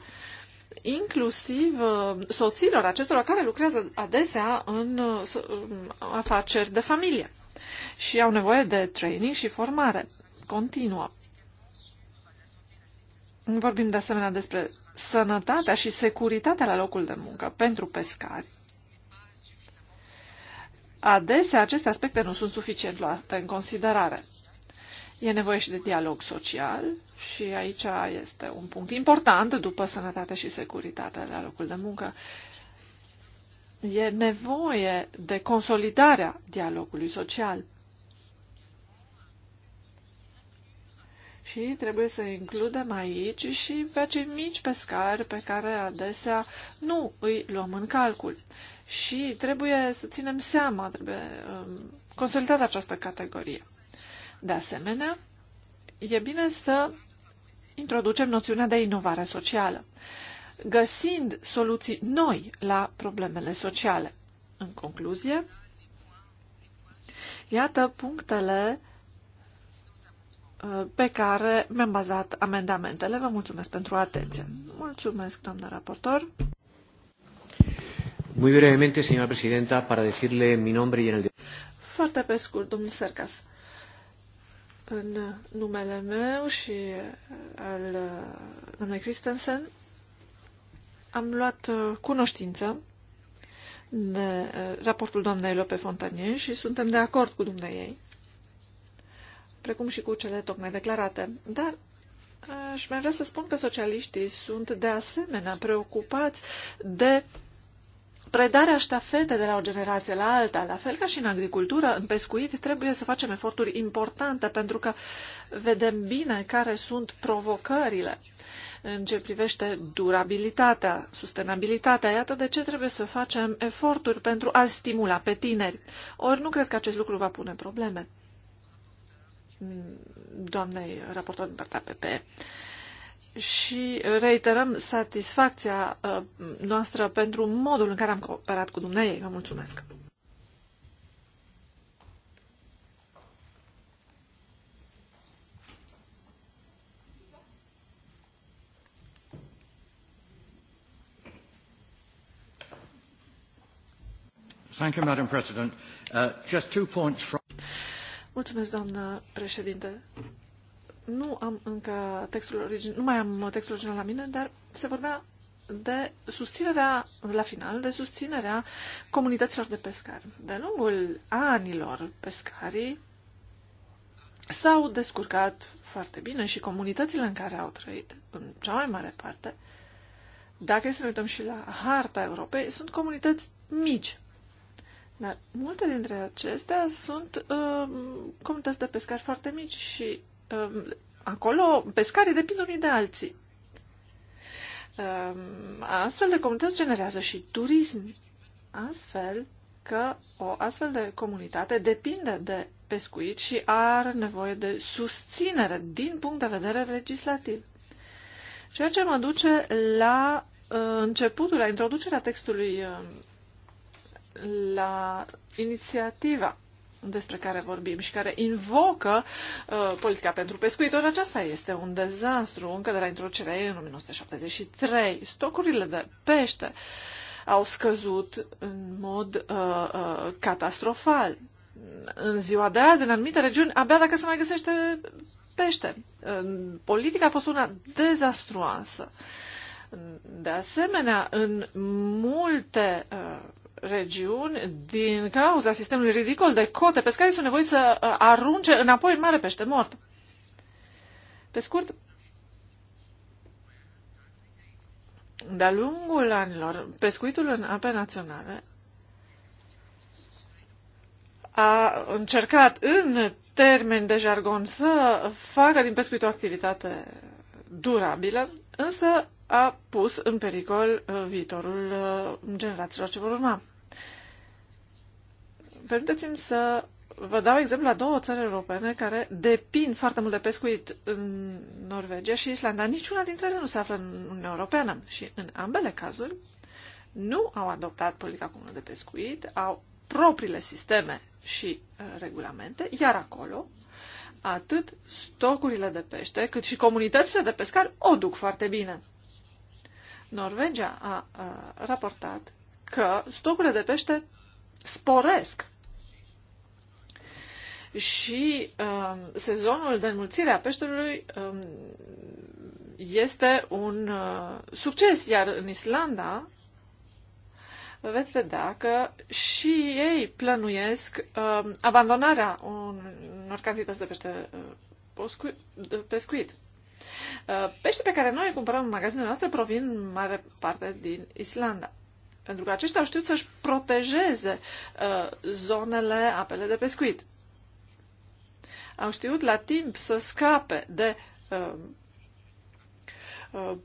inclusiv uh, soților acestora care lucrează adesea în uh, um, afaceri de familie și au nevoie de training și formare continuă. Vorbim de asemenea despre sănătatea și securitatea la locul de muncă pentru pescari. Adesea aceste aspecte nu sunt suficient luate în considerare. E nevoie și de dialog social și aici este un punct important după sănătate și securitate la locul de muncă. E nevoie de consolidarea dialogului social. Și trebuie să includem aici și pe cei mici pescari pe care adesea nu îi luăm în calcul. Și trebuie să ținem seama, trebuie um, consolidată această categorie. De asemenea, e bine să introducem noțiunea de inovare socială, găsind soluții noi la problemele sociale. În concluzie, iată punctele uh, pe care mi-am bazat amendamentele. Vă mulțumesc pentru atenție. Mulțumesc, doamnă raportor. Muy brevemente, señora presidenta, para decirle mi nombre y en el... Foarte pe scurt, domnul Sercas în numele meu și al uh, domnului Christensen am luat uh, cunoștință de uh, raportul doamnei Lope Fontanier și suntem de acord cu ei, precum și cu cele tocmai declarate. Dar aș mai vrea să spun că socialiștii sunt de asemenea preocupați de predarea ștafete de la o generație la alta, la fel ca și în agricultură, în pescuit, trebuie să facem eforturi importante pentru că vedem bine care sunt provocările în ce privește durabilitatea, sustenabilitatea. Iată de ce trebuie să facem eforturi pentru a stimula pe tineri. Ori nu cred că acest lucru va pune probleme mm, doamnei raportor din partea PPE și reiterăm satisfacția uh, noastră pentru modul în care am cooperat cu dumneavoastră. Vă mulțumesc! Thank you, Madam President. Uh, just two points from... Mulțumesc, doamnă președinte. Nu am încă textul original, nu mai am textul original la mine, dar se vorbea de susținerea, la final, de susținerea comunităților de pescari. De lungul anilor, pescarii s-au descurcat foarte bine și comunitățile în care au trăit, în cea mai mare parte, dacă să ne uităm și la harta Europei, sunt comunități mici. Dar multe dintre acestea sunt uh, comunități de pescari foarte mici și Um, acolo pescarii depind unii de alții. Um, astfel de comunități generează și turism. Astfel că o astfel de comunitate depinde de pescuit și are nevoie de susținere din punct de vedere legislativ. Ceea ce mă duce la uh, începutul, la introducerea textului uh, la inițiativa despre care vorbim și care invocă uh, politica pentru pescuitori, aceasta este un dezastru încă de la introducerea ei în 1973. Stocurile de pește au scăzut în mod uh, uh, catastrofal. În ziua de azi, în anumite regiuni, abia dacă se mai găsește pește. politica a fost una dezastruoasă. De asemenea, în multe uh, regiuni, din cauza sistemului ridicol de cote, pescarii sunt nevoiți să uh, arunce înapoi în mare pește mort. Pe scurt, de-a lungul anilor, pescuitul în ape naționale a încercat în termeni de jargon să facă din pescuit o activitate durabilă, însă a pus în pericol uh, viitorul uh, generațiilor ce vor urma. Permiteți-mi să vă dau exemplu la două țări europene care depind foarte mult de pescuit în Norvegia și Islanda. Niciuna dintre ele nu se află în Uniunea Europeană și în ambele cazuri nu au adoptat politica comună de pescuit, au propriile sisteme și uh, regulamente, iar acolo atât stocurile de pește cât și comunitățile de pescari o duc foarte bine. Norvegia a, a raportat că stocurile de pește sporesc și um, sezonul de înmulțire a peștelui um, este un uh, succes, iar în Islanda veți vedea că și ei plănuiesc um, abandonarea unor cantități de pește uh, pescuit. Uh, Pești pe care noi îi cumpărăm în magazinele noastre provin în mare parte din Islanda. Pentru că aceștia au știut să-și protejeze uh, zonele, apele de pescuit. Au știut la timp să scape de uh,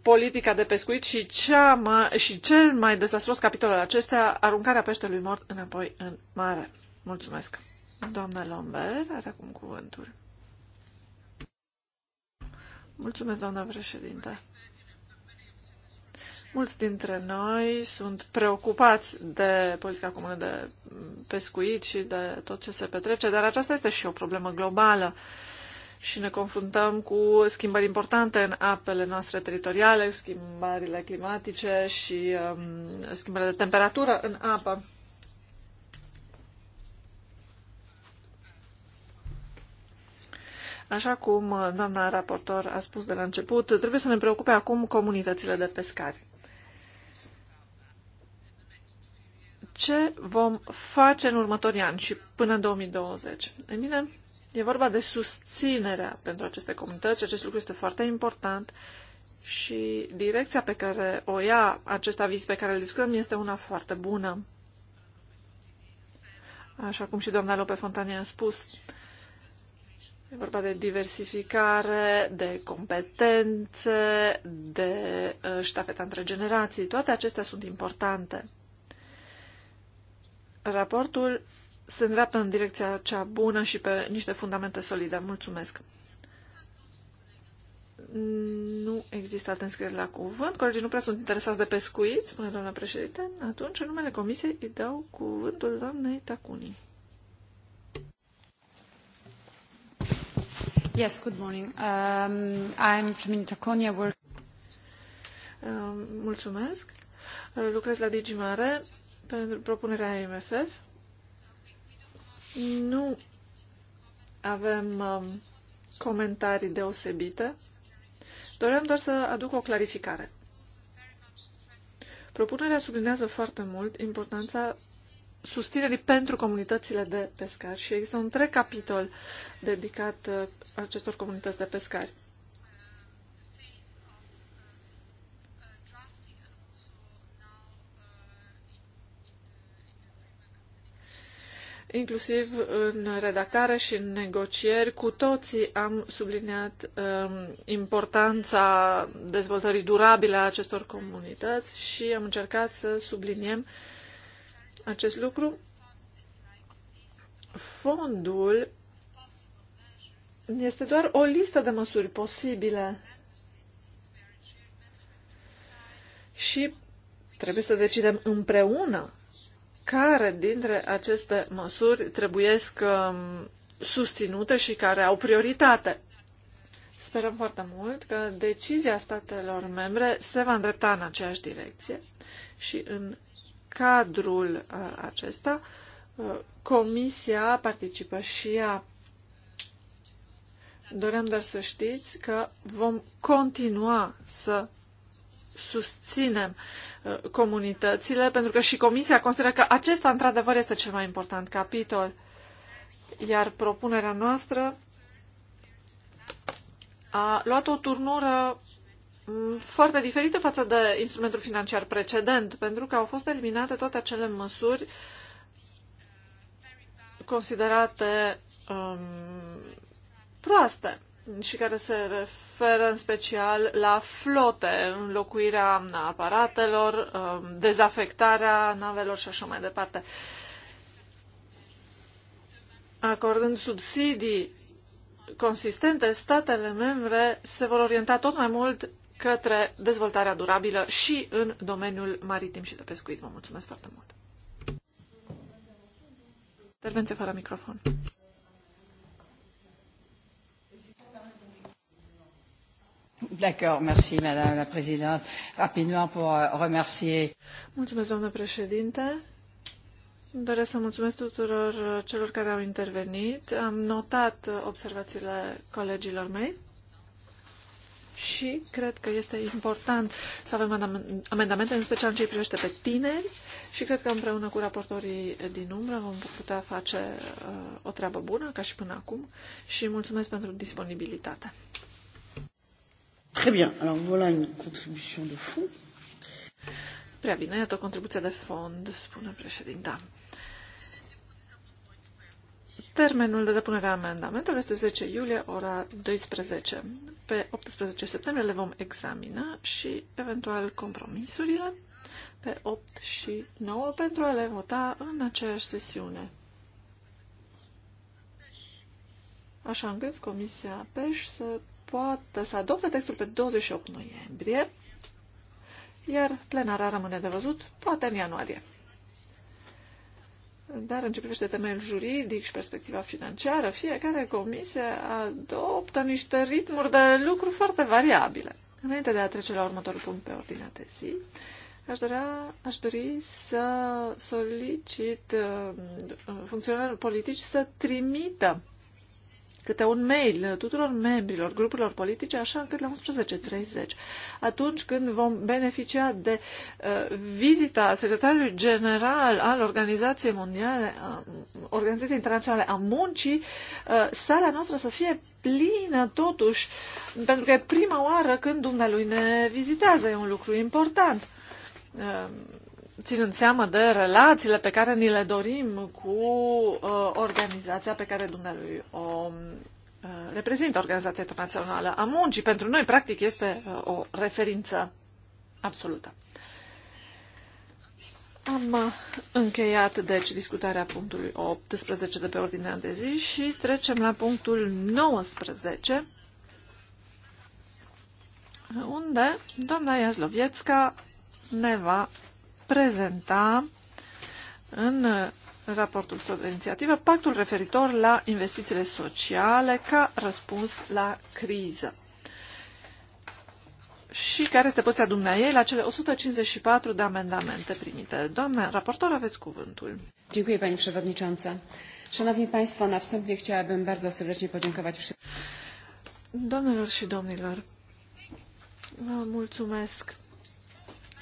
politica de pescuit și, cea mai, și cel mai dezastruos capitol al acestea, aruncarea peștelui mort înapoi în mare. Mulțumesc. Doamna Lomber, are acum cuvântul. Mulțumesc, doamna președinte. Mulți dintre noi sunt preocupați de politica comună de pescuit și de tot ce se petrece, dar aceasta este și o problemă globală și ne confruntăm cu schimbări importante în apele noastre teritoriale, schimbările climatice și um, schimbările de temperatură în apă. Așa cum uh, doamna raportor a spus de la început, trebuie să ne preocupe acum comunitățile de pescari. Ce vom face în următorii ani și până în 2020? E bine, e vorba de susținerea pentru aceste comunități. Acest lucru este foarte important și direcția pe care o ia acest aviz pe care îl discutăm este una foarte bună. Așa cum și doamna Lope Fontania a spus, E vorba de diversificare, de competențe, de uh, ștafeta între generații. Toate acestea sunt importante. Raportul se îndreaptă în direcția cea bună și pe niște fundamente solide. Mulțumesc! Nu există alte înscrieri la cuvânt. Colegii nu prea sunt interesați de pescuit, spune doamna președinte. Atunci, în numele comisiei, îi dau cuvântul doamnei Tacunii. Yes, good morning. Um, I'm Flaminita Conia. Work... Um, mulțumesc. Lucrez la Digimare pentru propunerea MFF. Nu avem um, comentarii deosebite. Doream doar să aduc o clarificare. Propunerea sublinează foarte mult importanța susținerii pentru comunitățile de pescari și există un întreg capitol dedicat uh, acestor comunități de pescari. inclusiv în redactare și în negocieri, cu toții am subliniat um, importanța dezvoltării durabile a acestor comunități și am încercat să subliniem uh, acest lucru, fondul este doar o listă de măsuri posibile și trebuie să decidem împreună care dintre aceste măsuri trebuiesc um, susținute și care au prioritate. Sperăm foarte mult că decizia statelor membre se va îndrepta în aceeași direcție și în cadrul uh, acesta, uh, Comisia participă și ea. Dorem doar să știți că vom continua să susținem uh, comunitățile, pentru că și Comisia consideră că acesta, într-adevăr, este cel mai important capitol. Iar propunerea noastră a luat o turnură Mm, foarte diferită față de instrumentul financiar precedent, pentru că au fost eliminate toate acele măsuri considerate um, proaste și care se referă în special la flote, înlocuirea aparatelor, um, dezafectarea navelor și așa mai departe. Acordând subsidii consistente, statele membre se vor orienta tot mai mult către dezvoltarea durabilă și în domeniul maritim și de pescuit. Vă mulțumesc foarte mult! Intervenție fără microfon. D'accord, merci Madame la Présidente. Rapidement pour euh, remercier. Mulțumesc, doamnă președinte. Doresc să mulțumesc tuturor uh, celor care au intervenit. Am notat uh, observațiile colegilor mei și cred că este important să avem amendamente, în special în ce privește pe tineri și cred că împreună cu raportorii din umbră vom putea face uh, o treabă bună, ca și până acum, și mulțumesc pentru disponibilitate. Très bien. Alors voilà une contribution de fond. Prea bine, iată o contribuție de fond, spune președinta. Termenul de depunere a amendamentului este 10 iulie, ora 12. Pe 18 septembrie le vom examina și, eventual, compromisurile pe 8 și 9 pentru a le vota în aceeași sesiune. Așa încât Comisia PEș să poată să adopte textul pe 28 noiembrie, iar plenara rămâne de văzut poate în ianuarie. Dar în ce privește temeiul juridic și perspectiva financiară, fiecare comisie adoptă niște ritmuri de lucru foarte variabile. Înainte de a trece la următorul punct pe ordinea de zi, aș, dorea, aș dori să solicit uh, funcționarilor politici să trimită câte un mail tuturor membrilor grupurilor politice, așa încât la 11.30, atunci când vom beneficia de uh, vizita secretarului general al Organizației Mondiale, a, Organizației Internaționale a Muncii, uh, sala noastră să fie plină totuși, pentru că e prima oară când dumnealui ne vizitează, e un lucru important. Uh, ținând seama de relațiile pe care ni le dorim cu uh, organizația pe care dumnealui o uh, reprezintă, Organizația Internațională a Muncii. Pentru noi, practic, este uh, o referință absolută. Am uh, încheiat, deci, discutarea punctului 18 de pe ordinea de zi și trecem la punctul 19, unde doamna Iazloviețca ne va prezenta în raportul său de inițiativă pactul referitor la investițiile sociale ca răspuns la criză și care este poziția dumneavoastră la cele 154 de amendamente primite. Doamne, raportor, aveți cuvântul. Dziękuję Pani Przewodnicząca. Szanowni Państwo, na wstępie chciałabym bardzo serdecznie podziękować wszystkim. Doamnelor și domnilor, vă mulțumesc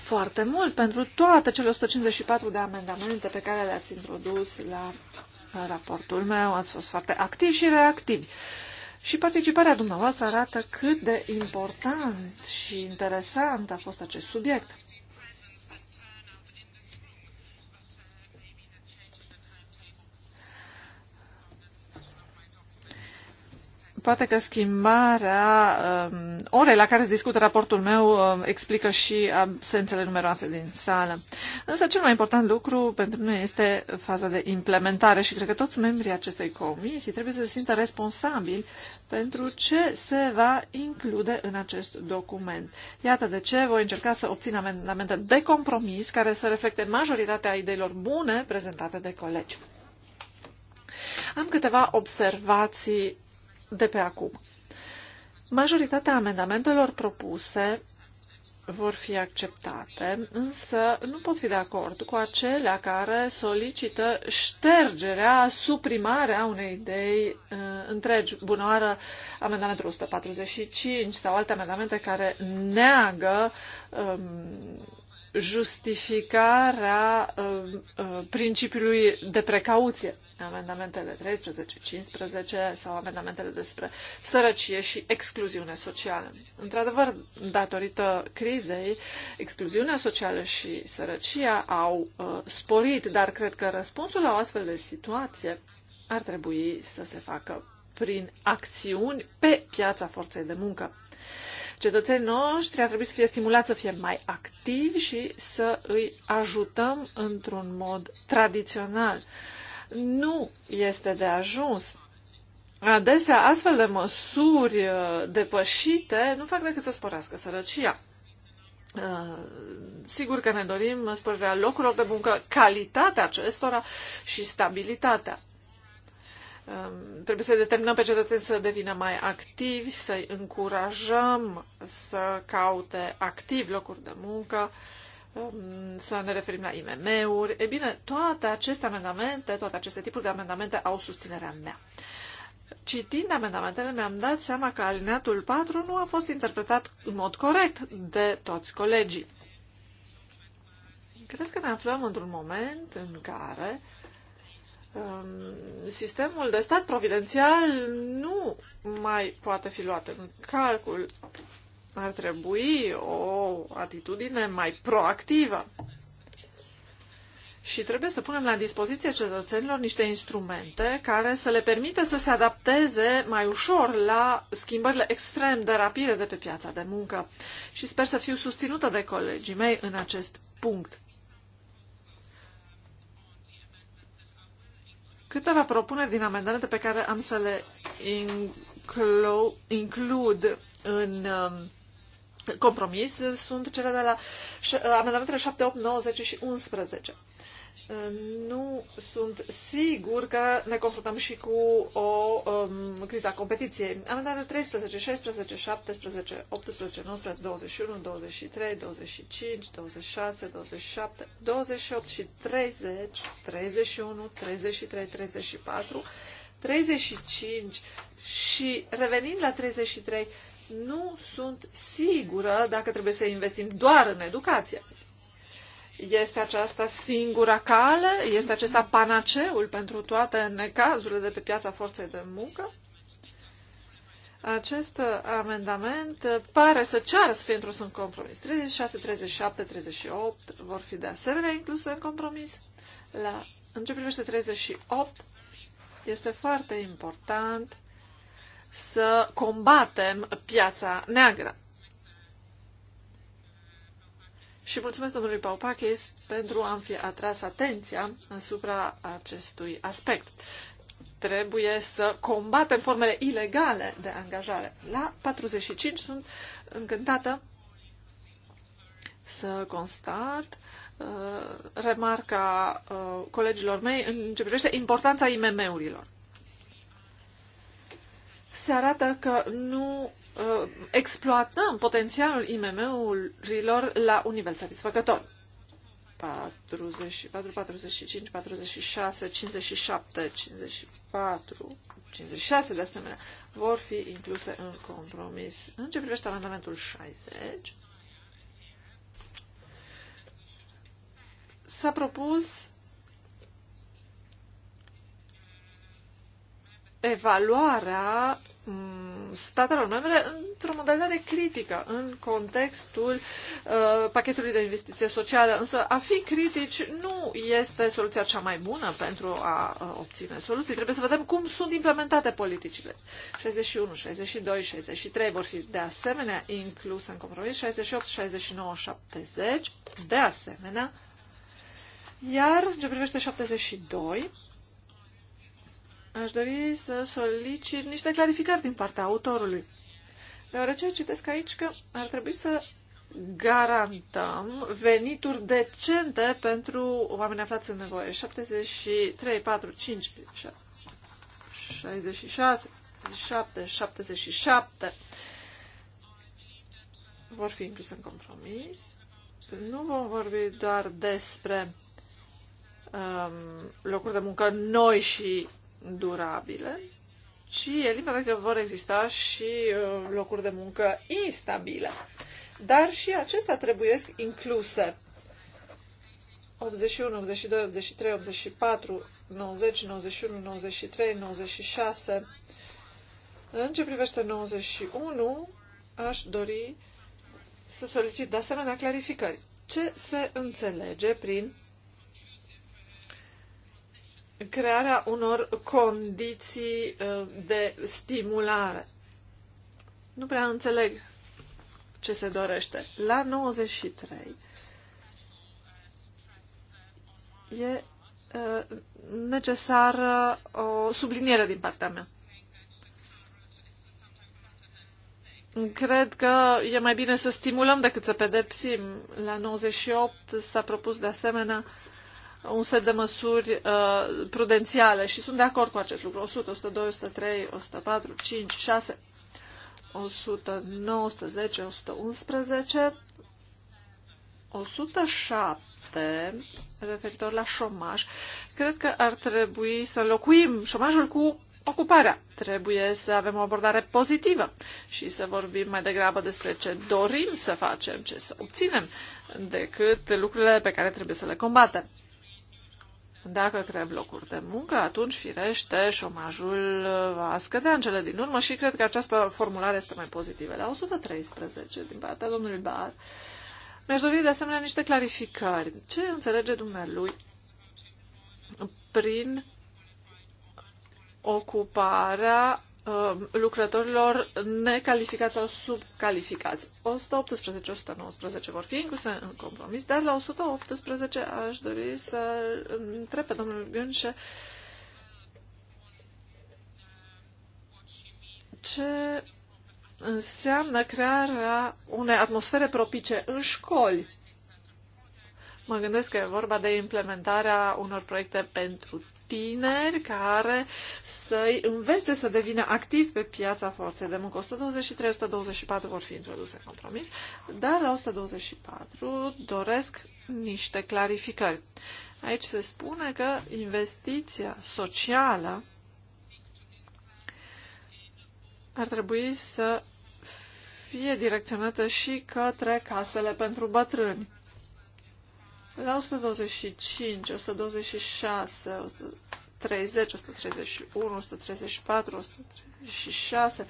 foarte mult pentru toate cele 154 de amendamente pe care le-ați introdus la raportul meu. Ați fost foarte activi și reactivi. Și participarea dumneavoastră arată cât de important și interesant a fost acest subiect. Poate că schimbarea um, orei la care se discută raportul meu um, explică și absențele numeroase din sală. Însă cel mai important lucru pentru noi este faza de implementare și cred că toți membrii acestei comisii trebuie să se simtă responsabili pentru ce se va include în acest document. Iată de ce voi încerca să obțin amendamente de compromis care să reflecte majoritatea ideilor bune prezentate de colegi. Am câteva observații de pe acum. Majoritatea amendamentelor propuse vor fi acceptate, însă nu pot fi de acord cu acelea care solicită ștergerea, suprimarea unei idei uh, întregi. Bună oară, amendamentul 145 sau alte amendamente care neagă um, justificarea uh, uh, principiului de precauție. Amendamentele 13, 15 sau amendamentele despre sărăcie și excluziune socială. Într-adevăr, datorită crizei, excluziunea socială și sărăcia au uh, sporit, dar cred că răspunsul la o astfel de situație ar trebui să se facă prin acțiuni pe piața forței de muncă. Cetățenii noștri ar trebui să fie stimulați să fie mai activi și să îi ajutăm într-un mod tradițional. Nu este de ajuns. Adesea, astfel de măsuri uh, depășite nu fac decât să sporească sărăcia. Uh, sigur că ne dorim sporirea locurilor de muncă, calitatea acestora și stabilitatea. Um, trebuie să determinăm pe cetățeni să devină mai activi, să-i încurajăm să caute activ locuri de muncă, um, să ne referim la IMM-uri. E bine, toate aceste amendamente, toate aceste tipuri de amendamente au susținerea mea. Citind amendamentele, mi-am dat seama că alineatul 4 nu a fost interpretat în mod corect de toți colegii. Cred că ne aflăm într-un moment în care uh, Um, sistemul de stat providențial nu mai poate fi luat în calcul. Ar trebui o atitudine mai proactivă. Și trebuie să punem la dispoziție cetățenilor niște instrumente care să le permită să se adapteze mai ușor la schimbările extrem de rapide de pe piața de muncă. Și sper să fiu susținută de colegii mei în acest punct. câteva propuneri din amendamente pe care am să le inclu includ în um, compromis sunt cele de la amendamentele 7, 8, 9, 10 și 11 nu sunt sigur că ne confruntăm și cu o um, criza competiției. dat 13, 16, 17, 18, 19, 21, 23, 25, 26, 27, 28 și 30, 31, 33, 34, 35 și revenind la 33, nu sunt sigură dacă trebuie să investim doar în educație. Este aceasta singura cale? Este acesta panaceul pentru toate necazurile de pe piața forței de muncă? Acest uh, amendament uh, pare să ceară să fie într-un în compromis. 36, 37, 38 vor fi de asemenea incluse în compromis. La, în ce privește 38, este foarte important să combatem piața neagră. Și mulțumesc domnului Paupakis pentru a-mi fi atras atenția asupra acestui aspect. Trebuie să combatem formele ilegale de angajare. La 45 sunt încântată să constat uh, remarca uh, colegilor mei în ce privește importanța IMM-urilor. Se arată că nu uh, exploatăm potențialul IMM-urilor la un nivel satisfăcător. 44, 45, 46, 57, 54, 56 de asemenea vor fi incluse în compromis. În ce privește amendamentul 60, s-a propus evaluarea statelor membre într-o modalitate critică în contextul uh, pachetului de investiție socială. Însă a fi critici nu este soluția cea mai bună pentru a uh, obține soluții. Trebuie să vedem cum sunt implementate politicile. 61, 62, 63 vor fi de asemenea incluse în compromis, 68, 69, 70 de asemenea. Iar ce privește 72, Aș dori să solicit niște clarificări din partea autorului. Deoarece citesc aici că ar trebui să garantăm venituri decente pentru oamenii aflați în nevoie. 73, 4, 5, 66, 77, 77 vor fi incluse în compromis. Nu vom vorbi doar despre um, locuri de muncă noi și durabile, ci e limpede că vor exista și uh, locuri de muncă instabile. Dar și acestea trebuie incluse. 81, 82, 83, 84, 90, 91, 93, 96. În ce privește 91, aș dori să solicit de asemenea clarificări. Ce se înțelege prin crearea unor condiții uh, de stimulare. Nu prea înțeleg ce se dorește. La 93 e uh, necesară o subliniere din partea mea. Cred că e mai bine să stimulăm decât să pedepsim. La 98 s-a propus de asemenea uh, un set de măsuri uh, prudențiale și sunt de acord cu acest lucru. 100, 102, 103, 104, 5, 6, 109, 110, 111, 107 referitor la șomaj. Cred că ar trebui să înlocuim șomajul cu ocuparea. Trebuie să avem o abordare pozitivă și să vorbim mai degrabă despre ce dorim să facem, ce să obținem, decât lucrurile pe care trebuie să le combatem. Dacă creăm locuri de muncă, atunci, firește, șomajul va scădea în cele din urmă și cred că această formulare este mai pozitivă. La 113, din partea domnului Bar, mi-aș dori de asemenea niște clarificări. Ce înțelege dumnealui prin ocuparea Uh, lucrătorilor necalificați sau subcalificați. 118-119 vor fi incluse în compromis, dar la 118 aș dori să întreb pe domnul Gânșe ce înseamnă crearea unei atmosfere propice în școli. Mă gândesc că e vorba de implementarea unor proiecte pentru tineri care să-i învețe să devină activ pe piața forței de muncă. 123, 124 vor fi introduse compromis, dar la 124 doresc niște clarificări. Aici se spune că investiția socială ar trebui să fie direcționată și către casele pentru bătrâni. La 125, 126, 130, 131, 134, 136,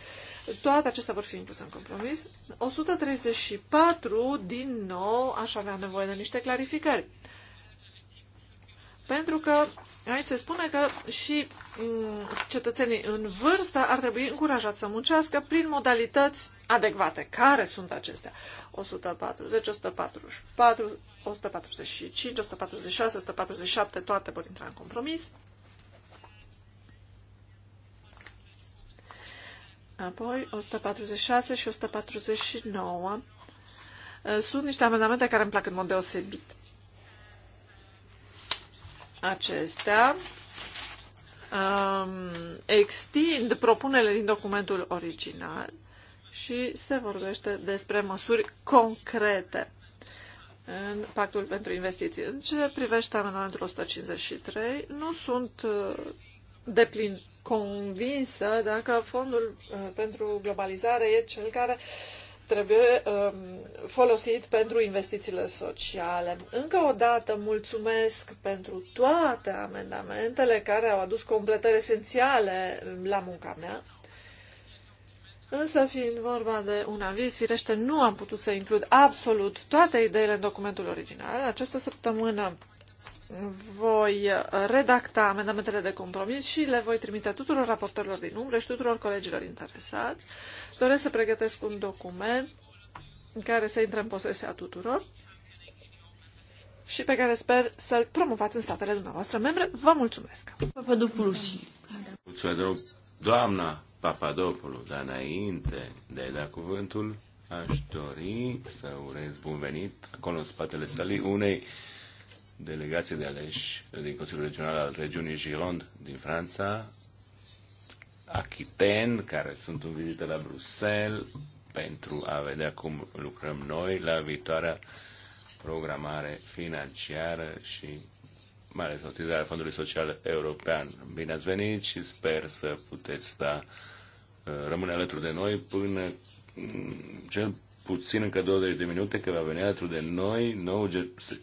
toate acestea vor fi incluse în compromis. 134, din nou, aș avea nevoie de niște clarificări. Pentru că aici se spune că și mm, cetățenii în vârstă ar trebui încurajați să muncească prin modalități adecvate. Care sunt acestea? 140, 144, 145, 146, 147, toate vor intra în compromis. Apoi 146 și 149. Eh, sunt niște amendamente care îmi plac în mod deosebit. Acestea um, extind propunele din documentul original și se vorbește despre măsuri concrete în Pactul pentru Investiții. În ce privește amendamentul 153, nu sunt uh, deplin convinsă dacă fondul uh, pentru globalizare e cel care trebuie um, folosit pentru investițiile sociale. Încă o dată mulțumesc pentru toate amendamentele care au adus completări esențiale la munca mea Însă, fiind vorba de un aviz, firește, nu am putut să includ absolut toate ideile în documentul original. Această săptămână voi redacta amendamentele de compromis și le voi trimite tuturor raportorilor din umbră și tuturor colegilor interesați. Doresc să pregătesc un document în care să intre în posesia tuturor și pe care sper să-l promovați în statele dumneavoastră membre. Vă mulțumesc! Papadopoulos. Mulțumesc, doamna Papadopoulos, dar înainte de a da cuvântul, aș dori să urez bun venit acolo în spatele salii unei delegații de aleși din Consiliul Regional al regiunii Gironde din Franța, Achiten, care sunt în vizită la Bruxelles pentru a vedea cum lucrăm noi la viitoarea programare financiară și mai ales utilizarea Fondului Social European. Bine ați venit și sper să puteți sta, da, uh, rămâne alături de noi până mm, cel puțin încă 20 de minute că va veni alături de noi nou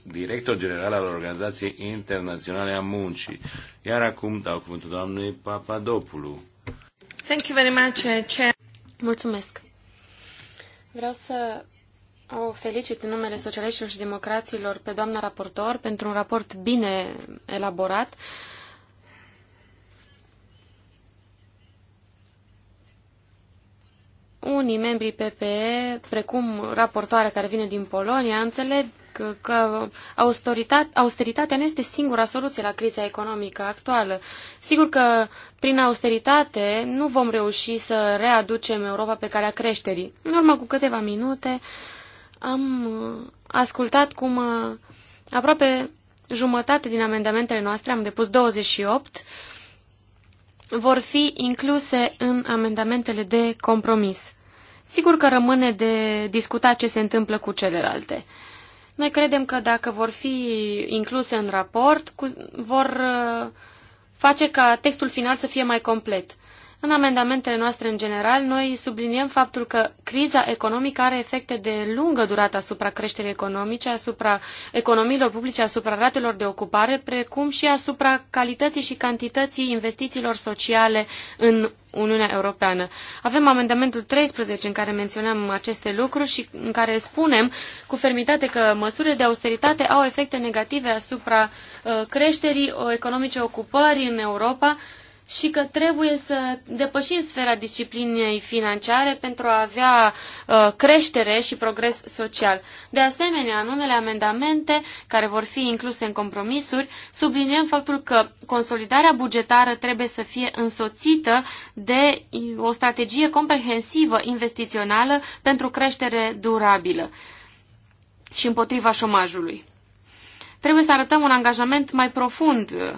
director general al Organizației Internaționale a Muncii. Iar acum dau cuvântul doamnei Papadopoulou. Thank you very much, uh, Chair. Mulțumesc. Vreau să o felicit în numele socialiștilor și democraților pe doamna raportor pentru un raport bine elaborat. Unii membri PPE, precum raportoarea care vine din Polonia, înțeleg că, că austeritatea nu este singura soluție la criza economică actuală. Sigur că prin austeritate nu vom reuși să readucem Europa pe calea creșterii. În urmă cu câteva minute, am uh, ascultat cum uh, aproape jumătate din amendamentele noastre, am depus 28, vor fi incluse în amendamentele de compromis. Sigur că rămâne de discutat ce se întâmplă cu celelalte. Noi credem că dacă vor fi incluse în raport, vor uh, face ca textul final să fie mai complet. În amendamentele noastre în general, noi subliniem faptul că criza economică are efecte de lungă durată asupra creșterii economice, asupra economiilor publice, asupra ratelor de ocupare, precum și asupra calității și cantității investițiilor sociale în Uniunea Europeană. Avem amendamentul 13 în care menționăm aceste lucruri și în care spunem cu fermitate că măsurile de austeritate au efecte negative asupra uh, creșterii uh, economice ocupării în Europa, și că trebuie să depășim sfera disciplinei financiare pentru a avea uh, creștere și progres social. De asemenea, în unele amendamente care vor fi incluse în compromisuri, subliniem faptul că consolidarea bugetară trebuie să fie însoțită de o strategie comprehensivă investițională pentru creștere durabilă și împotriva șomajului. Trebuie să arătăm un angajament mai profund uh,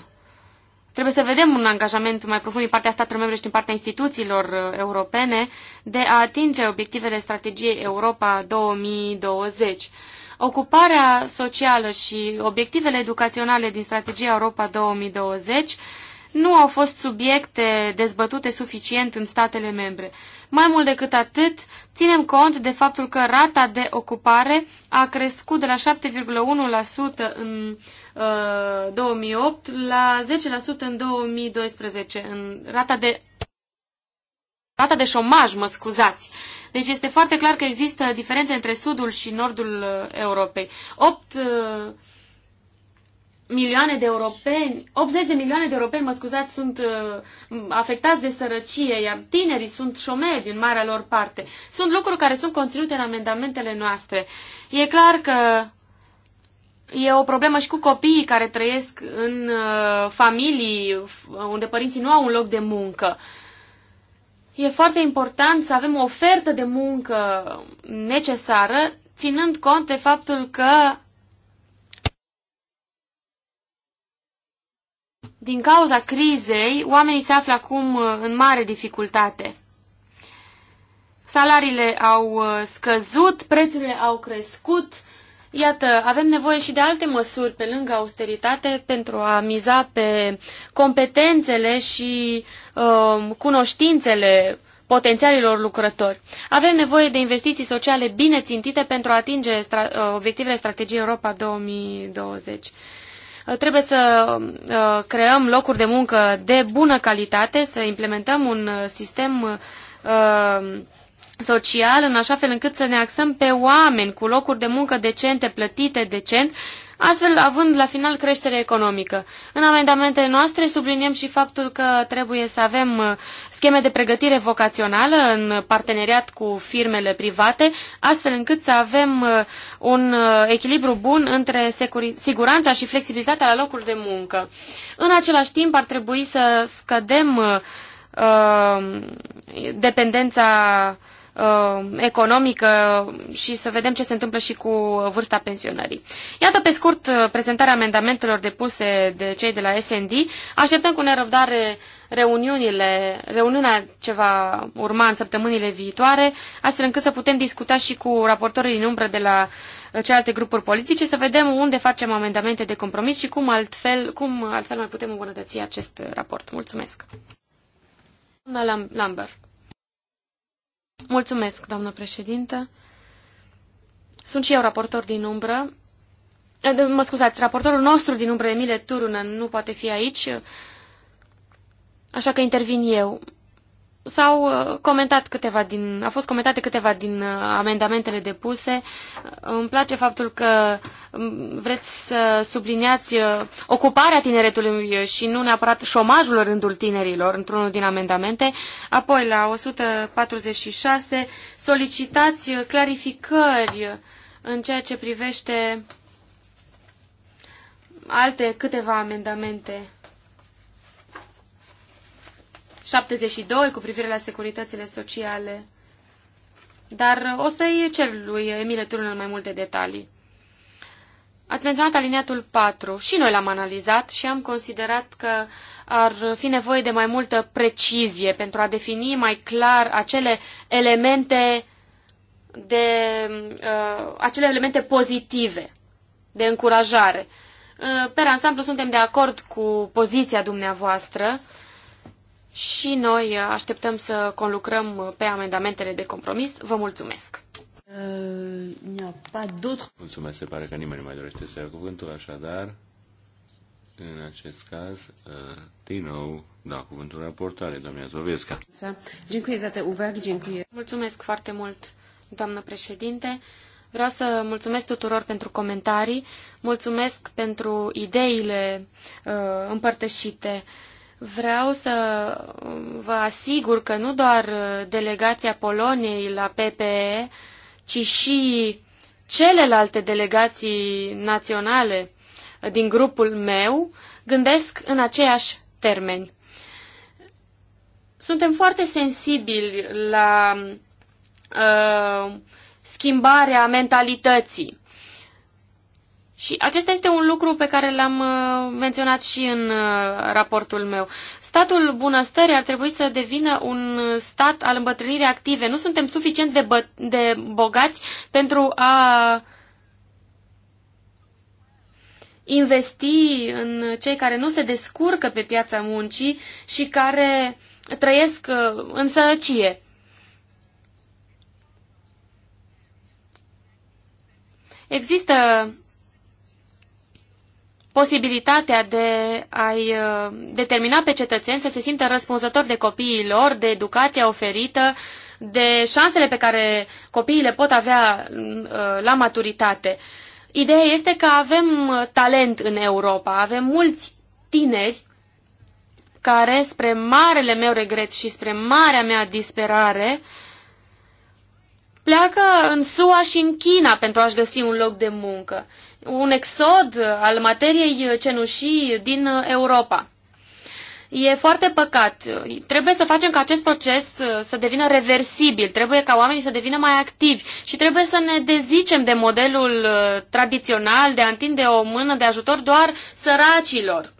Trebuie să vedem un angajament mai profund din partea statelor membre și din partea instituțiilor uh, europene de a atinge obiectivele strategiei Europa 2020. Ocuparea socială și obiectivele educaționale din strategia Europa 2020 nu au fost subiecte dezbătute suficient în statele membre. Mai mult decât atât, ținem cont de faptul că rata de ocupare a crescut de la 7,1% în 2008 uh, la 10% în 2012, în rata de, rata de șomaj, mă scuzați. Deci este foarte clar că există diferențe între sudul și nordul uh, Europei. 8 uh, milioane de europeni, 80 de milioane de europeni, mă scuzați, sunt uh, afectați de sărăcie, iar tinerii sunt șomeri în marea lor parte. Sunt lucruri care sunt conținute în amendamentele noastre. E clar că E o problemă și cu copiii care trăiesc în uh, familii uh, unde părinții nu au un loc de muncă. E foarte important să avem o ofertă de muncă necesară, ținând cont de faptul că din cauza crizei, oamenii se află acum uh, în mare dificultate. Salariile au scăzut, prețurile au crescut, Iată, avem nevoie și de alte măsuri pe lângă austeritate pentru a miza pe competențele și uh, cunoștințele potențialilor lucrători. Avem nevoie de investiții sociale bine țintite pentru a atinge stra uh, obiectivele strategiei Europa 2020. Uh, trebuie să uh, creăm locuri de muncă de bună calitate, să implementăm un sistem uh, social în așa fel încât să ne axăm pe oameni cu locuri de muncă decente, plătite decent, astfel având la final creștere economică. În amendamentele noastre subliniem și faptul că trebuie să avem uh, scheme de pregătire vocațională în parteneriat cu firmele private, astfel încât să avem uh, un uh, echilibru bun între siguranța și flexibilitatea la locuri de muncă. În același timp ar trebui să scădem uh, dependența uh, Uh, economică și să vedem ce se întâmplă și cu vârsta pensionării. Iată pe scurt uh, prezentarea amendamentelor depuse de cei de la SND. Așteptăm cu nerăbdare reuniunile, reuniunea ce va urma în săptămânile viitoare, astfel încât să putem discuta și cu raportorii din umbră de la uh, celelalte grupuri politice, să vedem unde facem amendamente de compromis și cum altfel, cum altfel mai putem îmbunătăți acest raport. Mulțumesc! Doamna Lambert. Mulțumesc, doamnă președinte. Sunt și eu raportor din umbră. Eh, mă scuzați, raportorul nostru din umbră, Emile Turunen, nu poate fi aici, așa că intervin eu. S-au uh, comentat câteva din, au fost comentate câteva din uh, amendamentele depuse. Îmi place faptul că um, vreți să subliniați uh, ocuparea tineretului și nu neapărat șomajul rândul tinerilor într-unul din amendamente. Apoi, la 146, solicitați clarificări în ceea ce privește alte câteva amendamente 72 cu privire la securitățile sociale. Dar o să-i cer lui Emile Turunen mai multe detalii. Ați menționat aliniatul 4. Și noi l-am analizat și am considerat că ar fi nevoie de mai multă precizie pentru a defini mai clar acele elemente de uh, acele elemente pozitive de încurajare. Uh, per ansamblu suntem de acord cu poziția dumneavoastră și noi așteptăm să conlucrăm pe amendamentele de compromis. Vă mulțumesc! Uh, mulțumesc, se pare că nimeni nu mai dorește să ia cuvântul, așadar, în acest caz, uh, din nou, da, cuvântul raportare, doamna Zovesca. Mulțumesc foarte mult, doamnă președinte. Vreau să mulțumesc tuturor pentru comentarii, mulțumesc pentru ideile uh, împărtășite. Uh, Vreau să vă asigur că nu doar delegația Poloniei la PPE, ci și celelalte delegații naționale din grupul meu gândesc în aceiași termeni. Suntem foarte sensibili la uh, schimbarea mentalității. Și acesta este un lucru pe care l-am uh, menționat și în uh, raportul meu. Statul bunăstării ar trebui să devină un stat al îmbătrânirii active. Nu suntem suficient de, bă- de bogați pentru a investi în cei care nu se descurcă pe piața muncii și care trăiesc uh, în sărăcie. Există posibilitatea de a-i uh, determina pe cetățeni să se simtă răspunzători de copiii lor, de educația oferită, de șansele pe care copiii le pot avea mm, uh, la maturitate. Ideea este că avem uh, talent în Europa, avem mulți tineri care, spre marele meu regret și spre marea mea disperare, pleacă în SUA și în China pentru a-și găsi un loc de muncă un exod al materiei cenușii din Europa. E foarte păcat. Trebuie să facem ca acest proces uh, să devină reversibil, trebuie ca oamenii să devină mai activi și trebuie să ne dezicem de modelul uh, tradițional de a întinde o mână de ajutor doar săracilor.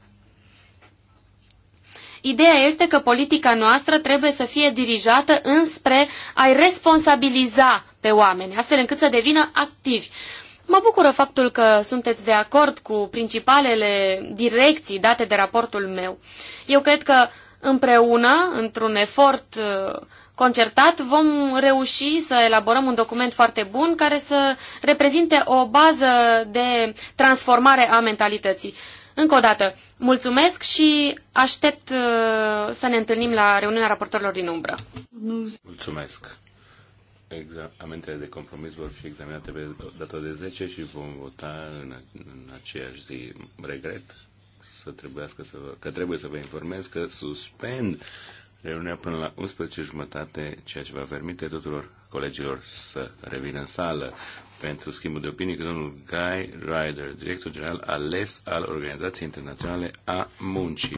Ideea este că politica noastră trebuie să fie dirijată înspre a-i responsabiliza pe oameni, astfel încât să devină activi. Mă bucură faptul că sunteți de acord cu principalele direcții date de raportul meu. Eu cred că împreună, într-un efort uh, concertat, vom reuși să elaborăm un document foarte bun care să reprezinte o bază de transformare a mentalității. Încă o dată, mulțumesc și aștept uh, să ne întâlnim la reuniunea raportorilor din umbră. Mulțumesc. Examenele de compromis vor fi examinate pe data de 10 și vom vota în, în aceeași zi. Regret să trebuiască să vă, că trebuie să vă informez că suspend reuniunea până la 11 jumătate, ceea ce va permite tuturor colegilor să revină în sală pentru schimbul de opinii domnul Guy Ryder, director general ales al Organizației Internaționale a Muncii.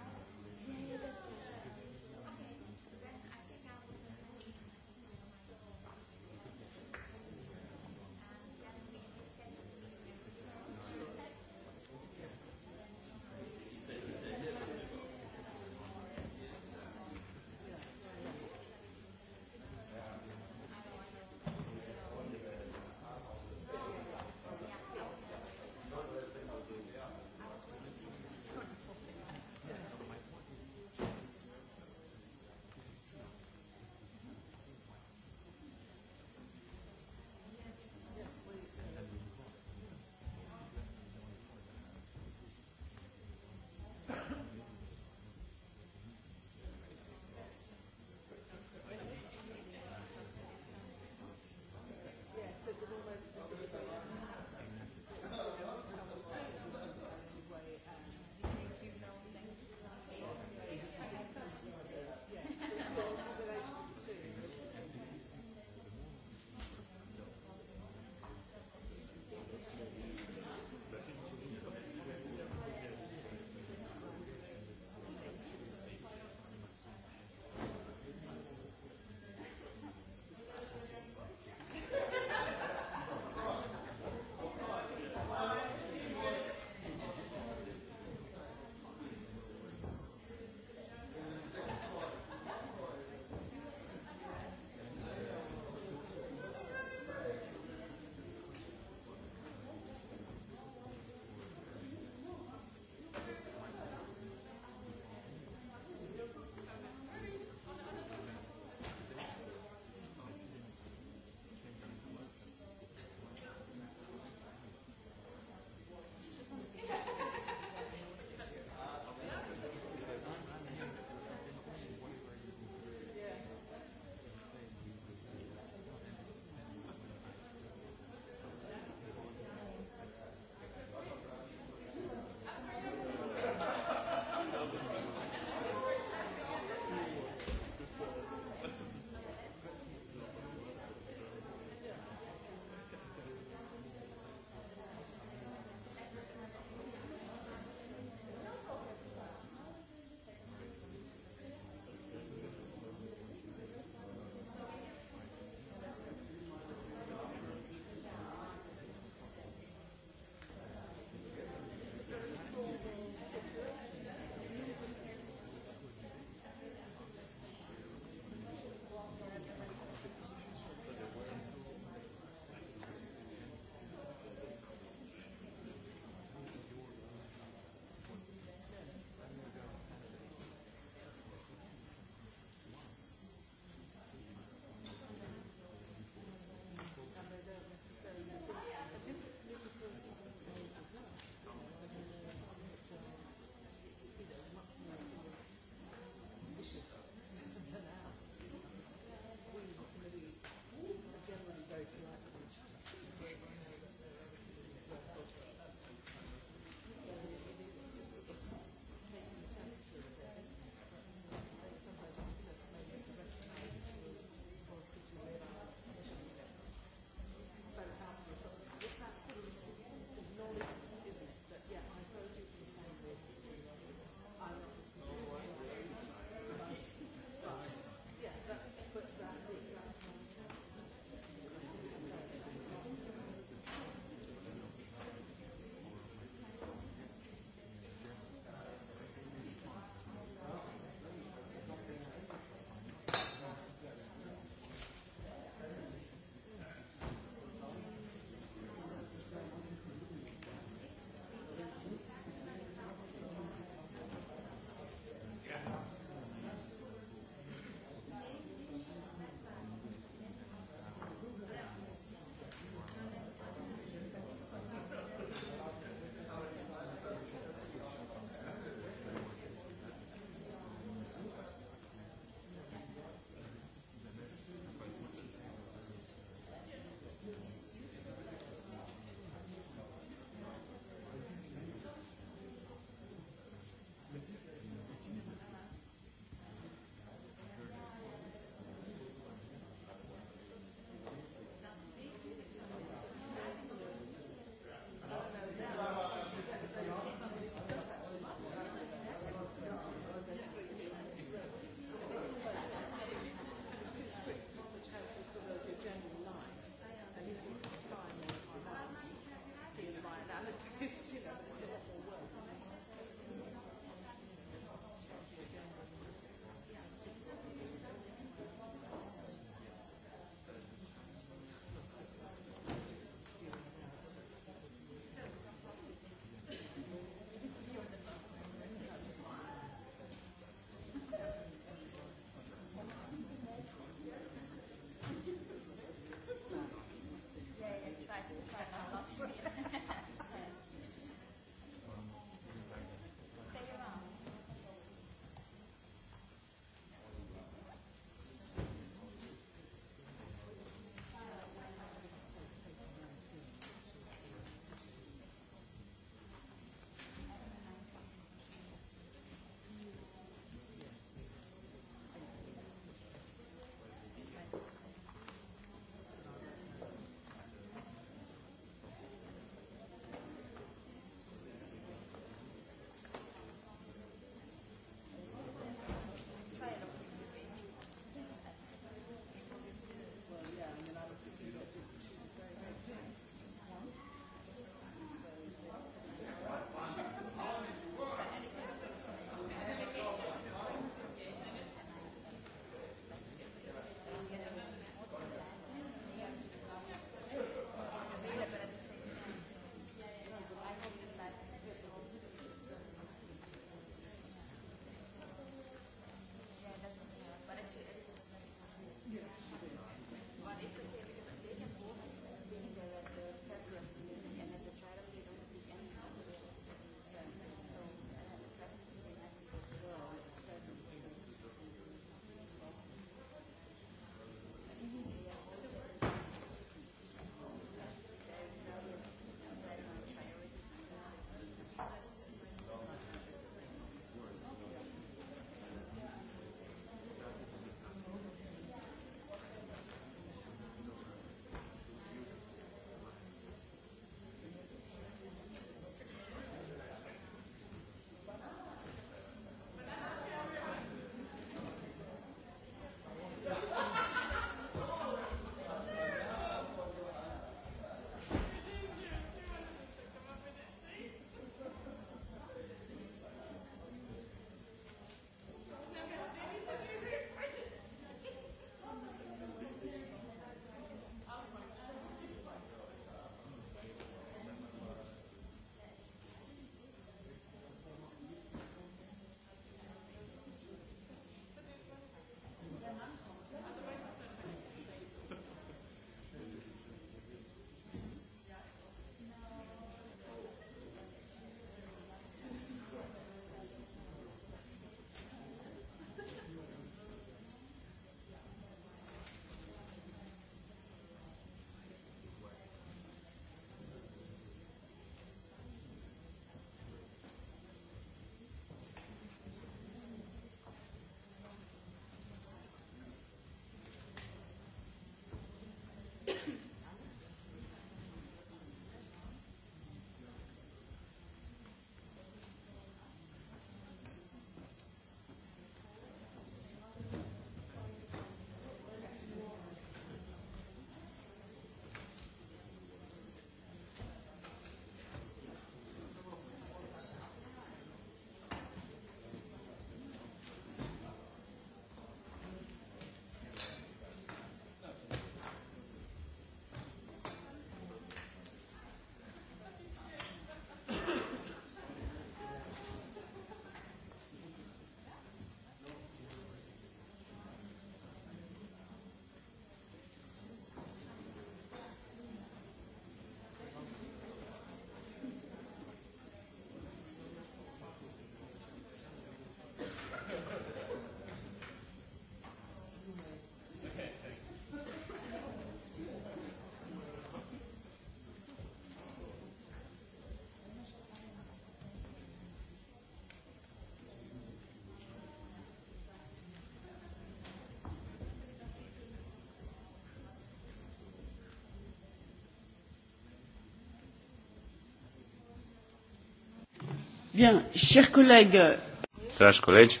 Dragi colegi,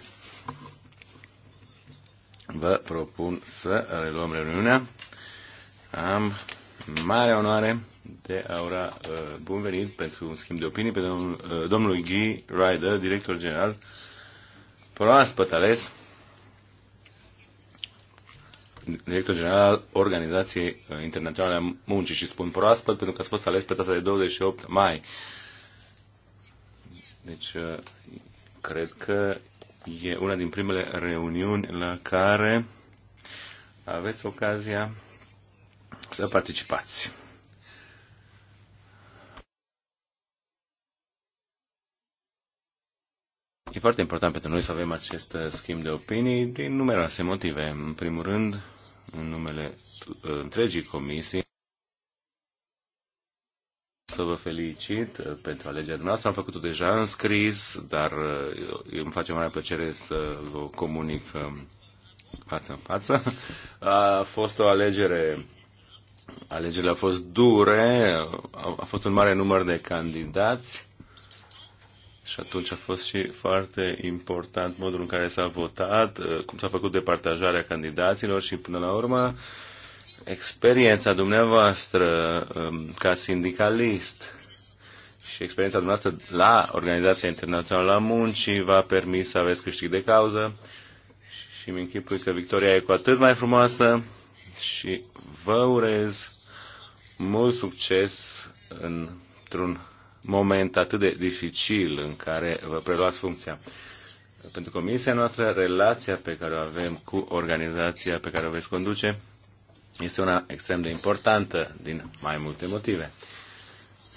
vă propun să reluăm reuniunea. Am mare onoare de a ura uh, bun venit pentru un schimb de opinii pe domnul, uh, domnului Guy Ryder, director general, proaspăt ales, director general Organizației Internaționale a Muncii și spun proaspăt pentru că a fost ales pe data de 28 mai. Deci, cred că e una din primele reuniuni la care aveți ocazia să participați. E foarte important pentru noi să avem acest uh, schimb de opinii din numeroase motive. În primul rând, în numele uh, întregii comisii, să vă felicit uh, pentru alegerea dumneavoastră. Am făcut-o deja în scris, dar uh, îmi face mare plăcere să vă comunic um, față în față. A fost o alegere Alegerile au fost dure, a fost un mare număr de candidați și atunci a fost și foarte important modul în care s-a votat, uh, cum s-a făcut departajarea candidaților și până la urmă experiența dumneavoastră um, ca sindicalist și experiența dumneavoastră la Organizația Internațională a Muncii v-a permis să aveți câștig de cauză și mi închipui că victoria e cu atât mai frumoasă și vă urez mult succes într-un moment atât de dificil în care vă preluați funcția. Pentru comisia noastră, relația pe care o avem cu organizația pe care o veți conduce este una extrem de importantă din mai multe motive.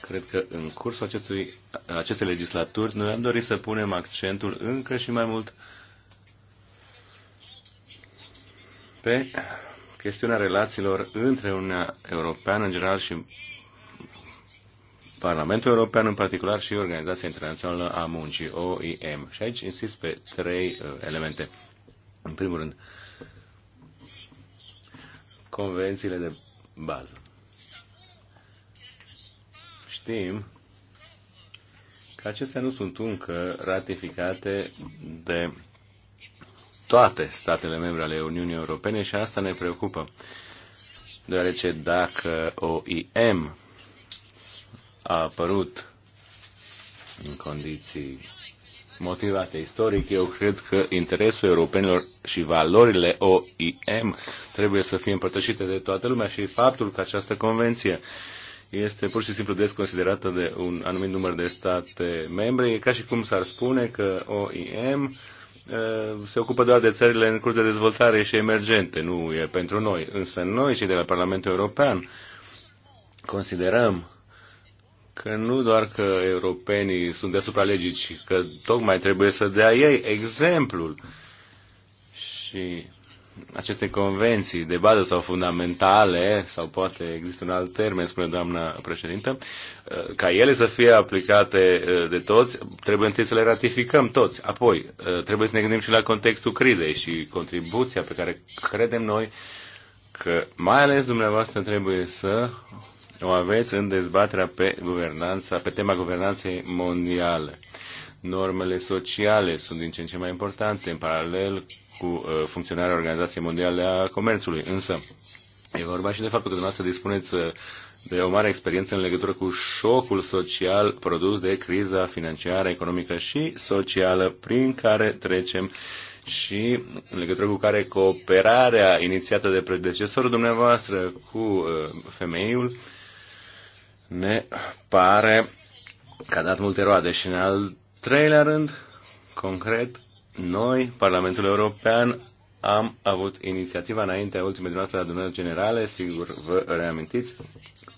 Cred că în cursul acestui, acestei legislaturi noi am dorit să punem accentul încă și mai mult pe chestiunea relațiilor între Uniunea Europeană în general și Parlamentul European în particular și Organizația Internațională a Muncii, OIM. Și aici insist pe trei uh, elemente. În primul rând, uh, convențiile de bază. Știm că acestea nu sunt încă ratificate de toate statele membre ale Uniunii Europene și asta ne preocupă, deoarece dacă OIM a apărut în condiții motivate istoric, eu cred că interesul europenilor și valorile OIM trebuie să fie împărtășite de toată lumea și faptul că această convenție este pur și simplu desconsiderată de un anumit număr de state membre, e ca și cum s-ar spune că OIM uh, se ocupă doar de țările în curs de dezvoltare și emergente, nu e pentru noi. Însă noi, cei de la Parlamentul European, considerăm că nu doar că europenii sunt deasupra legii, ci că tocmai trebuie să dea ei exemplul. Și aceste convenții de bază sau fundamentale, sau poate există un alt termen, spune doamna președintă, ca ele să fie aplicate uh, de toți, trebuie întâi să le ratificăm toți. Apoi, uh, trebuie să ne gândim și la contextul cridei și contribuția pe care credem noi că mai ales dumneavoastră trebuie să o aveți în dezbaterea pe, guvernanța, pe tema guvernanței mondiale. Normele sociale sunt din ce în ce mai importante, în paralel cu uh, funcționarea Organizației Mondiale a Comerțului. Însă, e vorba și de faptul că dumneavoastră dispuneți uh, de o mare experiență în legătură cu șocul social produs de criza financiară, economică și socială prin care trecem și în legătură cu care cooperarea inițiată de predecesorul dumneavoastră cu uh, femeiul ne pare că a dat multe roade și în al treilea rând, concret, noi, Parlamentul European, am avut inițiativa ultimele ultimei la adunări generale, sigur vă reamintiți,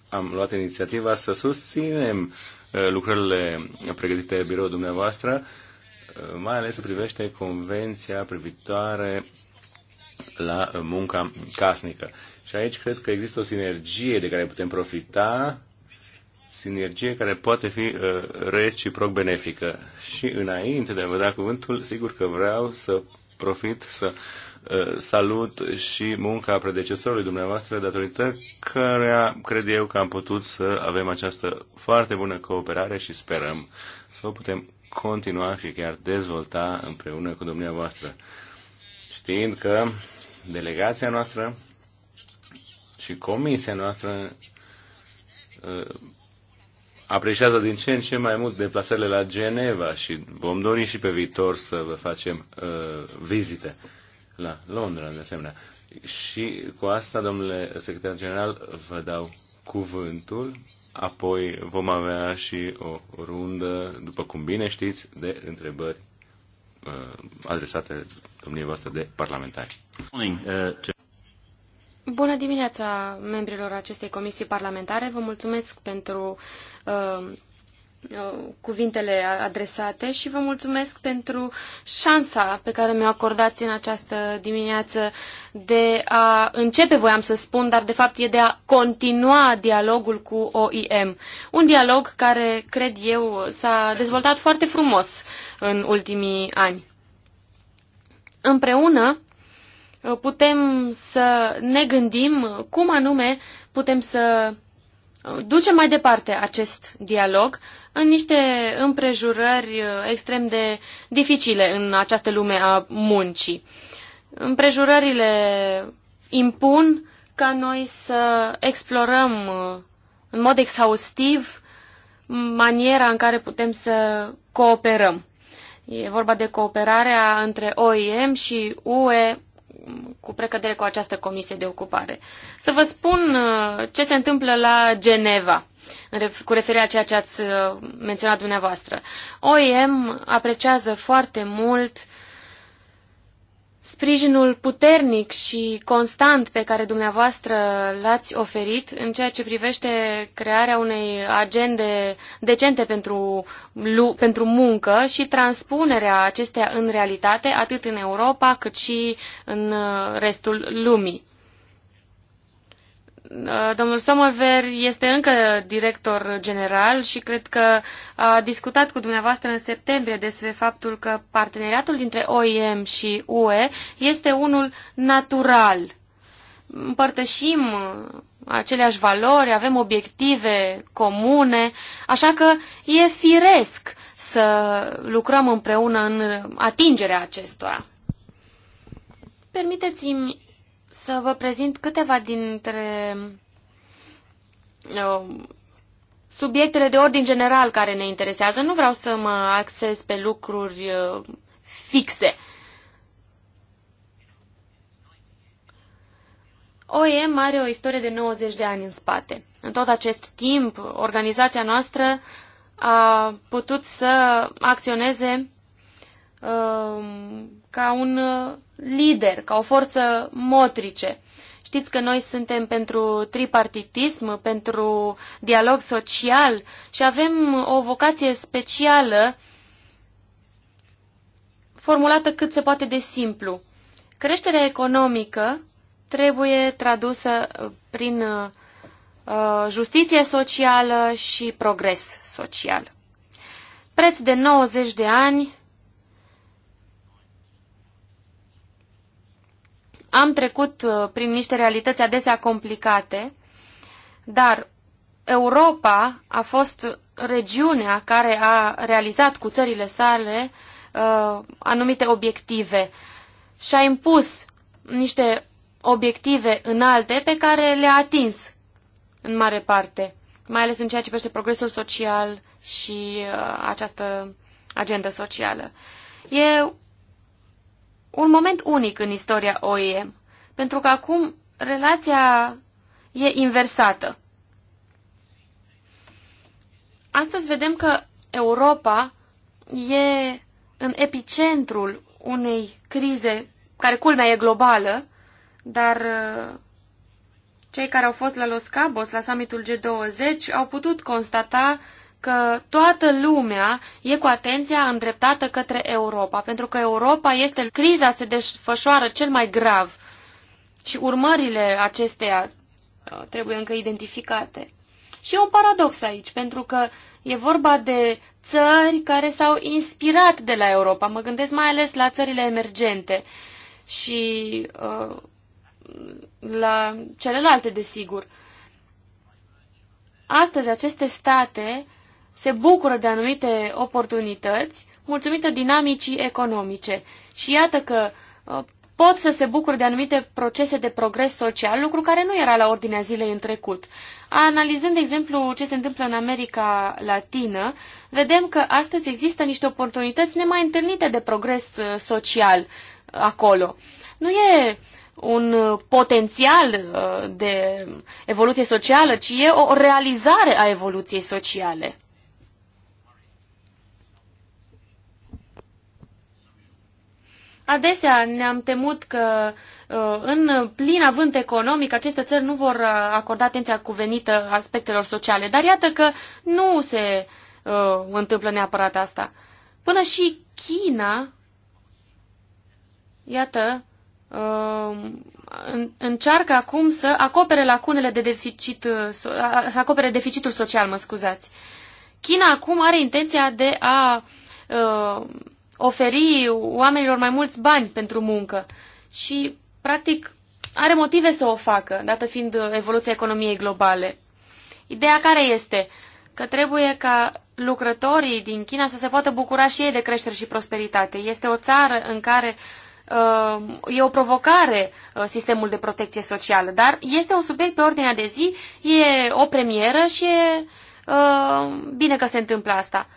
am luat inițiativa să susținem uh, lucrările pregătite de biroul dumneavoastră, uh, mai ales privește convenția privitoare la munca casnică. Și aici cred că există o sinergie de care putem profita sinergie care poate fi uh, reciproc benefică. Și înainte de a vă da cuvântul, sigur că vreau să profit să uh, salut și munca predecesorului dumneavoastră, datorită care cred eu că am putut să avem această foarte bună cooperare și sperăm să o putem continua și chiar dezvolta împreună cu dumneavoastră. Știind că delegația noastră și comisia noastră uh, apreciază din ce în ce mai mult deplasările la Geneva și vom dori și pe viitor să vă facem uh, vizite la Londra, de asemenea. Și cu asta, domnule secretar general, vă dau cuvântul, apoi vom avea și o rundă, după cum bine știți, de întrebări uh, adresate voastre de parlamentari. Morning, uh, Bună dimineața membrilor acestei comisii parlamentare. Vă mulțumesc pentru uh, uh, cuvintele adresate și vă mulțumesc pentru șansa pe care mi-o acordați în această dimineață de a începe, voiam să spun, dar de fapt e de a continua dialogul cu OIM. Un dialog care, cred eu, s-a dezvoltat foarte frumos în ultimii ani. Împreună putem să ne gândim cum anume putem să ducem mai departe acest dialog în niște împrejurări extrem de dificile în această lume a muncii. Împrejurările impun ca noi să explorăm în mod exhaustiv maniera în care putem să cooperăm. E vorba de cooperarea între OIM și UE cu precădere cu această comisie de ocupare. Să vă spun uh, ce se întâmplă la Geneva, cu referire la ceea ce ați uh, menționat dumneavoastră. OIM apreciază foarte mult uh, sprijinul puternic și constant pe care dumneavoastră l-ați oferit în ceea ce privește crearea unei agende decente pentru, pentru muncă și transpunerea acesteia în realitate, atât în Europa cât și în uh, restul lumii. Uh, domnul Sommerver este încă director general și cred că a discutat cu dumneavoastră în septembrie despre faptul că parteneriatul dintre OIM și UE este unul natural. Împărtășim uh, aceleași valori, avem obiective comune, așa că e firesc să lucrăm împreună în atingerea acestora. Permiteți-mi să vă prezint câteva dintre uh, subiectele de ordin general care ne interesează. Nu vreau să mă axez pe lucruri uh, fixe. OEM are o istorie de 90 de ani în spate. În tot acest timp, organizația noastră a putut să acționeze Um, ca un uh, lider, ca o forță motrice. Știți că noi suntem pentru tripartitism, pentru dialog social și avem o vocație specială formulată cât se poate de simplu. Creșterea economică trebuie tradusă uh, prin uh, justiție socială și progres social. Preț de 90 de ani, Am trecut uh, prin niște realități adesea complicate, dar Europa a fost regiunea care a realizat cu țările sale uh, anumite obiective și a impus niște obiective înalte pe care le-a atins în mare parte, mai ales în ceea ce privește progresul social și uh, această agendă socială. E un moment unic în istoria OIM, pentru că acum relația e inversată. Astăzi vedem că Europa e în epicentrul unei crize care culmea e globală, dar uh, cei care au fost la Los Cabos, la summitul G20, au putut constata că toată lumea e cu atenția îndreptată către Europa, pentru că Europa este, criza se desfășoară cel mai grav și urmările acesteia uh, trebuie încă identificate. Și e un paradox aici, pentru că e vorba de țări care s-au inspirat de la Europa. Mă gândesc mai ales la țările emergente și uh, la celelalte, desigur. Astăzi, aceste state se bucură de anumite oportunități mulțumită dinamicii economice. Și iată că uh, pot să se bucure de anumite procese de progres social, lucru care nu era la ordinea zilei în trecut. Analizând, de exemplu, ce se întâmplă în America Latină, vedem că astăzi există niște oportunități nemai întâlnite de progres uh, social uh, acolo. Nu e un potențial de evoluție socială, ci e o realizare a evoluției sociale. Adesea ne-am temut că uh, în plin avânt economic aceste țări nu vor uh, acorda atenția cuvenită aspectelor sociale, dar iată că nu se uh, întâmplă neapărat asta. Până și China, iată, uh, încearcă acum să acopere lacunele de deficit, uh, să acopere deficitul social, mă scuzați. China acum are intenția de a uh, oferi oamenilor mai mulți bani pentru muncă și, practic, are motive să o facă, dată fiind evoluția economiei globale. Ideea care este? Că trebuie ca lucrătorii din China să se poată bucura și ei de creștere și prosperitate. Este o țară în care uh, e o provocare uh, sistemul de protecție socială, dar este un subiect pe ordinea de zi, e o premieră și e uh, bine că se întâmplă asta.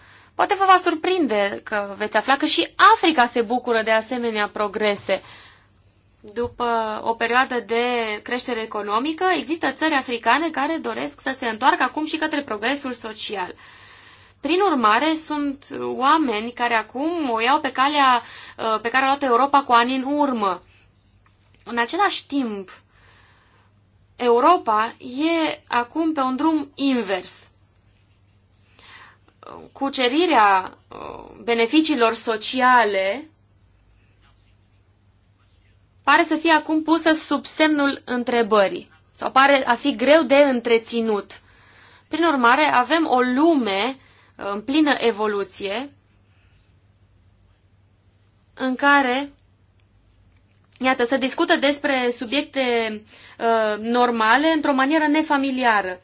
Poate vă va surprinde că veți afla că și Africa se bucură de asemenea progrese. După o perioadă de creștere economică, există țări africane care doresc să se întoarcă acum și către progresul social. Prin urmare, sunt oameni care acum o iau pe calea uh, pe care a luat Europa cu ani în urmă. În același timp, Europa e acum pe un drum invers cucerirea uh, beneficiilor sociale pare să fie acum pusă sub semnul întrebării sau pare a fi greu de întreținut. Prin urmare, avem o lume uh, în plină evoluție în care, iată, se discută despre subiecte uh, normale într-o manieră nefamiliară.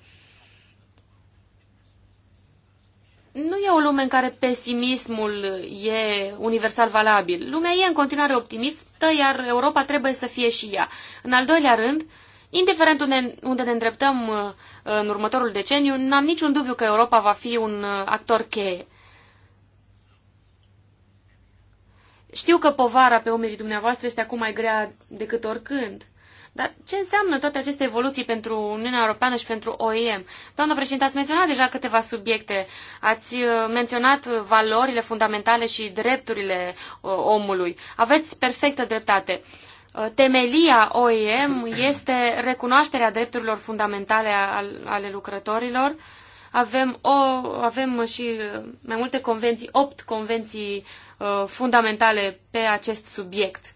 nu e o lume în care pesimismul e universal valabil. Lumea e în continuare optimistă, iar Europa trebuie să fie și ea. În al doilea rând, indiferent unde, unde ne îndreptăm uh, în următorul deceniu, n-am niciun dubiu că Europa va fi un uh, actor cheie. Știu că povara pe umerii dumneavoastră este acum mai grea decât oricând. Dar ce înseamnă toate aceste evoluții pentru Uniunea Europeană și pentru OIM? Doamna președinte, ați menționat deja câteva subiecte. Ați uh, menționat valorile fundamentale și drepturile uh, omului. Aveți perfectă dreptate. Uh, temelia OIM este recunoașterea drepturilor fundamentale ale lucrătorilor. Avem, o, avem și mai multe convenții, opt convenții fundamentale pe acest subiect.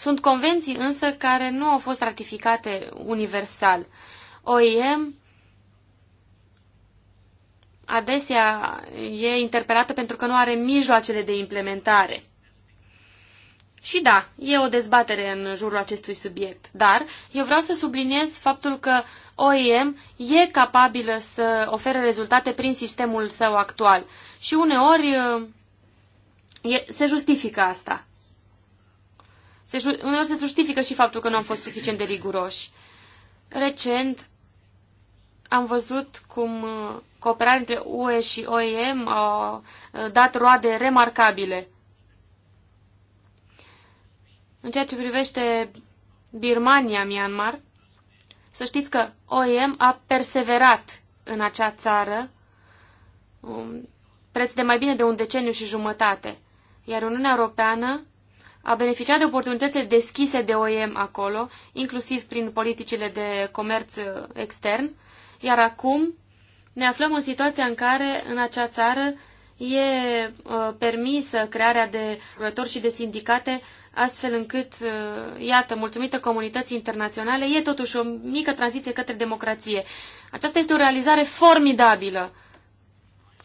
Sunt convenții însă care nu au fost ratificate universal. OIM adesea e interpelată pentru că nu are mijloacele de implementare. Și da, e o dezbatere în jurul acestui subiect, dar eu vreau să subliniez faptul că OIM e capabilă să ofere rezultate prin sistemul său actual și uneori uh, e, se justifică asta. Se, uneori se justifică și faptul că nu am fost suficient de riguroși. Recent am văzut cum uh, cooperarea între UE și OEM a uh, dat roade remarcabile. În ceea ce privește Birmania, Myanmar, să știți că OEM a perseverat în acea țară um, preț de mai bine de un deceniu și jumătate, iar Uniunea Europeană a beneficiat de oportunitățile deschise de OEM acolo, inclusiv prin politicile de comerț uh, extern, iar acum ne aflăm în situația în care în acea țară e uh, permisă crearea de lucrători și de sindicate, astfel încât, uh, iată, mulțumită comunității internaționale, e totuși o mică tranziție către democrație. Aceasta este o realizare formidabilă.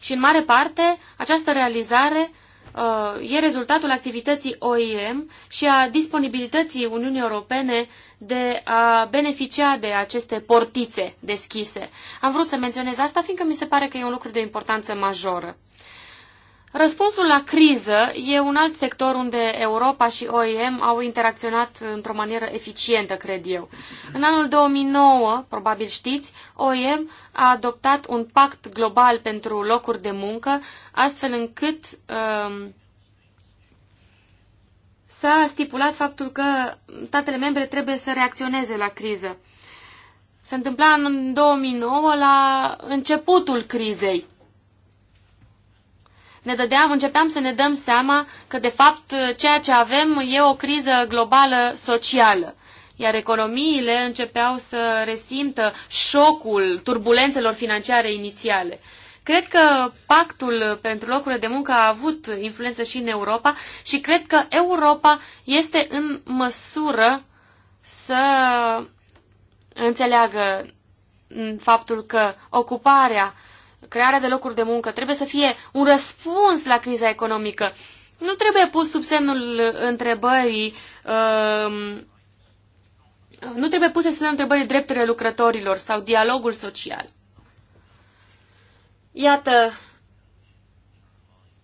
Și în mare parte, această realizare uh, Uh, e rezultatul activității OIM și a disponibilității Uniunii Europene de a beneficia de aceste portițe deschise. Am vrut să menționez asta, fiindcă mi se pare că e un lucru de importanță majoră. Răspunsul la criză e un alt sector unde Europa și OIM au interacționat într-o manieră eficientă, cred eu. În anul 2009, probabil știți, OIM a adoptat un pact global pentru locuri de muncă, astfel încât um, s-a stipulat faptul că statele membre trebuie să reacționeze la criză. Se întâmpla în 2009, la începutul crizei ne dădeam, începeam să ne dăm seama că, de fapt, ceea ce avem e o criză globală socială. Iar economiile începeau să resimtă șocul turbulențelor financiare inițiale. Cred că pactul pentru locurile de muncă a avut influență și în Europa și cred că Europa este în măsură să înțeleagă faptul că ocuparea uh, crearea de locuri de muncă trebuie să fie un răspuns la criza economică. Nu trebuie pus sub semnul întrebării uh, nu trebuie puse sub întrebări drepturile lucrătorilor sau dialogul social. Iată,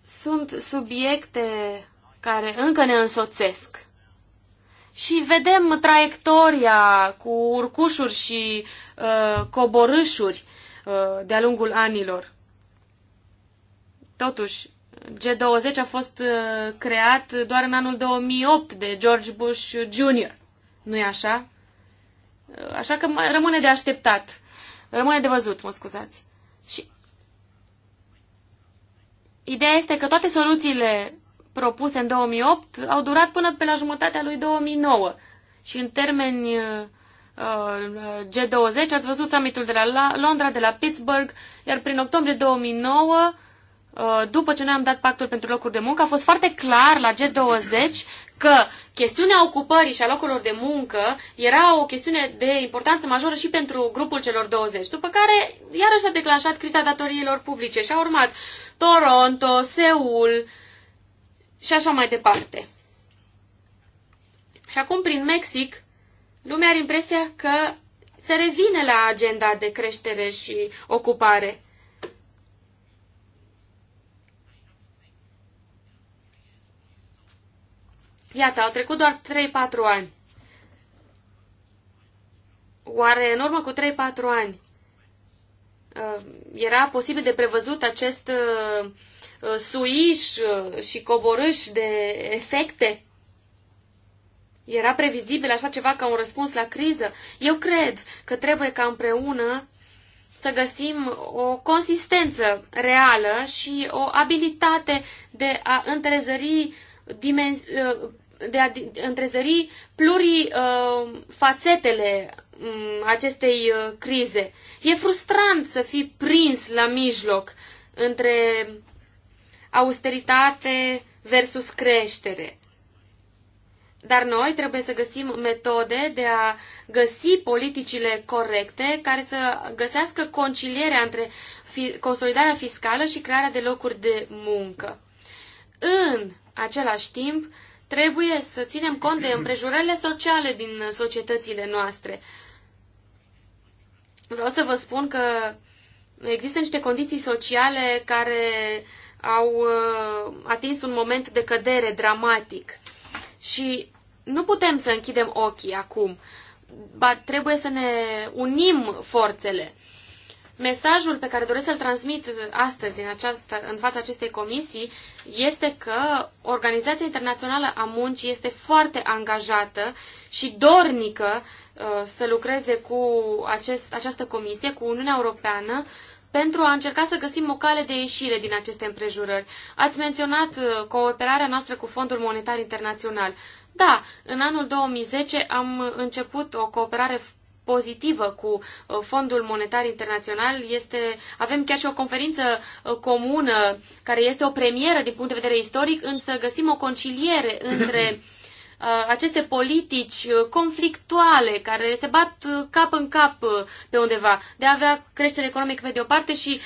sunt subiecte care încă ne însoțesc. Și vedem traiectoria cu urcușuri și uh, coborâșuri Uh, de-a lungul anilor. Totuși, G20 a fost uh, creat doar în anul 2008 de George Bush Jr. Nu-i așa? Uh, așa că rămâne de așteptat. Rămâne de văzut, mă scuzați. Și ideea este că toate soluțiile propuse în 2008 au durat până pe la jumătatea lui 2009. Și în termeni Uh, G20, ați văzut summitul de la Londra, de la Pittsburgh, iar prin octombrie 2009, uh, după ce noi am dat pactul pentru locuri de muncă, a fost foarte clar la G20 că chestiunea ocupării și a locurilor de muncă era o chestiune de importanță majoră și pentru grupul celor 20, după care iarăși s-a declanșat criza datoriilor publice și a urmat Toronto, Seul și așa mai departe. Și acum prin Mexic lumea are impresia că se revine la agenda de creștere și ocupare. Iată, au trecut doar 3-4 ani. Oare în urmă cu 3-4 ani uh, era posibil de prevăzut acest uh, uh, suiș și coborâș de efecte? Era previzibil așa ceva ca un răspuns la criză? Eu cred că trebuie ca împreună să găsim o consistență reală și o abilitate de a întrezări, dimensi- uh, de a întrezări uh, fațetele mm, acestei uh, crize. E frustrant să fii prins la mijloc între austeritate versus creștere. Dar noi trebuie să găsim metode de a găsi politicile corecte care să găsească concilierea între consolidarea fiscală și crearea de locuri de muncă. În același timp, trebuie să ținem cont de împrejurările sociale din societățile noastre. Vreau să vă spun că există niște condiții sociale care au uh, atins un moment de cădere dramatic. Și nu putem să închidem ochii acum, ba trebuie să ne unim forțele. Mesajul pe care doresc să-l transmit astăzi în, această, în fața acestei comisii este că Organizația Internațională a Muncii este foarte angajată și dornică uh, să lucreze cu acest, această comisie, cu Uniunea Europeană, pentru a încerca să găsim o cale de ieșire din aceste împrejurări. Ați menționat uh, cooperarea noastră cu Fondul Monetar Internațional. Da, în anul 2010 am început o cooperare pozitivă cu uh, Fondul Monetar Internațional. Este, avem chiar și o conferință uh, comună care este o premieră din punct de vedere istoric, însă găsim o conciliere între Uh, aceste politici uh, conflictuale care se bat uh, cap în cap pe undeva, de a avea creștere economică pe de o parte și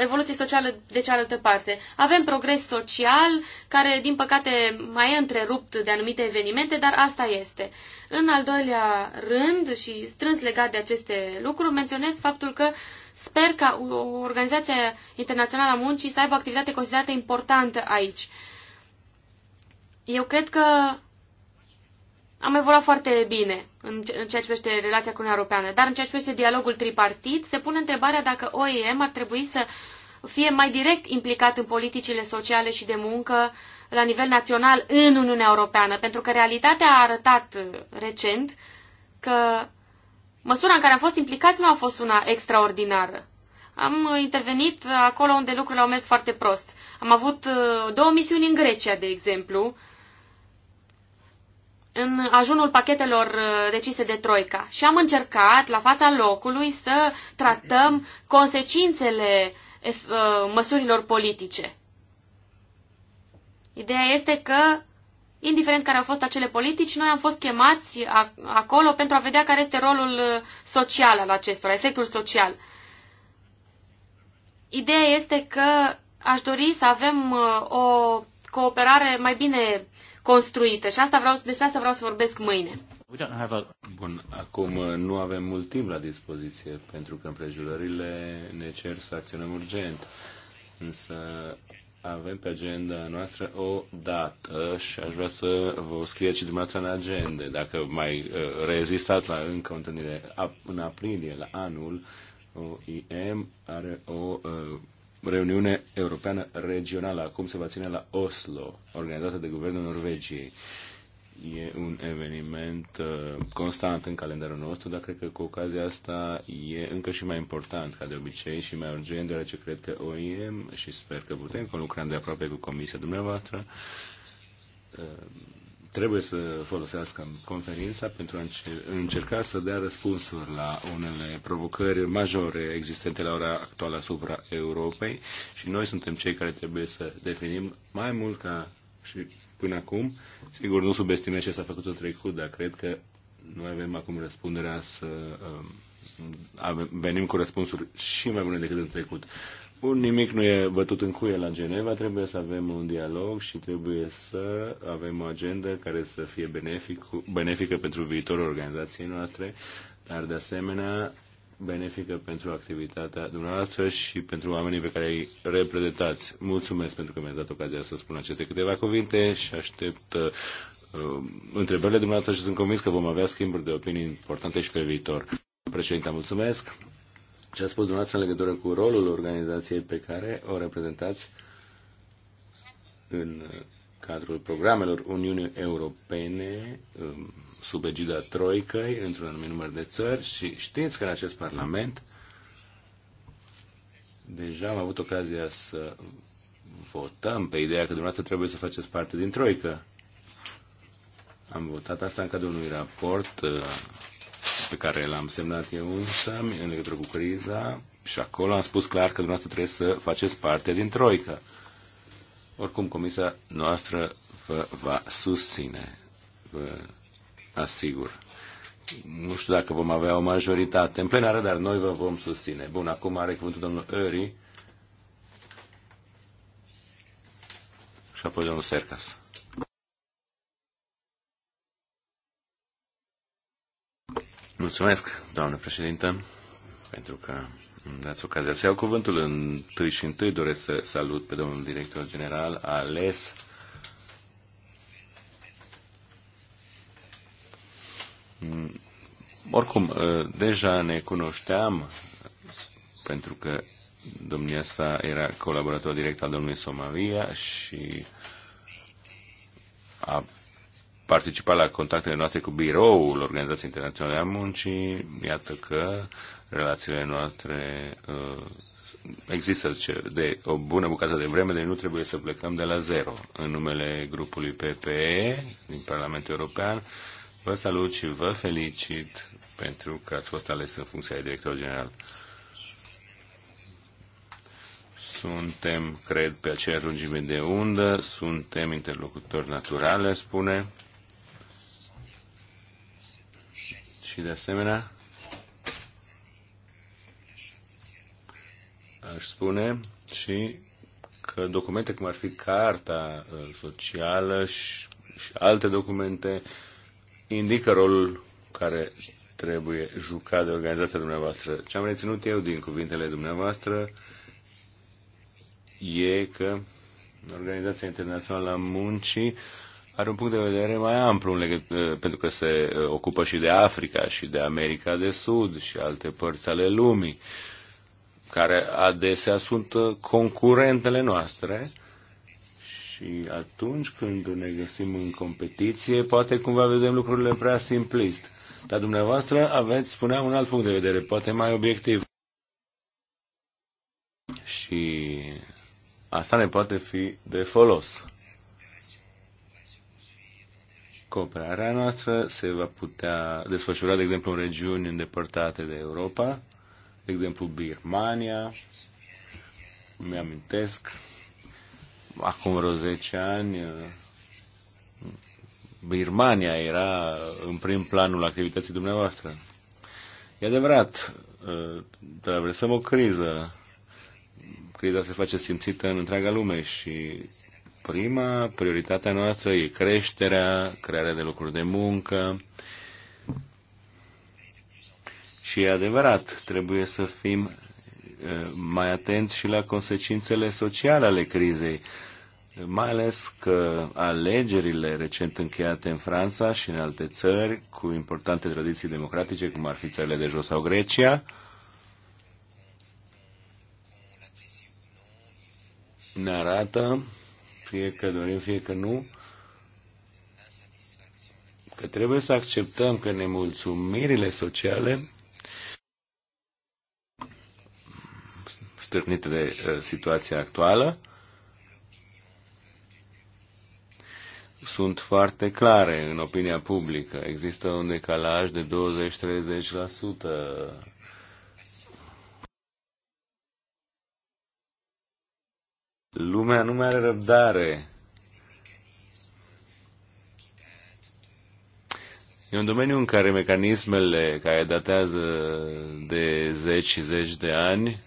evoluție socială de cealaltă parte. Avem progres social care, din păcate, mai e întrerupt de anumite evenimente, dar asta este. În al doilea rând și strâns legat de aceste lucruri, menționez faptul că sper ca Organizația Internațională a Muncii să aibă o activitate considerată importantă aici. Eu cred că am evoluat foarte bine în ceea ce privește relația cu Uniunea Europeană, dar în ceea ce privește dialogul tripartit, se pune întrebarea dacă OEM ar trebui să fie mai direct implicat în politicile sociale și de muncă la nivel național în Uniunea Europeană, pentru că realitatea a arătat uh, recent că măsura în care am fost implicați nu a fost una extraordinară. Am uh, intervenit acolo unde lucrurile au mers foarte prost. Am avut uh, două misiuni în Grecia, de exemplu, în ajunul pachetelor uh, decise de Troica și am încercat la fața locului să tratăm consecințele uh, măsurilor politice. Ideea este că, indiferent care au fost acele politici, noi am fost chemați acolo pentru a vedea care este rolul uh, social al acestora, efectul social. Ideea este că aș dori să avem o cooperare mai bine uh, construite. Și asta vreau, despre asta vreau să vorbesc mâine. Bun, acum uh, nu avem mult timp la dispoziție, pentru că împrejurările ne cer să acționăm urgent. Însă avem pe agenda noastră o dată și aș vrea să vă scrieți și dumneavoastră în agende. Dacă mai uh, rezistați la încă o întâlnire în aprilie, la anul, OIM are o uh, reuniune europeană regională. Acum se va ține la Oslo, organizată de Guvernul Norvegiei. E un eveniment uh, constant în calendarul nostru, dar cred că cu ocazia asta e încă și mai important ca de obicei și mai urgent, deoarece cred că OIM și sper că putem, că lucrăm de aproape cu comisia dumneavoastră, uh, trebuie să folosească conferința pentru a încerca să dea răspunsuri la unele provocări majore existente la ora actuală asupra Europei și noi suntem cei care trebuie să definim mai mult ca și până acum. Sigur, nu subestime ce s-a făcut în trecut, dar cred că noi avem acum răspunderea să um, avem, venim cu răspunsuri și mai bune decât în trecut. Bun, nimic nu e bătut în cuie la Geneva, trebuie să avem un dialog și trebuie să avem o agendă care să fie benefic, benefică pentru viitorul organizației noastre, dar de asemenea benefică pentru activitatea dumneavoastră și pentru oamenii pe care îi reprezentați. Mulțumesc pentru că mi-ați dat ocazia să spun aceste câteva cuvinte și aștept uh, întrebările dumneavoastră și sunt convins că vom avea schimburi de opinii importante și pe viitor. Președinte, mulțumesc ce a spus dumneavoastră în legătură cu rolul organizației pe care o reprezentați în cadrul programelor Uniunii Europene um, sub egida Troicăi într-un anumit număr de țări și știți că în acest Parlament deja am avut ocazia să votăm pe ideea că dumneavoastră trebuie să faceți parte din Troică. Am votat asta în cadrul unui raport uh, pe care l-am semnat eu însă în legătură cu criza și acolo am spus clar că dumneavoastră trebuie să faceți parte din Troică. Oricum, comisia noastră vă va susține, vă asigur. Nu știu dacă vom avea o majoritate în plenară, dar noi vă vom susține. Bun, acum are cuvântul domnul Eri, și apoi domnul Sercas. Mulțumesc, doamnă președintă, pentru că îmi dați ocazia să iau cuvântul. Întâi și întâi doresc să salut pe domnul director general ales Oricum, deja ne cunoșteam pentru că domnia sa era colaborator direct al domnului Somavia și a participat la contactele noastre cu biroul Organizației Internaționale a Muncii. Iată că relațiile noastre uh, există de o bună bucată de vreme, deci nu trebuie să plecăm de la zero. În numele grupului PPE din Parlamentul European, vă salut și vă felicit pentru că ați fost ales în funcția de director general. Suntem, cred, pe aceeași lungime de undă, suntem interlocutori naturale, spune și de asemenea aș spune și că documente cum ar fi Carta uh, Socială și, și alte documente indică rolul care trebuie jucat de organizația dumneavoastră. Ce am reținut eu din cuvintele dumneavoastră e că Organizația Internațională a Muncii are un punct de vedere mai amplu, eh, pentru că se eh, ocupă și de Africa și de America de Sud și alte părți ale lumii, care adesea sunt eh, concurentele noastre. Și atunci când ne găsim în competiție, poate cumva vedem lucrurile prea simplist. Dar dumneavoastră aveți, spuneam, un alt punct de vedere, poate mai obiectiv. Și asta ne poate fi de folos. Cooperarea noastră se va putea desfășura, de exemplu, în regiuni îndepărtate de Europa, de exemplu, Birmania, îmi amintesc acum vreo 10 ani, Birmania era în prim planul activității dumneavoastră. E adevărat, traversăm o criză. Criza se face simțită în întreaga lume și Prima prioritatea noastră e creșterea, crearea de locuri de muncă. Și e adevărat, trebuie să fim uh, mai atenți și la consecințele sociale ale crizei, mai ales că alegerile recent încheiate în Franța și în alte țări cu importante tradiții democratice, cum ar fi țările de jos sau Grecia, ne arată fie că dorim, fie că nu, că trebuie să acceptăm că nemulțumirile sociale stârnite de uh, situația actuală sunt foarte clare în opinia publică. Există un decalaj de 20-30% Lumea nu mai are răbdare. E un domeniu în care mecanismele care datează de zeci și zeci de ani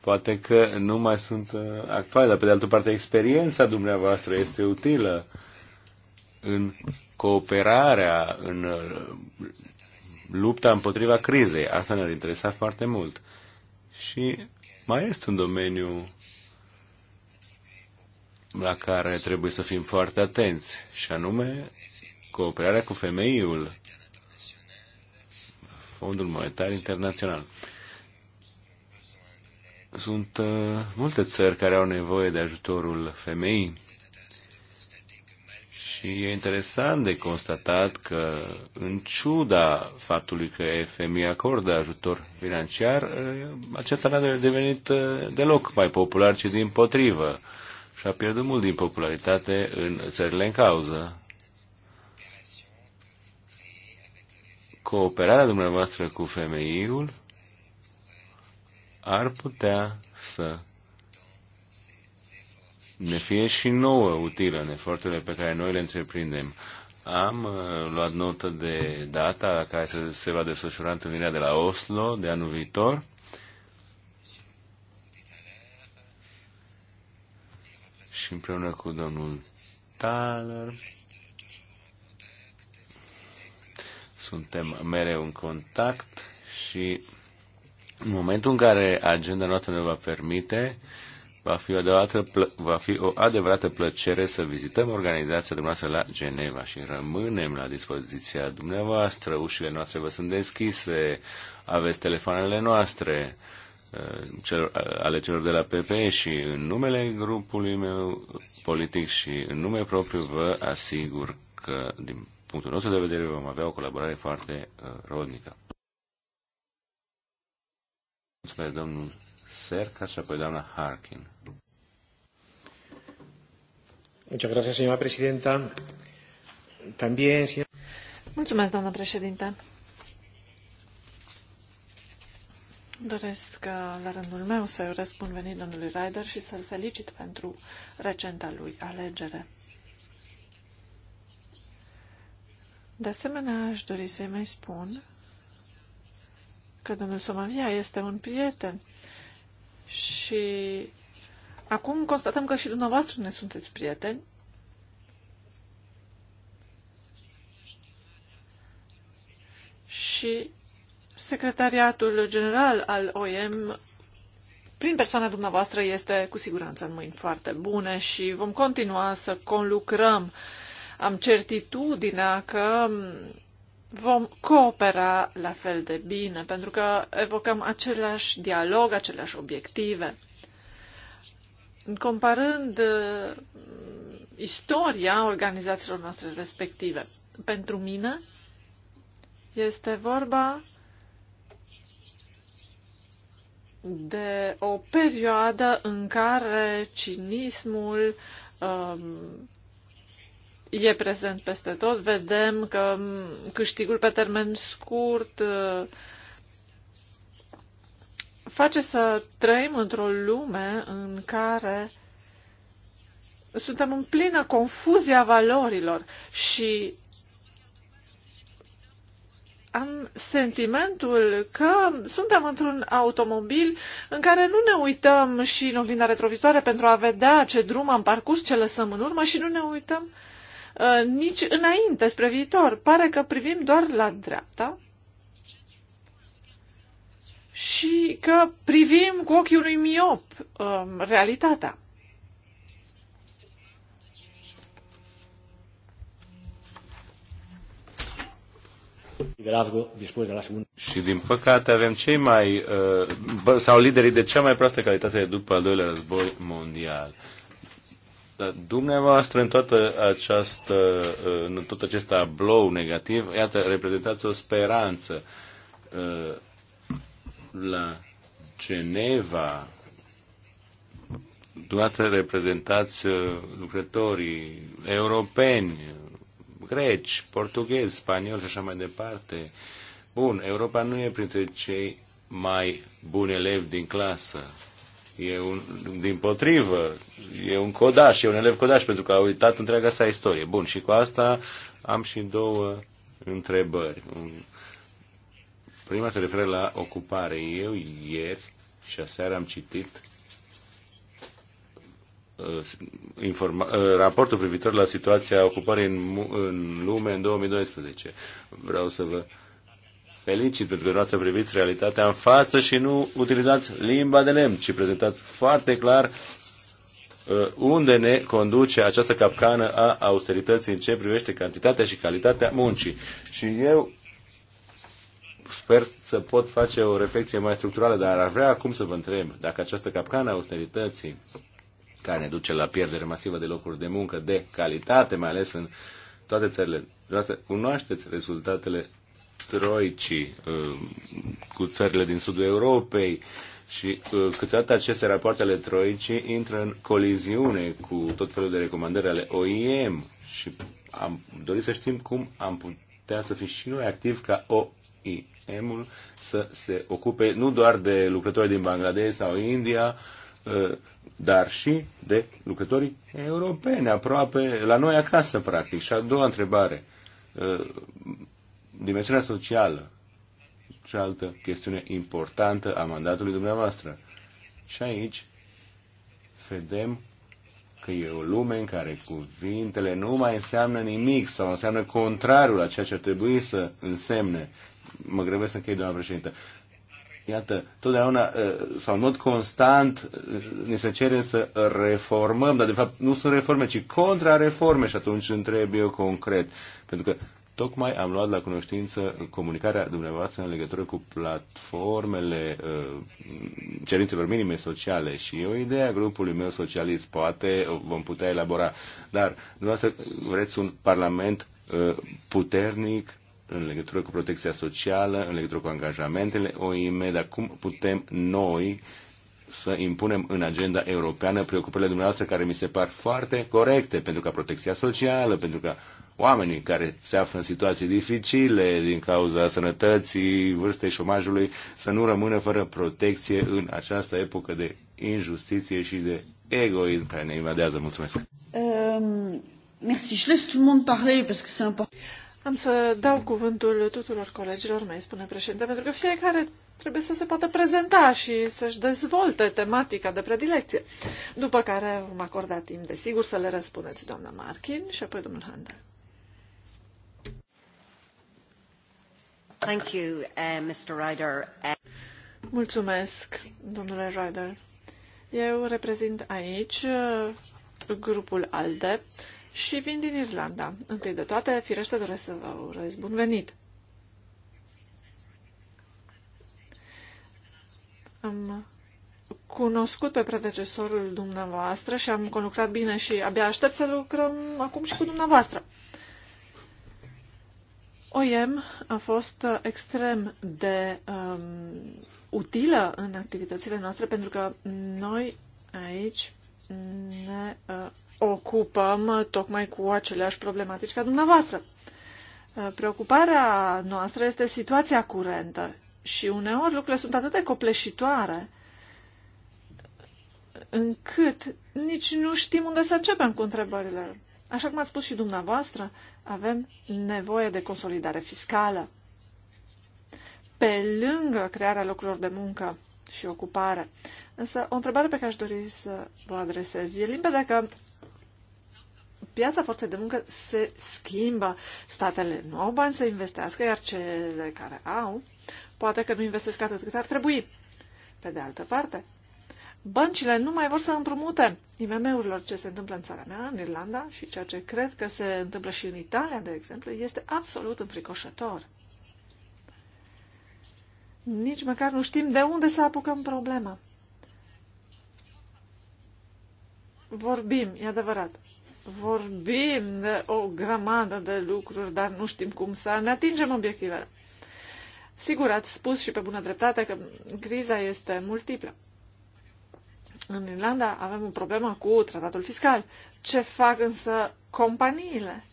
poate că nu mai sunt uh, actuale, dar pe de altă parte experiența dumneavoastră este utilă în cooperarea, în uh, lupta împotriva crizei. Asta ne-ar interesa foarte mult. Și mai este un domeniu la care trebuie să fim foarte atenți, și anume cooperarea cu femeiul, Fondul Monetar Internațional. Sunt uh, multe țări care au nevoie de ajutorul femeii și e interesant de constatat că, în ciuda faptului că FMI acordă ajutor financiar, acesta n-a devenit deloc mai popular, ci din potrivă. Și a pierdut mult din popularitate în țările în cauză. Cooperarea dumneavoastră cu FMI-ul ar putea să ne fie și nouă utilă în eforturile pe care noi le întreprindem. Am uh, luat notă de data la care se va desfășura întâlnirea de la Oslo de anul viitor. Și împreună cu domnul Thaler suntem mereu în contact și în momentul în care agenda noastră ne va permite, uh, Va fi, o adevărată, va fi o adevărată plăcere să vizităm organizația dumneavoastră la Geneva și rămânem la dispoziția dumneavoastră. Ușile noastre vă sunt deschise, aveți telefoanele noastre uh, celor, uh, ale celor de la PP și în numele grupului meu politic și în nume propriu vă asigur că din punctul nostru de vedere vom avea o colaborare foarte uh, rodnică. Mulțumesc, domnul Cerca și apoi doamna Harkin. Muchas gracias, señora presidenta. También, señor... Mulțumesc, doamnă președinte. Doresc uh, la rândul meu să-i urez bun venit domnului Ryder și să-l felicit pentru recenta lui alegere. De asemenea, aș dori să-i mai spun că domnul Somavia este un prieten și acum constatăm că și dumneavoastră ne sunteți prieteni. Și secretariatul general al OIM prin persoana dumneavoastră este cu siguranță în mâini foarte bune și vom continua să conlucrăm. Am certitudinea că vom coopera la fel de bine, pentru că evocăm același dialog, aceleași obiective. Comparând uh, istoria organizațiilor noastre respective, pentru mine este vorba de o perioadă în care cinismul, um, e prezent peste tot. Vedem că mm, câștigul pe termen scurt uh, face să trăim într-o lume în care suntem în plină confuzie a valorilor și am sentimentul că suntem într-un automobil în care nu ne uităm și în oglinda retrovizoare pentru a vedea ce drum am parcurs, ce lăsăm în urmă și nu ne uităm uh, Uh, nici înainte, spre viitor. Pare că privim doar la dreapta și că privim cu ochii unui miop um, realitatea. Și din păcate avem cei mai, uh, sau liderii de cea mai proastă calitate după al doilea război mondial. Dar dumneavoastră, în, toată această, în tot acest tablou negativ, iată, reprezentați o speranță. Uh, la Geneva, dumneavoastră reprezentați uh, lucrătorii europeni, greci, portughezi, spanioli și așa mai departe. Bun, Europa nu e printre cei mai buni elevi din clasă e un, din potrivă, e un codaș, e un elev codaș, pentru că a uitat întreaga sa istorie. Bun, și cu asta am și două întrebări. Prima se referă la ocupare. Eu ieri și aseară am citit uh, informa- uh, raportul privitor la situația ocupării în, în lume în 2012. Vreau să vă felicit pentru că să priviți realitatea în față și nu utilizați limba de lemn, ci prezentați foarte clar uh, unde ne conduce această capcană a austerității în ce privește cantitatea și calitatea muncii. Și eu sper să pot face o reflexie mai structurală, dar ar vrea acum să vă întreb dacă această capcană a austerității, care ne duce la pierdere masivă de locuri de muncă, de calitate, mai ales în toate țările, cunoașteți rezultatele troicii uh, cu țările din sudul Europei și uh, câteodată aceste rapoarte ale troicii intră în coliziune cu tot felul de recomandări ale OIM și am dorit să știm cum am putea să fim și noi activ ca OIM-ul să se ocupe nu doar de lucrători din Bangladesh sau India, uh, dar și de lucrătorii europeni, aproape la noi acasă, practic. Și a doua întrebare Dimensiunea socială, și altă chestiune importantă a mandatului dumneavoastră. Și aici vedem că e o lume în care cuvintele nu mai înseamnă nimic sau înseamnă contrariul a ceea ce ar trebui să însemne. Mă grăbesc să închei, doamna președintă. Iată, totdeauna, uh, sau în mod constant, uh, ni se cere să reformăm, dar de fapt nu sunt reforme, ci contrareforme și atunci întreb eu concret. Pentru că Tocmai am luat la cunoștință comunicarea dumneavoastră în legătură cu platformele uh, cerințelor minime sociale și e o idee a grupului meu socialist, poate vom putea elabora. Dar dumneavoastră vreți un parlament uh, puternic, în legătură cu protecția socială, în legătură cu angajamentele OIM, dar cum putem noi să impunem în agenda europeană preocupările dumneavoastră care mi se par foarte corecte pentru ca protecția socială, pentru ca oamenii care se află în situații dificile din cauza sănătății, vârstei, șomajului, să nu rămână fără protecție în această epocă de injustiție și de egoism care ne invadează. Mulțumesc! Um, merci. Je laisse tout le monde parler parce que c'est important. Am să dau cuvântul tuturor colegilor mei, spune președinte, pentru că fiecare trebuie să se poată prezenta și să-și dezvolte tematica de predilecție. După care vom acorda timp, desigur, să le răspundeți doamna Markin și apoi domnul Handel. Thank you, uh, Mr. Ryder. Mulțumesc, domnule Ryder. Eu reprezint aici uh, grupul ALDE, și vin din Irlanda. Întâi de toate, firește doresc să vă urez bun venit. Am cunoscut pe predecesorul dumneavoastră și am conlucrat bine și abia aștept să lucrăm acum și cu dumneavoastră. OIM a fost extrem de um, utilă în activitățile noastre pentru că noi aici ne uh, ocupăm tocmai cu aceleași problematici ca dumneavoastră. Uh, preocuparea noastră este situația curentă și uneori lucrurile sunt atât de copleșitoare încât nici nu știm unde să începem cu întrebările. Așa cum ați spus și dumneavoastră, avem nevoie de consolidare fiscală. Pe lângă crearea locurilor de muncă, și ocupare. Însă, o întrebare pe care aș dori să vă adresez. E limpede că piața forței de muncă se schimbă. Statele nu au bani să investească, iar cele care au, poate că nu investesc atât cât ar trebui. Pe de altă parte, băncile nu mai vor să împrumute IMM-urilor ce se întâmplă în țara mea, în Irlanda și ceea ce cred că se întâmplă și în Italia, de exemplu, este absolut înfricoșător. Nici măcar nu știm de unde să apucăm problema. Vorbim, e adevărat. Vorbim de o grămadă de lucruri, dar nu știm cum să ne atingem obiectivele. Sigur, ați spus și pe bună dreptate că criza este multiplă. În Irlanda avem o problemă cu tratatul fiscal. Ce fac însă companiile?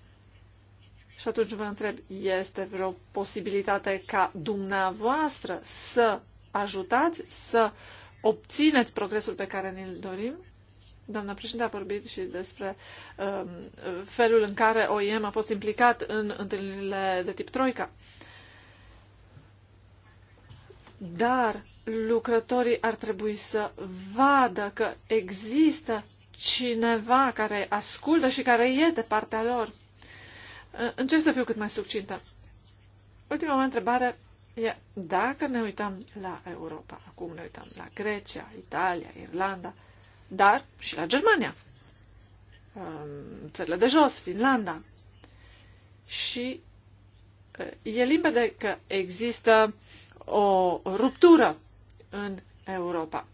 Și atunci vă întreb, este vreo posibilitate ca dumneavoastră să ajutați, să obțineți progresul pe care ne-l dorim? Doamna președinte a vorbit și despre um, felul în care OIM a fost implicat în întâlnirile de tip Troica. Dar lucrătorii ar trebui să vadă că există cineva care ascultă și care e de partea lor Încerc să fiu cât mai succintă. Ultima mea întrebare e dacă ne uităm la Europa, acum ne uităm la Grecia, Italia, Irlanda, dar și la Germania, țările de jos, Finlanda. Și e limpede că există o ruptură în Europa.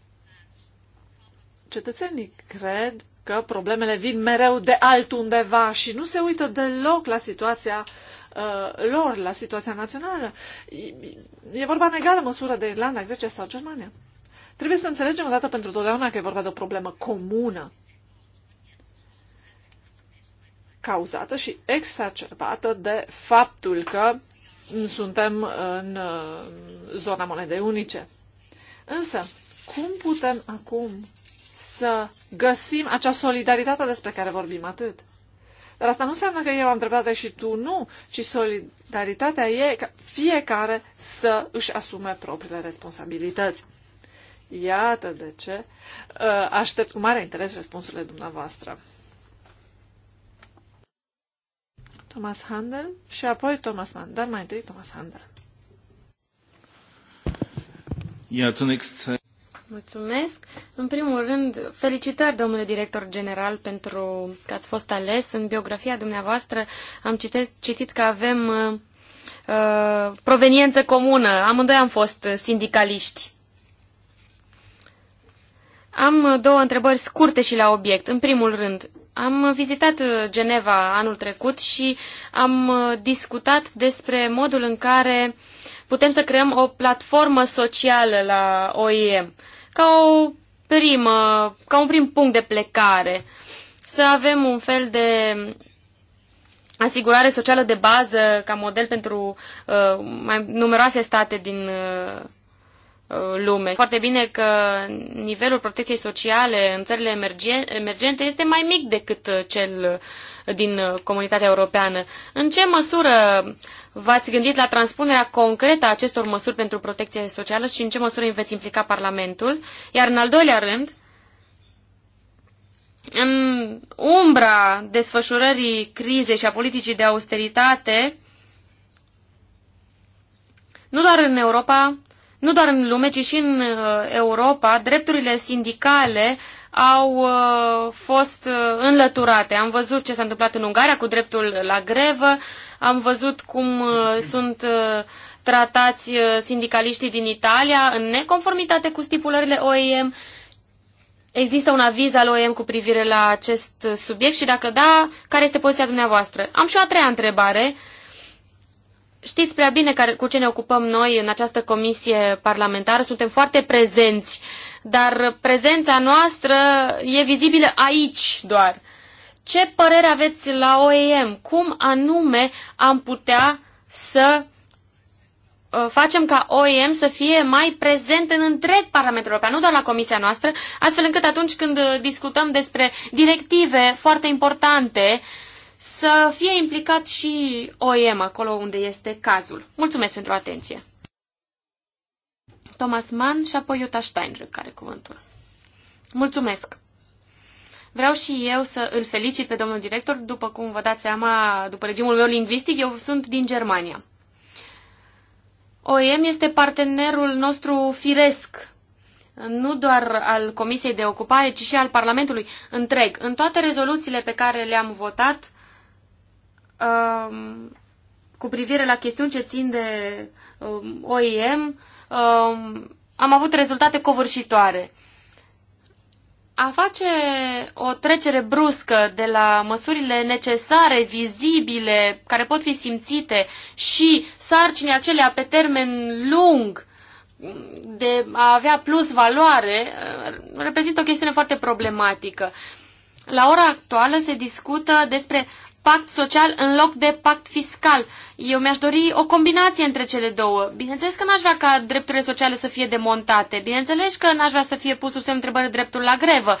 Cetățenii cred că problemele vin mereu de altundeva și nu se uită deloc la situația uh, lor, la situația națională. E, vorba în egală măsură de Irlanda, Grecia sau Germania. Trebuie să înțelegem dată pentru totdeauna că e vorba de o problemă comună cauzată și exacerbată de faptul că suntem în uh, zona monedei unice. Însă, cum putem acum să găsim acea solidaritate despre care vorbim atât. Dar asta nu înseamnă că eu am dreptate și tu nu, ci solidaritatea e ca fiecare să își asume propriile responsabilități. Iată de ce uh, aștept cu mare interes răspunsurile dumneavoastră. Thomas Handel și apoi Thomas Mann, dar mai întâi Thomas Handel. Ja, zunächst Mulțumesc. În primul rând, felicitări, domnule director general, pentru că ați fost ales. În biografia dumneavoastră am citit, citit că avem uh, uh proveniență comună. Amândoi am fost sindicaliști. Am uh, două întrebări scurte și la obiect. În primul rând, am vizitat uh, Geneva anul trecut și am discutat despre modul în care putem să creăm o platformă socială la OIM ca o primă, ca un prim punct de plecare. Să avem un fel de asigurare socială de bază ca model pentru uh, mai numeroase state din uh, uh lume. Foarte bine că nivelul protecției sociale în țările emergente este mai mic decât uh, cel din uh, comunitatea europeană. În ce măsură V-ați gândit la transpunerea concretă a acestor măsuri pentru protecție socială și în ce măsură îi veți implica Parlamentul? Iar în al doilea rând, în umbra desfășurării crizei și a politicii de austeritate, nu doar în Europa, nu doar în lume, ci și în uh, Europa, drepturile sindicale au uh, fost uh, înlăturate. Am văzut ce s-a întâmplat în Ungaria cu dreptul la grevă, am văzut cum uh, sunt uh, tratați uh, sindicaliștii din Italia în neconformitate cu stipulările OEM. Există un aviz al OEM cu privire la acest subiect și dacă da, care este poziția dumneavoastră? Am și o a treia întrebare. Știți prea bine care, cu ce ne ocupăm noi în această comisie parlamentară. Suntem foarte prezenți, dar prezența noastră e vizibilă aici doar. Ce părere aveți la OEM? Cum anume am putea să uh, facem ca OEM să fie mai prezent în întreg Parlamentul European, nu doar la comisia noastră, astfel încât atunci când uh, discutăm despre directive foarte importante, să fie implicat și OEM acolo unde este cazul. Mulțumesc pentru atenție! Thomas Mann și apoi Iuta Steinrück care cuvântul. Mulțumesc! Vreau și eu să îl felicit pe domnul director. După cum vă dați seama, după regimul meu lingvistic, eu sunt din Germania. OEM este partenerul nostru firesc nu doar al Comisiei de Ocupare, ci și al Parlamentului întreg. În toate rezoluțiile pe care le-am votat um, cu privire la chestiuni ce țin de um, OIM, um, am avut rezultate covârșitoare. A face o trecere bruscă de la măsurile necesare, vizibile, care pot fi simțite și sarcinii acelea pe termen lung de a avea plus valoare reprezintă o chestiune foarte problematică. La ora actuală se discută despre pact social în loc de pact fiscal. Eu mi-aș dori o combinație între cele două. Bineînțeles că n-aș vrea ca drepturile sociale să fie demontate. Bineînțeles că n-aș vrea să fie pus sub semn întrebări dreptul la grevă.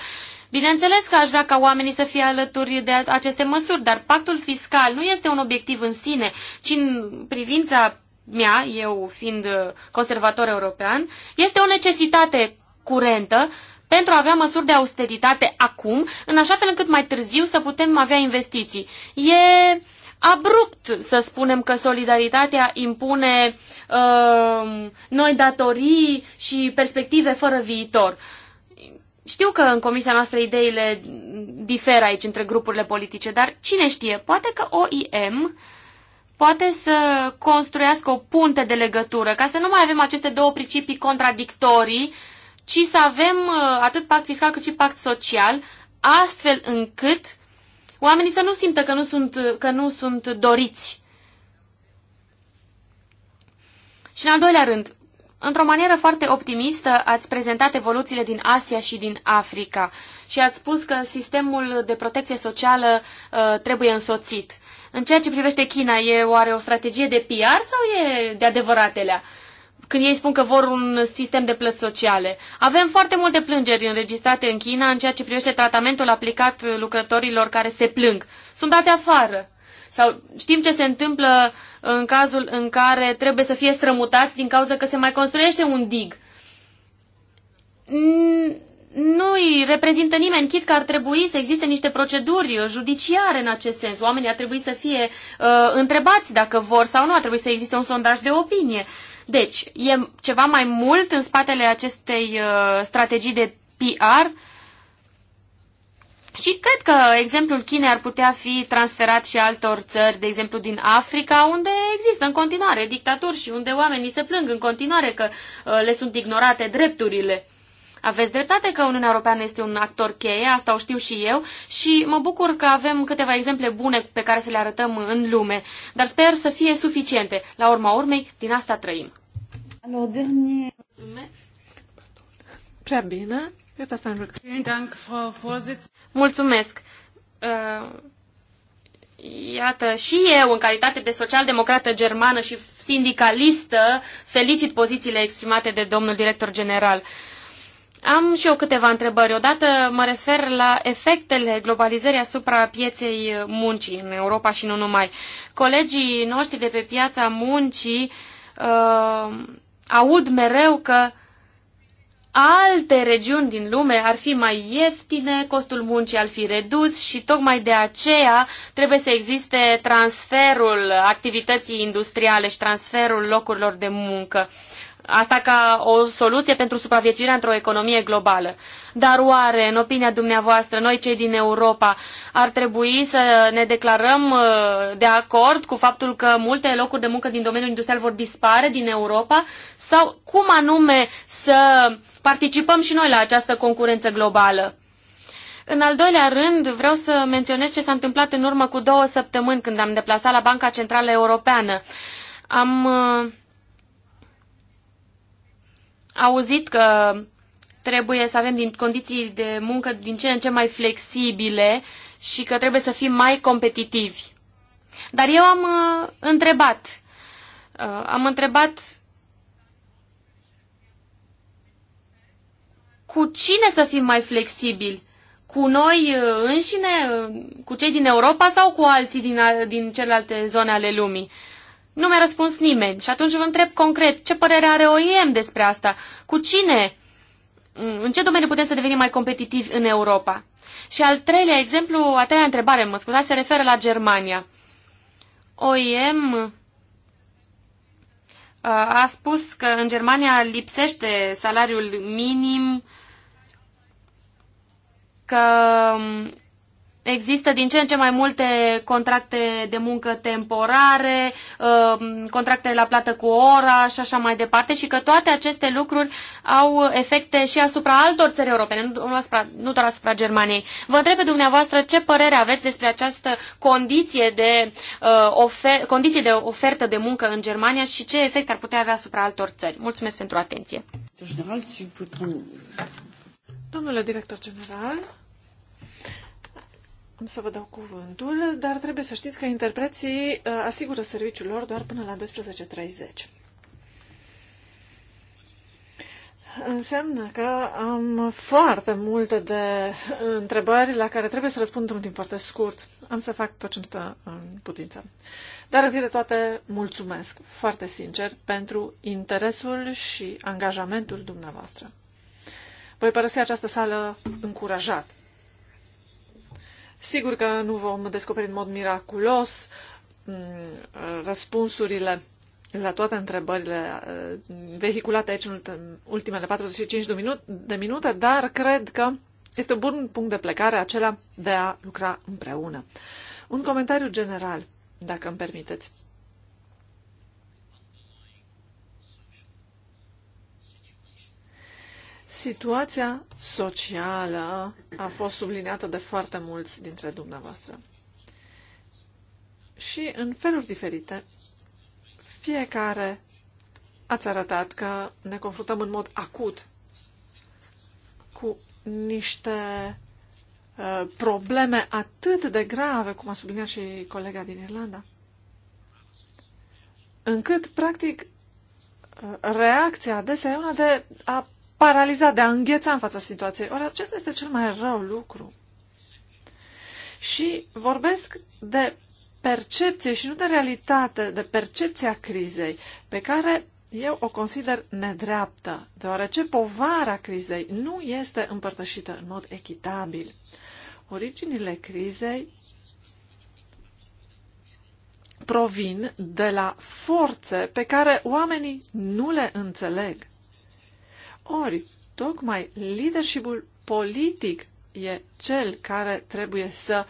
Bineînțeles că aș vrea ca oamenii să fie alături de aceste măsuri, dar pactul fiscal nu este un obiectiv în sine, ci în privința mea, eu fiind conservator european, este o necesitate curentă pentru a avea măsuri de austeritate acum, în așa fel încât mai târziu să putem avea investiții. E abrupt să spunem că solidaritatea impune uh, noi datorii și perspective fără viitor. Știu că în comisia noastră ideile diferă aici între grupurile politice, dar cine știe, poate că OIM poate să construiască o punte de legătură, ca să nu mai avem aceste două principii contradictorii ci să avem uh, atât pact fiscal cât și pact social, astfel încât oamenii să nu simtă că nu sunt, uh, că nu sunt doriți. Și în al doilea rând, într-o manieră foarte optimistă, ați prezentat evoluțiile din Asia și din Africa și ați spus că sistemul de protecție socială uh, trebuie însoțit. În ceea ce privește China, e oare o strategie de PR sau e de adevăratelea? Uh, când ei spun că vor un sistem de plăți sociale. Avem foarte multe plângeri înregistrate în China în ceea ce privește tratamentul aplicat lucrătorilor care se plâng. Sunt dați afară. Sau știm ce se întâmplă în cazul în care trebuie să fie strămutați din cauza că se mai construiește un dig. Nu îi reprezintă nimeni, chit că ar trebui să existe niște proceduri judiciare în acest sens. Oamenii ar trebui să fie uh, întrebați dacă vor sau nu, ar trebui să existe un sondaj de opinie. Uh, deci, e ceva mai mult în spatele acestei uh, strategii de PR și cred că exemplul Chinei ar putea fi transferat și altor țări, de exemplu din Africa, unde există în continuare dictaturi și unde oamenii se plâng în continuare că uh, le sunt ignorate drepturile. Aveți dreptate că Uniunea Europeană este un actor cheie, asta o știu și eu, și mă bucur că avem câteva exemple bune pe care să le arătăm în lume, dar sper să fie suficiente. La urma urmei, din asta trăim. Alors, Prea bine. Mulțumesc. Uh, iată, și eu, în calitate de socialdemocrată germană și sindicalistă, felicit pozițiile exprimate de domnul director general. Uh, am și eu câteva întrebări. Odată mă refer la efectele globalizării asupra pieței muncii în Europa și nu numai. Colegii noștri de pe piața muncii uh, aud mereu că alte regiuni din lume ar fi mai ieftine, costul muncii ar fi redus și tocmai de aceea trebuie să existe transferul activității industriale și transferul locurilor de muncă. Asta ca o soluție pentru supraviețuirea într-o economie globală. Dar oare, în opinia dumneavoastră, noi cei din Europa ar trebui să ne declarăm uh, de acord cu faptul că multe locuri de muncă din domeniul industrial vor dispare din Europa? Sau cum anume să participăm și noi la această concurență globală? În al doilea rând, vreau să menționez ce s-a întâmplat în urmă cu două săptămâni când am deplasat la Banca Centrală Europeană. Am uh, auzit că trebuie să avem din condiții de muncă din ce în ce mai flexibile și că trebuie să fim mai competitivi. Dar eu am uh, întrebat, uh, am întrebat cu cine să fim mai flexibili? Cu noi uh, înșine, uh, cu cei din Europa sau cu alții din, din celelalte zone ale lumii? Uh, nu mi-a răspuns nimeni și atunci vă întreb concret ce părere are OIM despre asta, cu cine, mm, în ce domeniu putem să devenim mai competitivi în Europa. Și al treilea exemplu, a treia întrebare, mă scuzați, se referă la Germania. OIM a spus că în Germania lipsește salariul minim, că mm, Există din ce în ce mai multe contracte de muncă temporare, um, contracte la plată cu ora și așa mai departe și că toate aceste lucruri au efecte și asupra altor țări europene, nu, asupra, nu doar asupra Germaniei. Vă întreb pe dumneavoastră ce părere aveți despre această condiție de, uh, ofer, condiție de ofertă de muncă în Germania și ce efect ar putea avea asupra altor țări. Mulțumesc pentru atenție. Domnule director general, să vă dau cuvântul, dar trebuie să știți că interpreții uh, asigură serviciul lor doar până la 12.30. Înseamnă că am foarte multe de întrebări la care trebuie să răspund într-un timp foarte scurt. Am să fac tot ce îmi stă în putință. Dar întâi de toate, mulțumesc foarte sincer pentru interesul și angajamentul dumneavoastră. Voi părăsi această sală încurajat Sigur că nu vom descoperi în mod miraculos mm, răspunsurile la toate întrebările eh, vehiculate aici în ultimele 45 de minute, de minute, dar cred că este un bun punct de plecare acela de a lucra împreună. Un comentariu general, dacă îmi permiteți. Situația socială a fost subliniată de foarte mulți dintre dumneavoastră. Și în feluri diferite, fiecare ați arătat că ne confruntăm în mod acut cu niște uh, probleme atât de grave, cum a subliniat și colega din Irlanda, încât, practic, uh, reacția adesea e una de a paralizat, de a îngheța în fața situației. Ori acesta este cel mai rău lucru. Și vorbesc de percepție și nu de realitate, de percepția crizei, pe care eu o consider nedreaptă, deoarece povara crizei nu este împărtășită în mod echitabil. Originile crizei provin de la forțe pe care oamenii nu le înțeleg. Ori, tocmai leadershipul politic e cel care trebuie să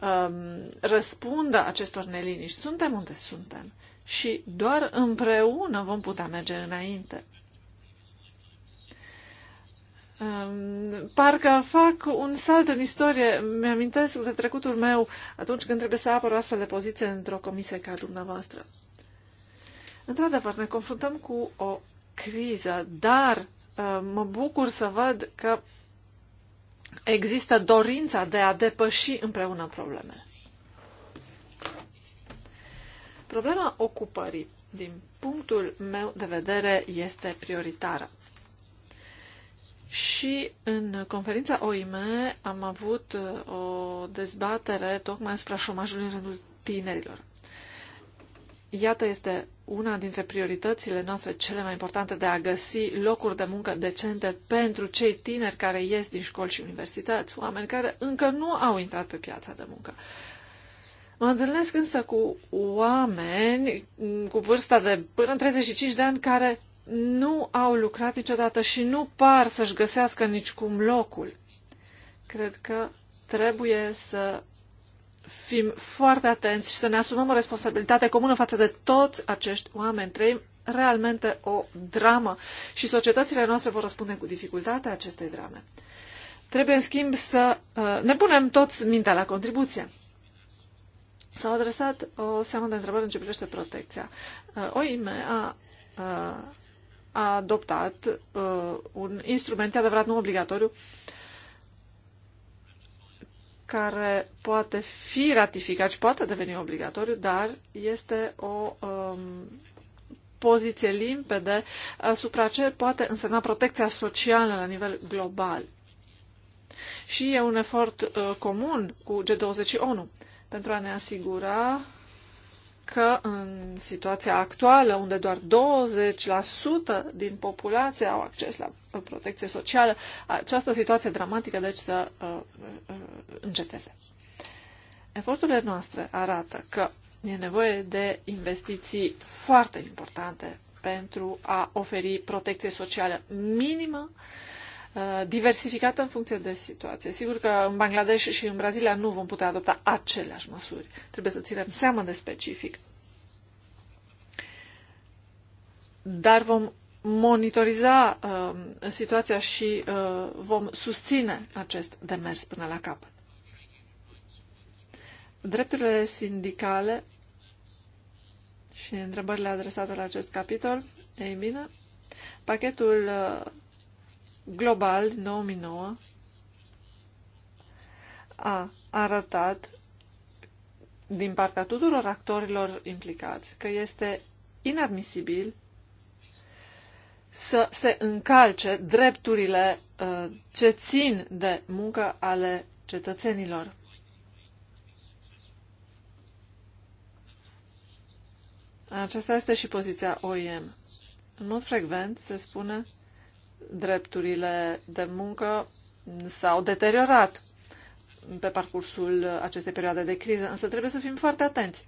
um, răspundă acestor neliniști. Suntem unde suntem și doar împreună vom putea merge înainte. Um, parcă fac un salt în istorie. Mi-amintesc de trecutul meu atunci când trebuie să apăr o astfel de poziție într-o comisie ca dumneavoastră. Într-adevăr, ne confruntăm cu o criză, dar Uh, mă bucur să văd că există dorința de a depăși împreună problemele. Problema ocupării, din punctul meu de vedere, este prioritară. Și în conferința OIM am avut uh, o dezbatere tocmai asupra șomajului în rândul tinerilor. Iată, este una dintre prioritățile noastre cele mai importante de a găsi locuri de muncă decente pentru cei tineri care ies din școli și universități, oameni care încă nu au intrat pe piața de muncă. Mă întâlnesc însă cu oameni mm, cu vârsta de până în 35 de ani care nu au lucrat niciodată și nu par să-și găsească nicicum locul. Cred că trebuie să fim foarte atenți și să ne asumăm o responsabilitate comună față de toți acești oameni. Trăim realmente o dramă și societățile noastre vor răspunde cu dificultate acestei drame. Trebuie, în schimb, să uh, ne punem toți mintea la contribuție. S-au adresat o seamă de întrebări în ce privește protecția. Uh, OIME a, uh, a adoptat un instrument, adevărat nu obligatoriu, care poate fi ratificat și poate deveni obligatoriu, dar este o um, poziție limpede asupra ce poate însemna protecția socială la nivel global. Și e un efort uh, comun cu G20 ONU pentru a ne asigura că în situația actuală, unde doar 20% din populație au acces la Uh, protecție socială, această situație dramatică, deci, să uh, uh, înceteze. Eforturile noastre arată că e nevoie de investiții foarte importante pentru a oferi protecție socială minimă, uh, diversificată în funcție de situație. Sigur că în Bangladesh și în Brazilia nu vom putea adopta aceleași măsuri. Trebuie să ținem seama de specific. Dar vom monitoriza uh, situația și uh, vom susține acest demers până la capăt. Drepturile sindicale și întrebările adresate la acest capitol, ei bine, pachetul uh, global din 2009 a arătat din partea tuturor actorilor implicați că este inadmisibil să se încalce drepturile uh, ce țin de muncă ale cetățenilor. Aceasta este și poziția OIM. În mod frecvent se spune drepturile de muncă s-au deteriorat pe parcursul acestei perioade de criză, însă trebuie să fim foarte atenți,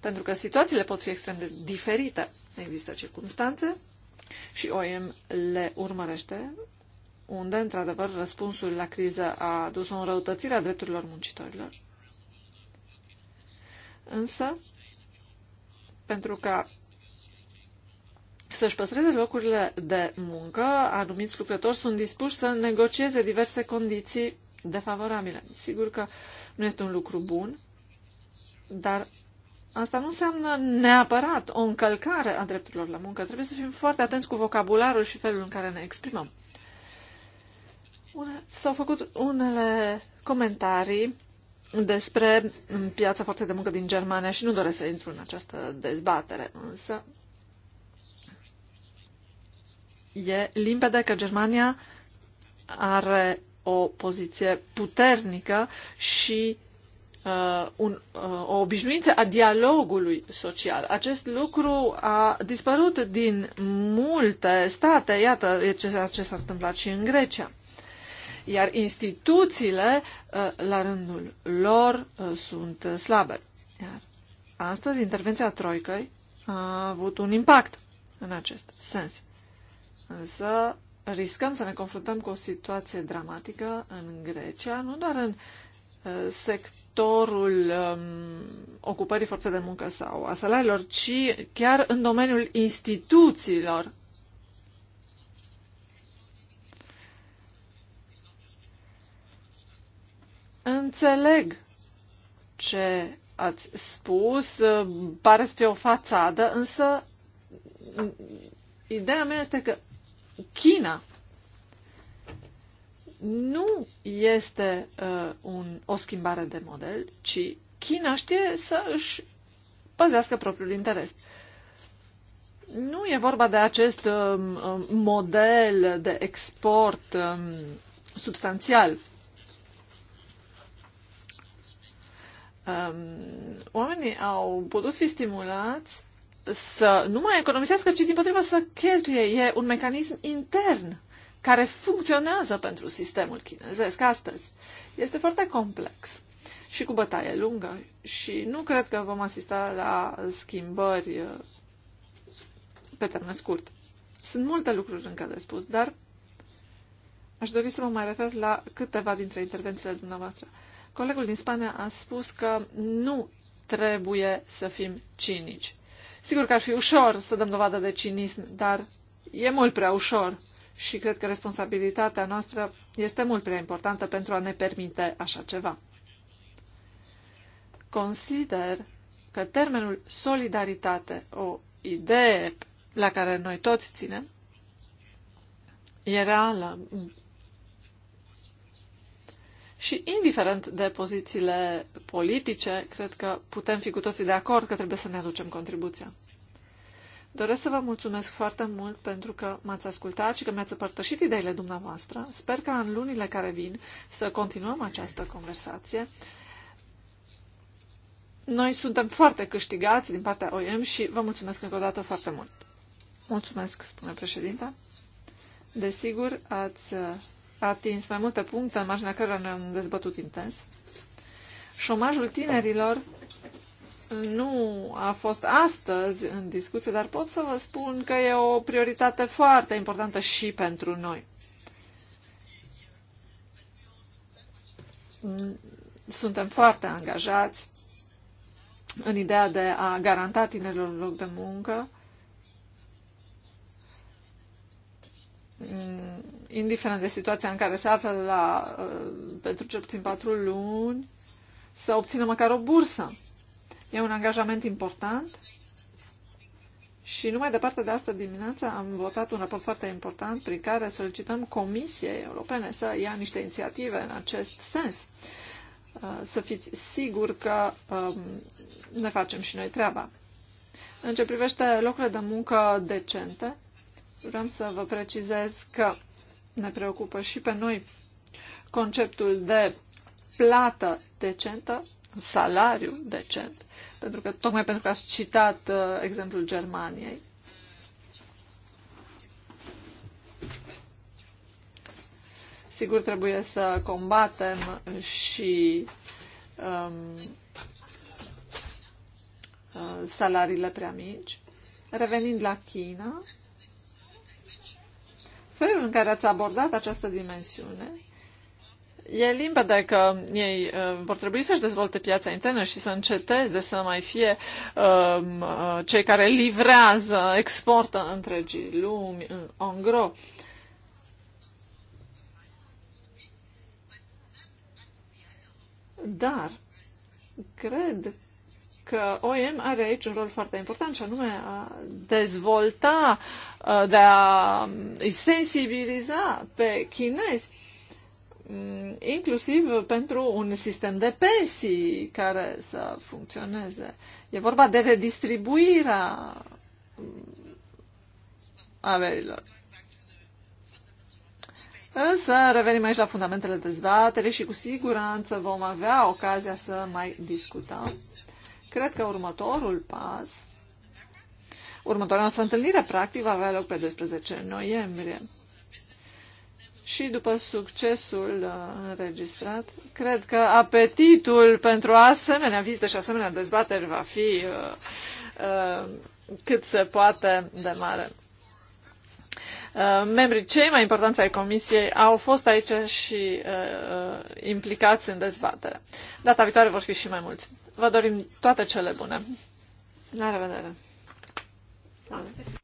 pentru că situațiile pot fi extrem de diferite. Există circunstanțe și OIM le urmărește, unde, într-adevăr, răspunsul la criză a dus o înrăutățire a drepturilor muncitorilor. Însă, pentru că să-și păstreze locurile de muncă, anumiți lucrători sunt dispuși să negocieze diverse condiții defavorabile. Sigur că nu este un lucru bun, dar Asta nu înseamnă neapărat o încălcare a drepturilor la muncă. Trebuie să fim foarte atenți cu vocabularul și felul în care ne exprimăm. S-au făcut unele comentarii despre piața forței de muncă din Germania și nu doresc să intru în această dezbatere, însă e limpede că Germania are o poziție puternică și uh, un, uh, o obișnuință a dialogului social. Acest lucru a dispărut din multe state, iată ce, ce s-a întâmplat și în Grecia. Iar instituțiile, uh, la rândul lor, uh, sunt slabe. Iar astăzi, intervenția Troicăi a avut un impact în acest sens. Însă, riscăm să ne confruntăm cu o situație dramatică în Grecia, nu doar în uh, sectorul um, ocupării forței de muncă sau a salariilor, ci chiar în domeniul instituțiilor Înțeleg ce ați spus, pare să fie o fațadă, însă ideea mea este că China nu este uh, un, o schimbare de model, ci China știe să își păzească propriul interes. Nu e vorba de acest uh, model de export uh, substanțial. Uh, oamenii au putut fi stimulați să nu mai economisească, ci din potriva să cheltuie. E un mecanism intern care funcționează pentru sistemul chinezesc astăzi. Este foarte complex și cu bătaie lungă și nu cred că vom asista la schimbări uh, pe termen scurt. Sunt multe lucruri încă de spus, dar aș dori să mă mai refer la câteva dintre intervențiile dumneavoastră. Colegul din Spania a spus că nu trebuie să fim cinici. Sigur că ar fi ușor să dăm dovadă de cinism, dar e mult prea ușor și cred că responsabilitatea noastră este mult prea importantă pentru a ne permite așa ceva. Consider că termenul solidaritate, o idee la care noi toți ținem, e reală și indiferent de pozițiile politice, cred că putem fi cu toții de acord că trebuie să ne aducem contribuția. Doresc să vă mulțumesc foarte mult pentru că m-ați ascultat și că mi-ați împărtășit ideile dumneavoastră. Sper că în lunile care vin să continuăm această conversație. Noi suntem foarte câștigați din partea OIM și vă mulțumesc încă o dată foarte mult. Mulțumesc, spune președinta. Desigur, ați uh, atins mai multe puncte în marginea care ne-am dezbătut intens. Șomajul tinerilor nu a fost astăzi în discuție, dar pot să vă spun că e o prioritate foarte importantă și pentru noi. Suntem foarte angajați în ideea de a garanta tinerilor un loc de muncă, indiferent de situația în care se află la, uh, pentru cel puțin patru luni, să obțină măcar o bursă E un angajament important și numai departe de asta dimineața am votat un raport foarte important prin care solicităm Comisiei Europene să ia niște inițiative în acest sens. Uh, să fiți sigur că um, ne facem și noi treaba. În ce privește locurile de muncă decente, vreau să vă precizez că ne preocupă și pe noi conceptul de plată decentă salariu decent, pentru că, tocmai pentru că ați citat uh, exemplul Germaniei. Sigur, trebuie să combatem și um, uh, salariile prea mici. Revenind la China, felul în care ați abordat această dimensiune E limpede că ei uh, vor trebui să-și dezvolte piața internă și să înceteze să mai fie um, uh, cei care livrează, exportă întregii lumi, în gro. Dar cred că OEM are aici un rol foarte important și anume a dezvolta, de a um, sensibiliza pe chinezi Mm, inclusiv pentru un sistem de pensii care să funcționeze. E vorba de redistribuirea mm, averilor. Însă revenim aici la fundamentele dezbaterii și cu siguranță vom avea ocazia să mai discutăm. Cred că următorul pas, următoarea noastră întâlnire practic va avea loc pe 12 noiembrie și după succesul uh, înregistrat, cred că apetitul pentru asemenea vizite și asemenea dezbateri va fi uh, uh, cât se poate de mare. Uh, membrii cei mai importanți ai comisiei au fost aici și uh, uh, implicați în dezbatere. Data viitoare vor fi și mai mulți. Vă dorim toate cele bune. La revedere! La revedere.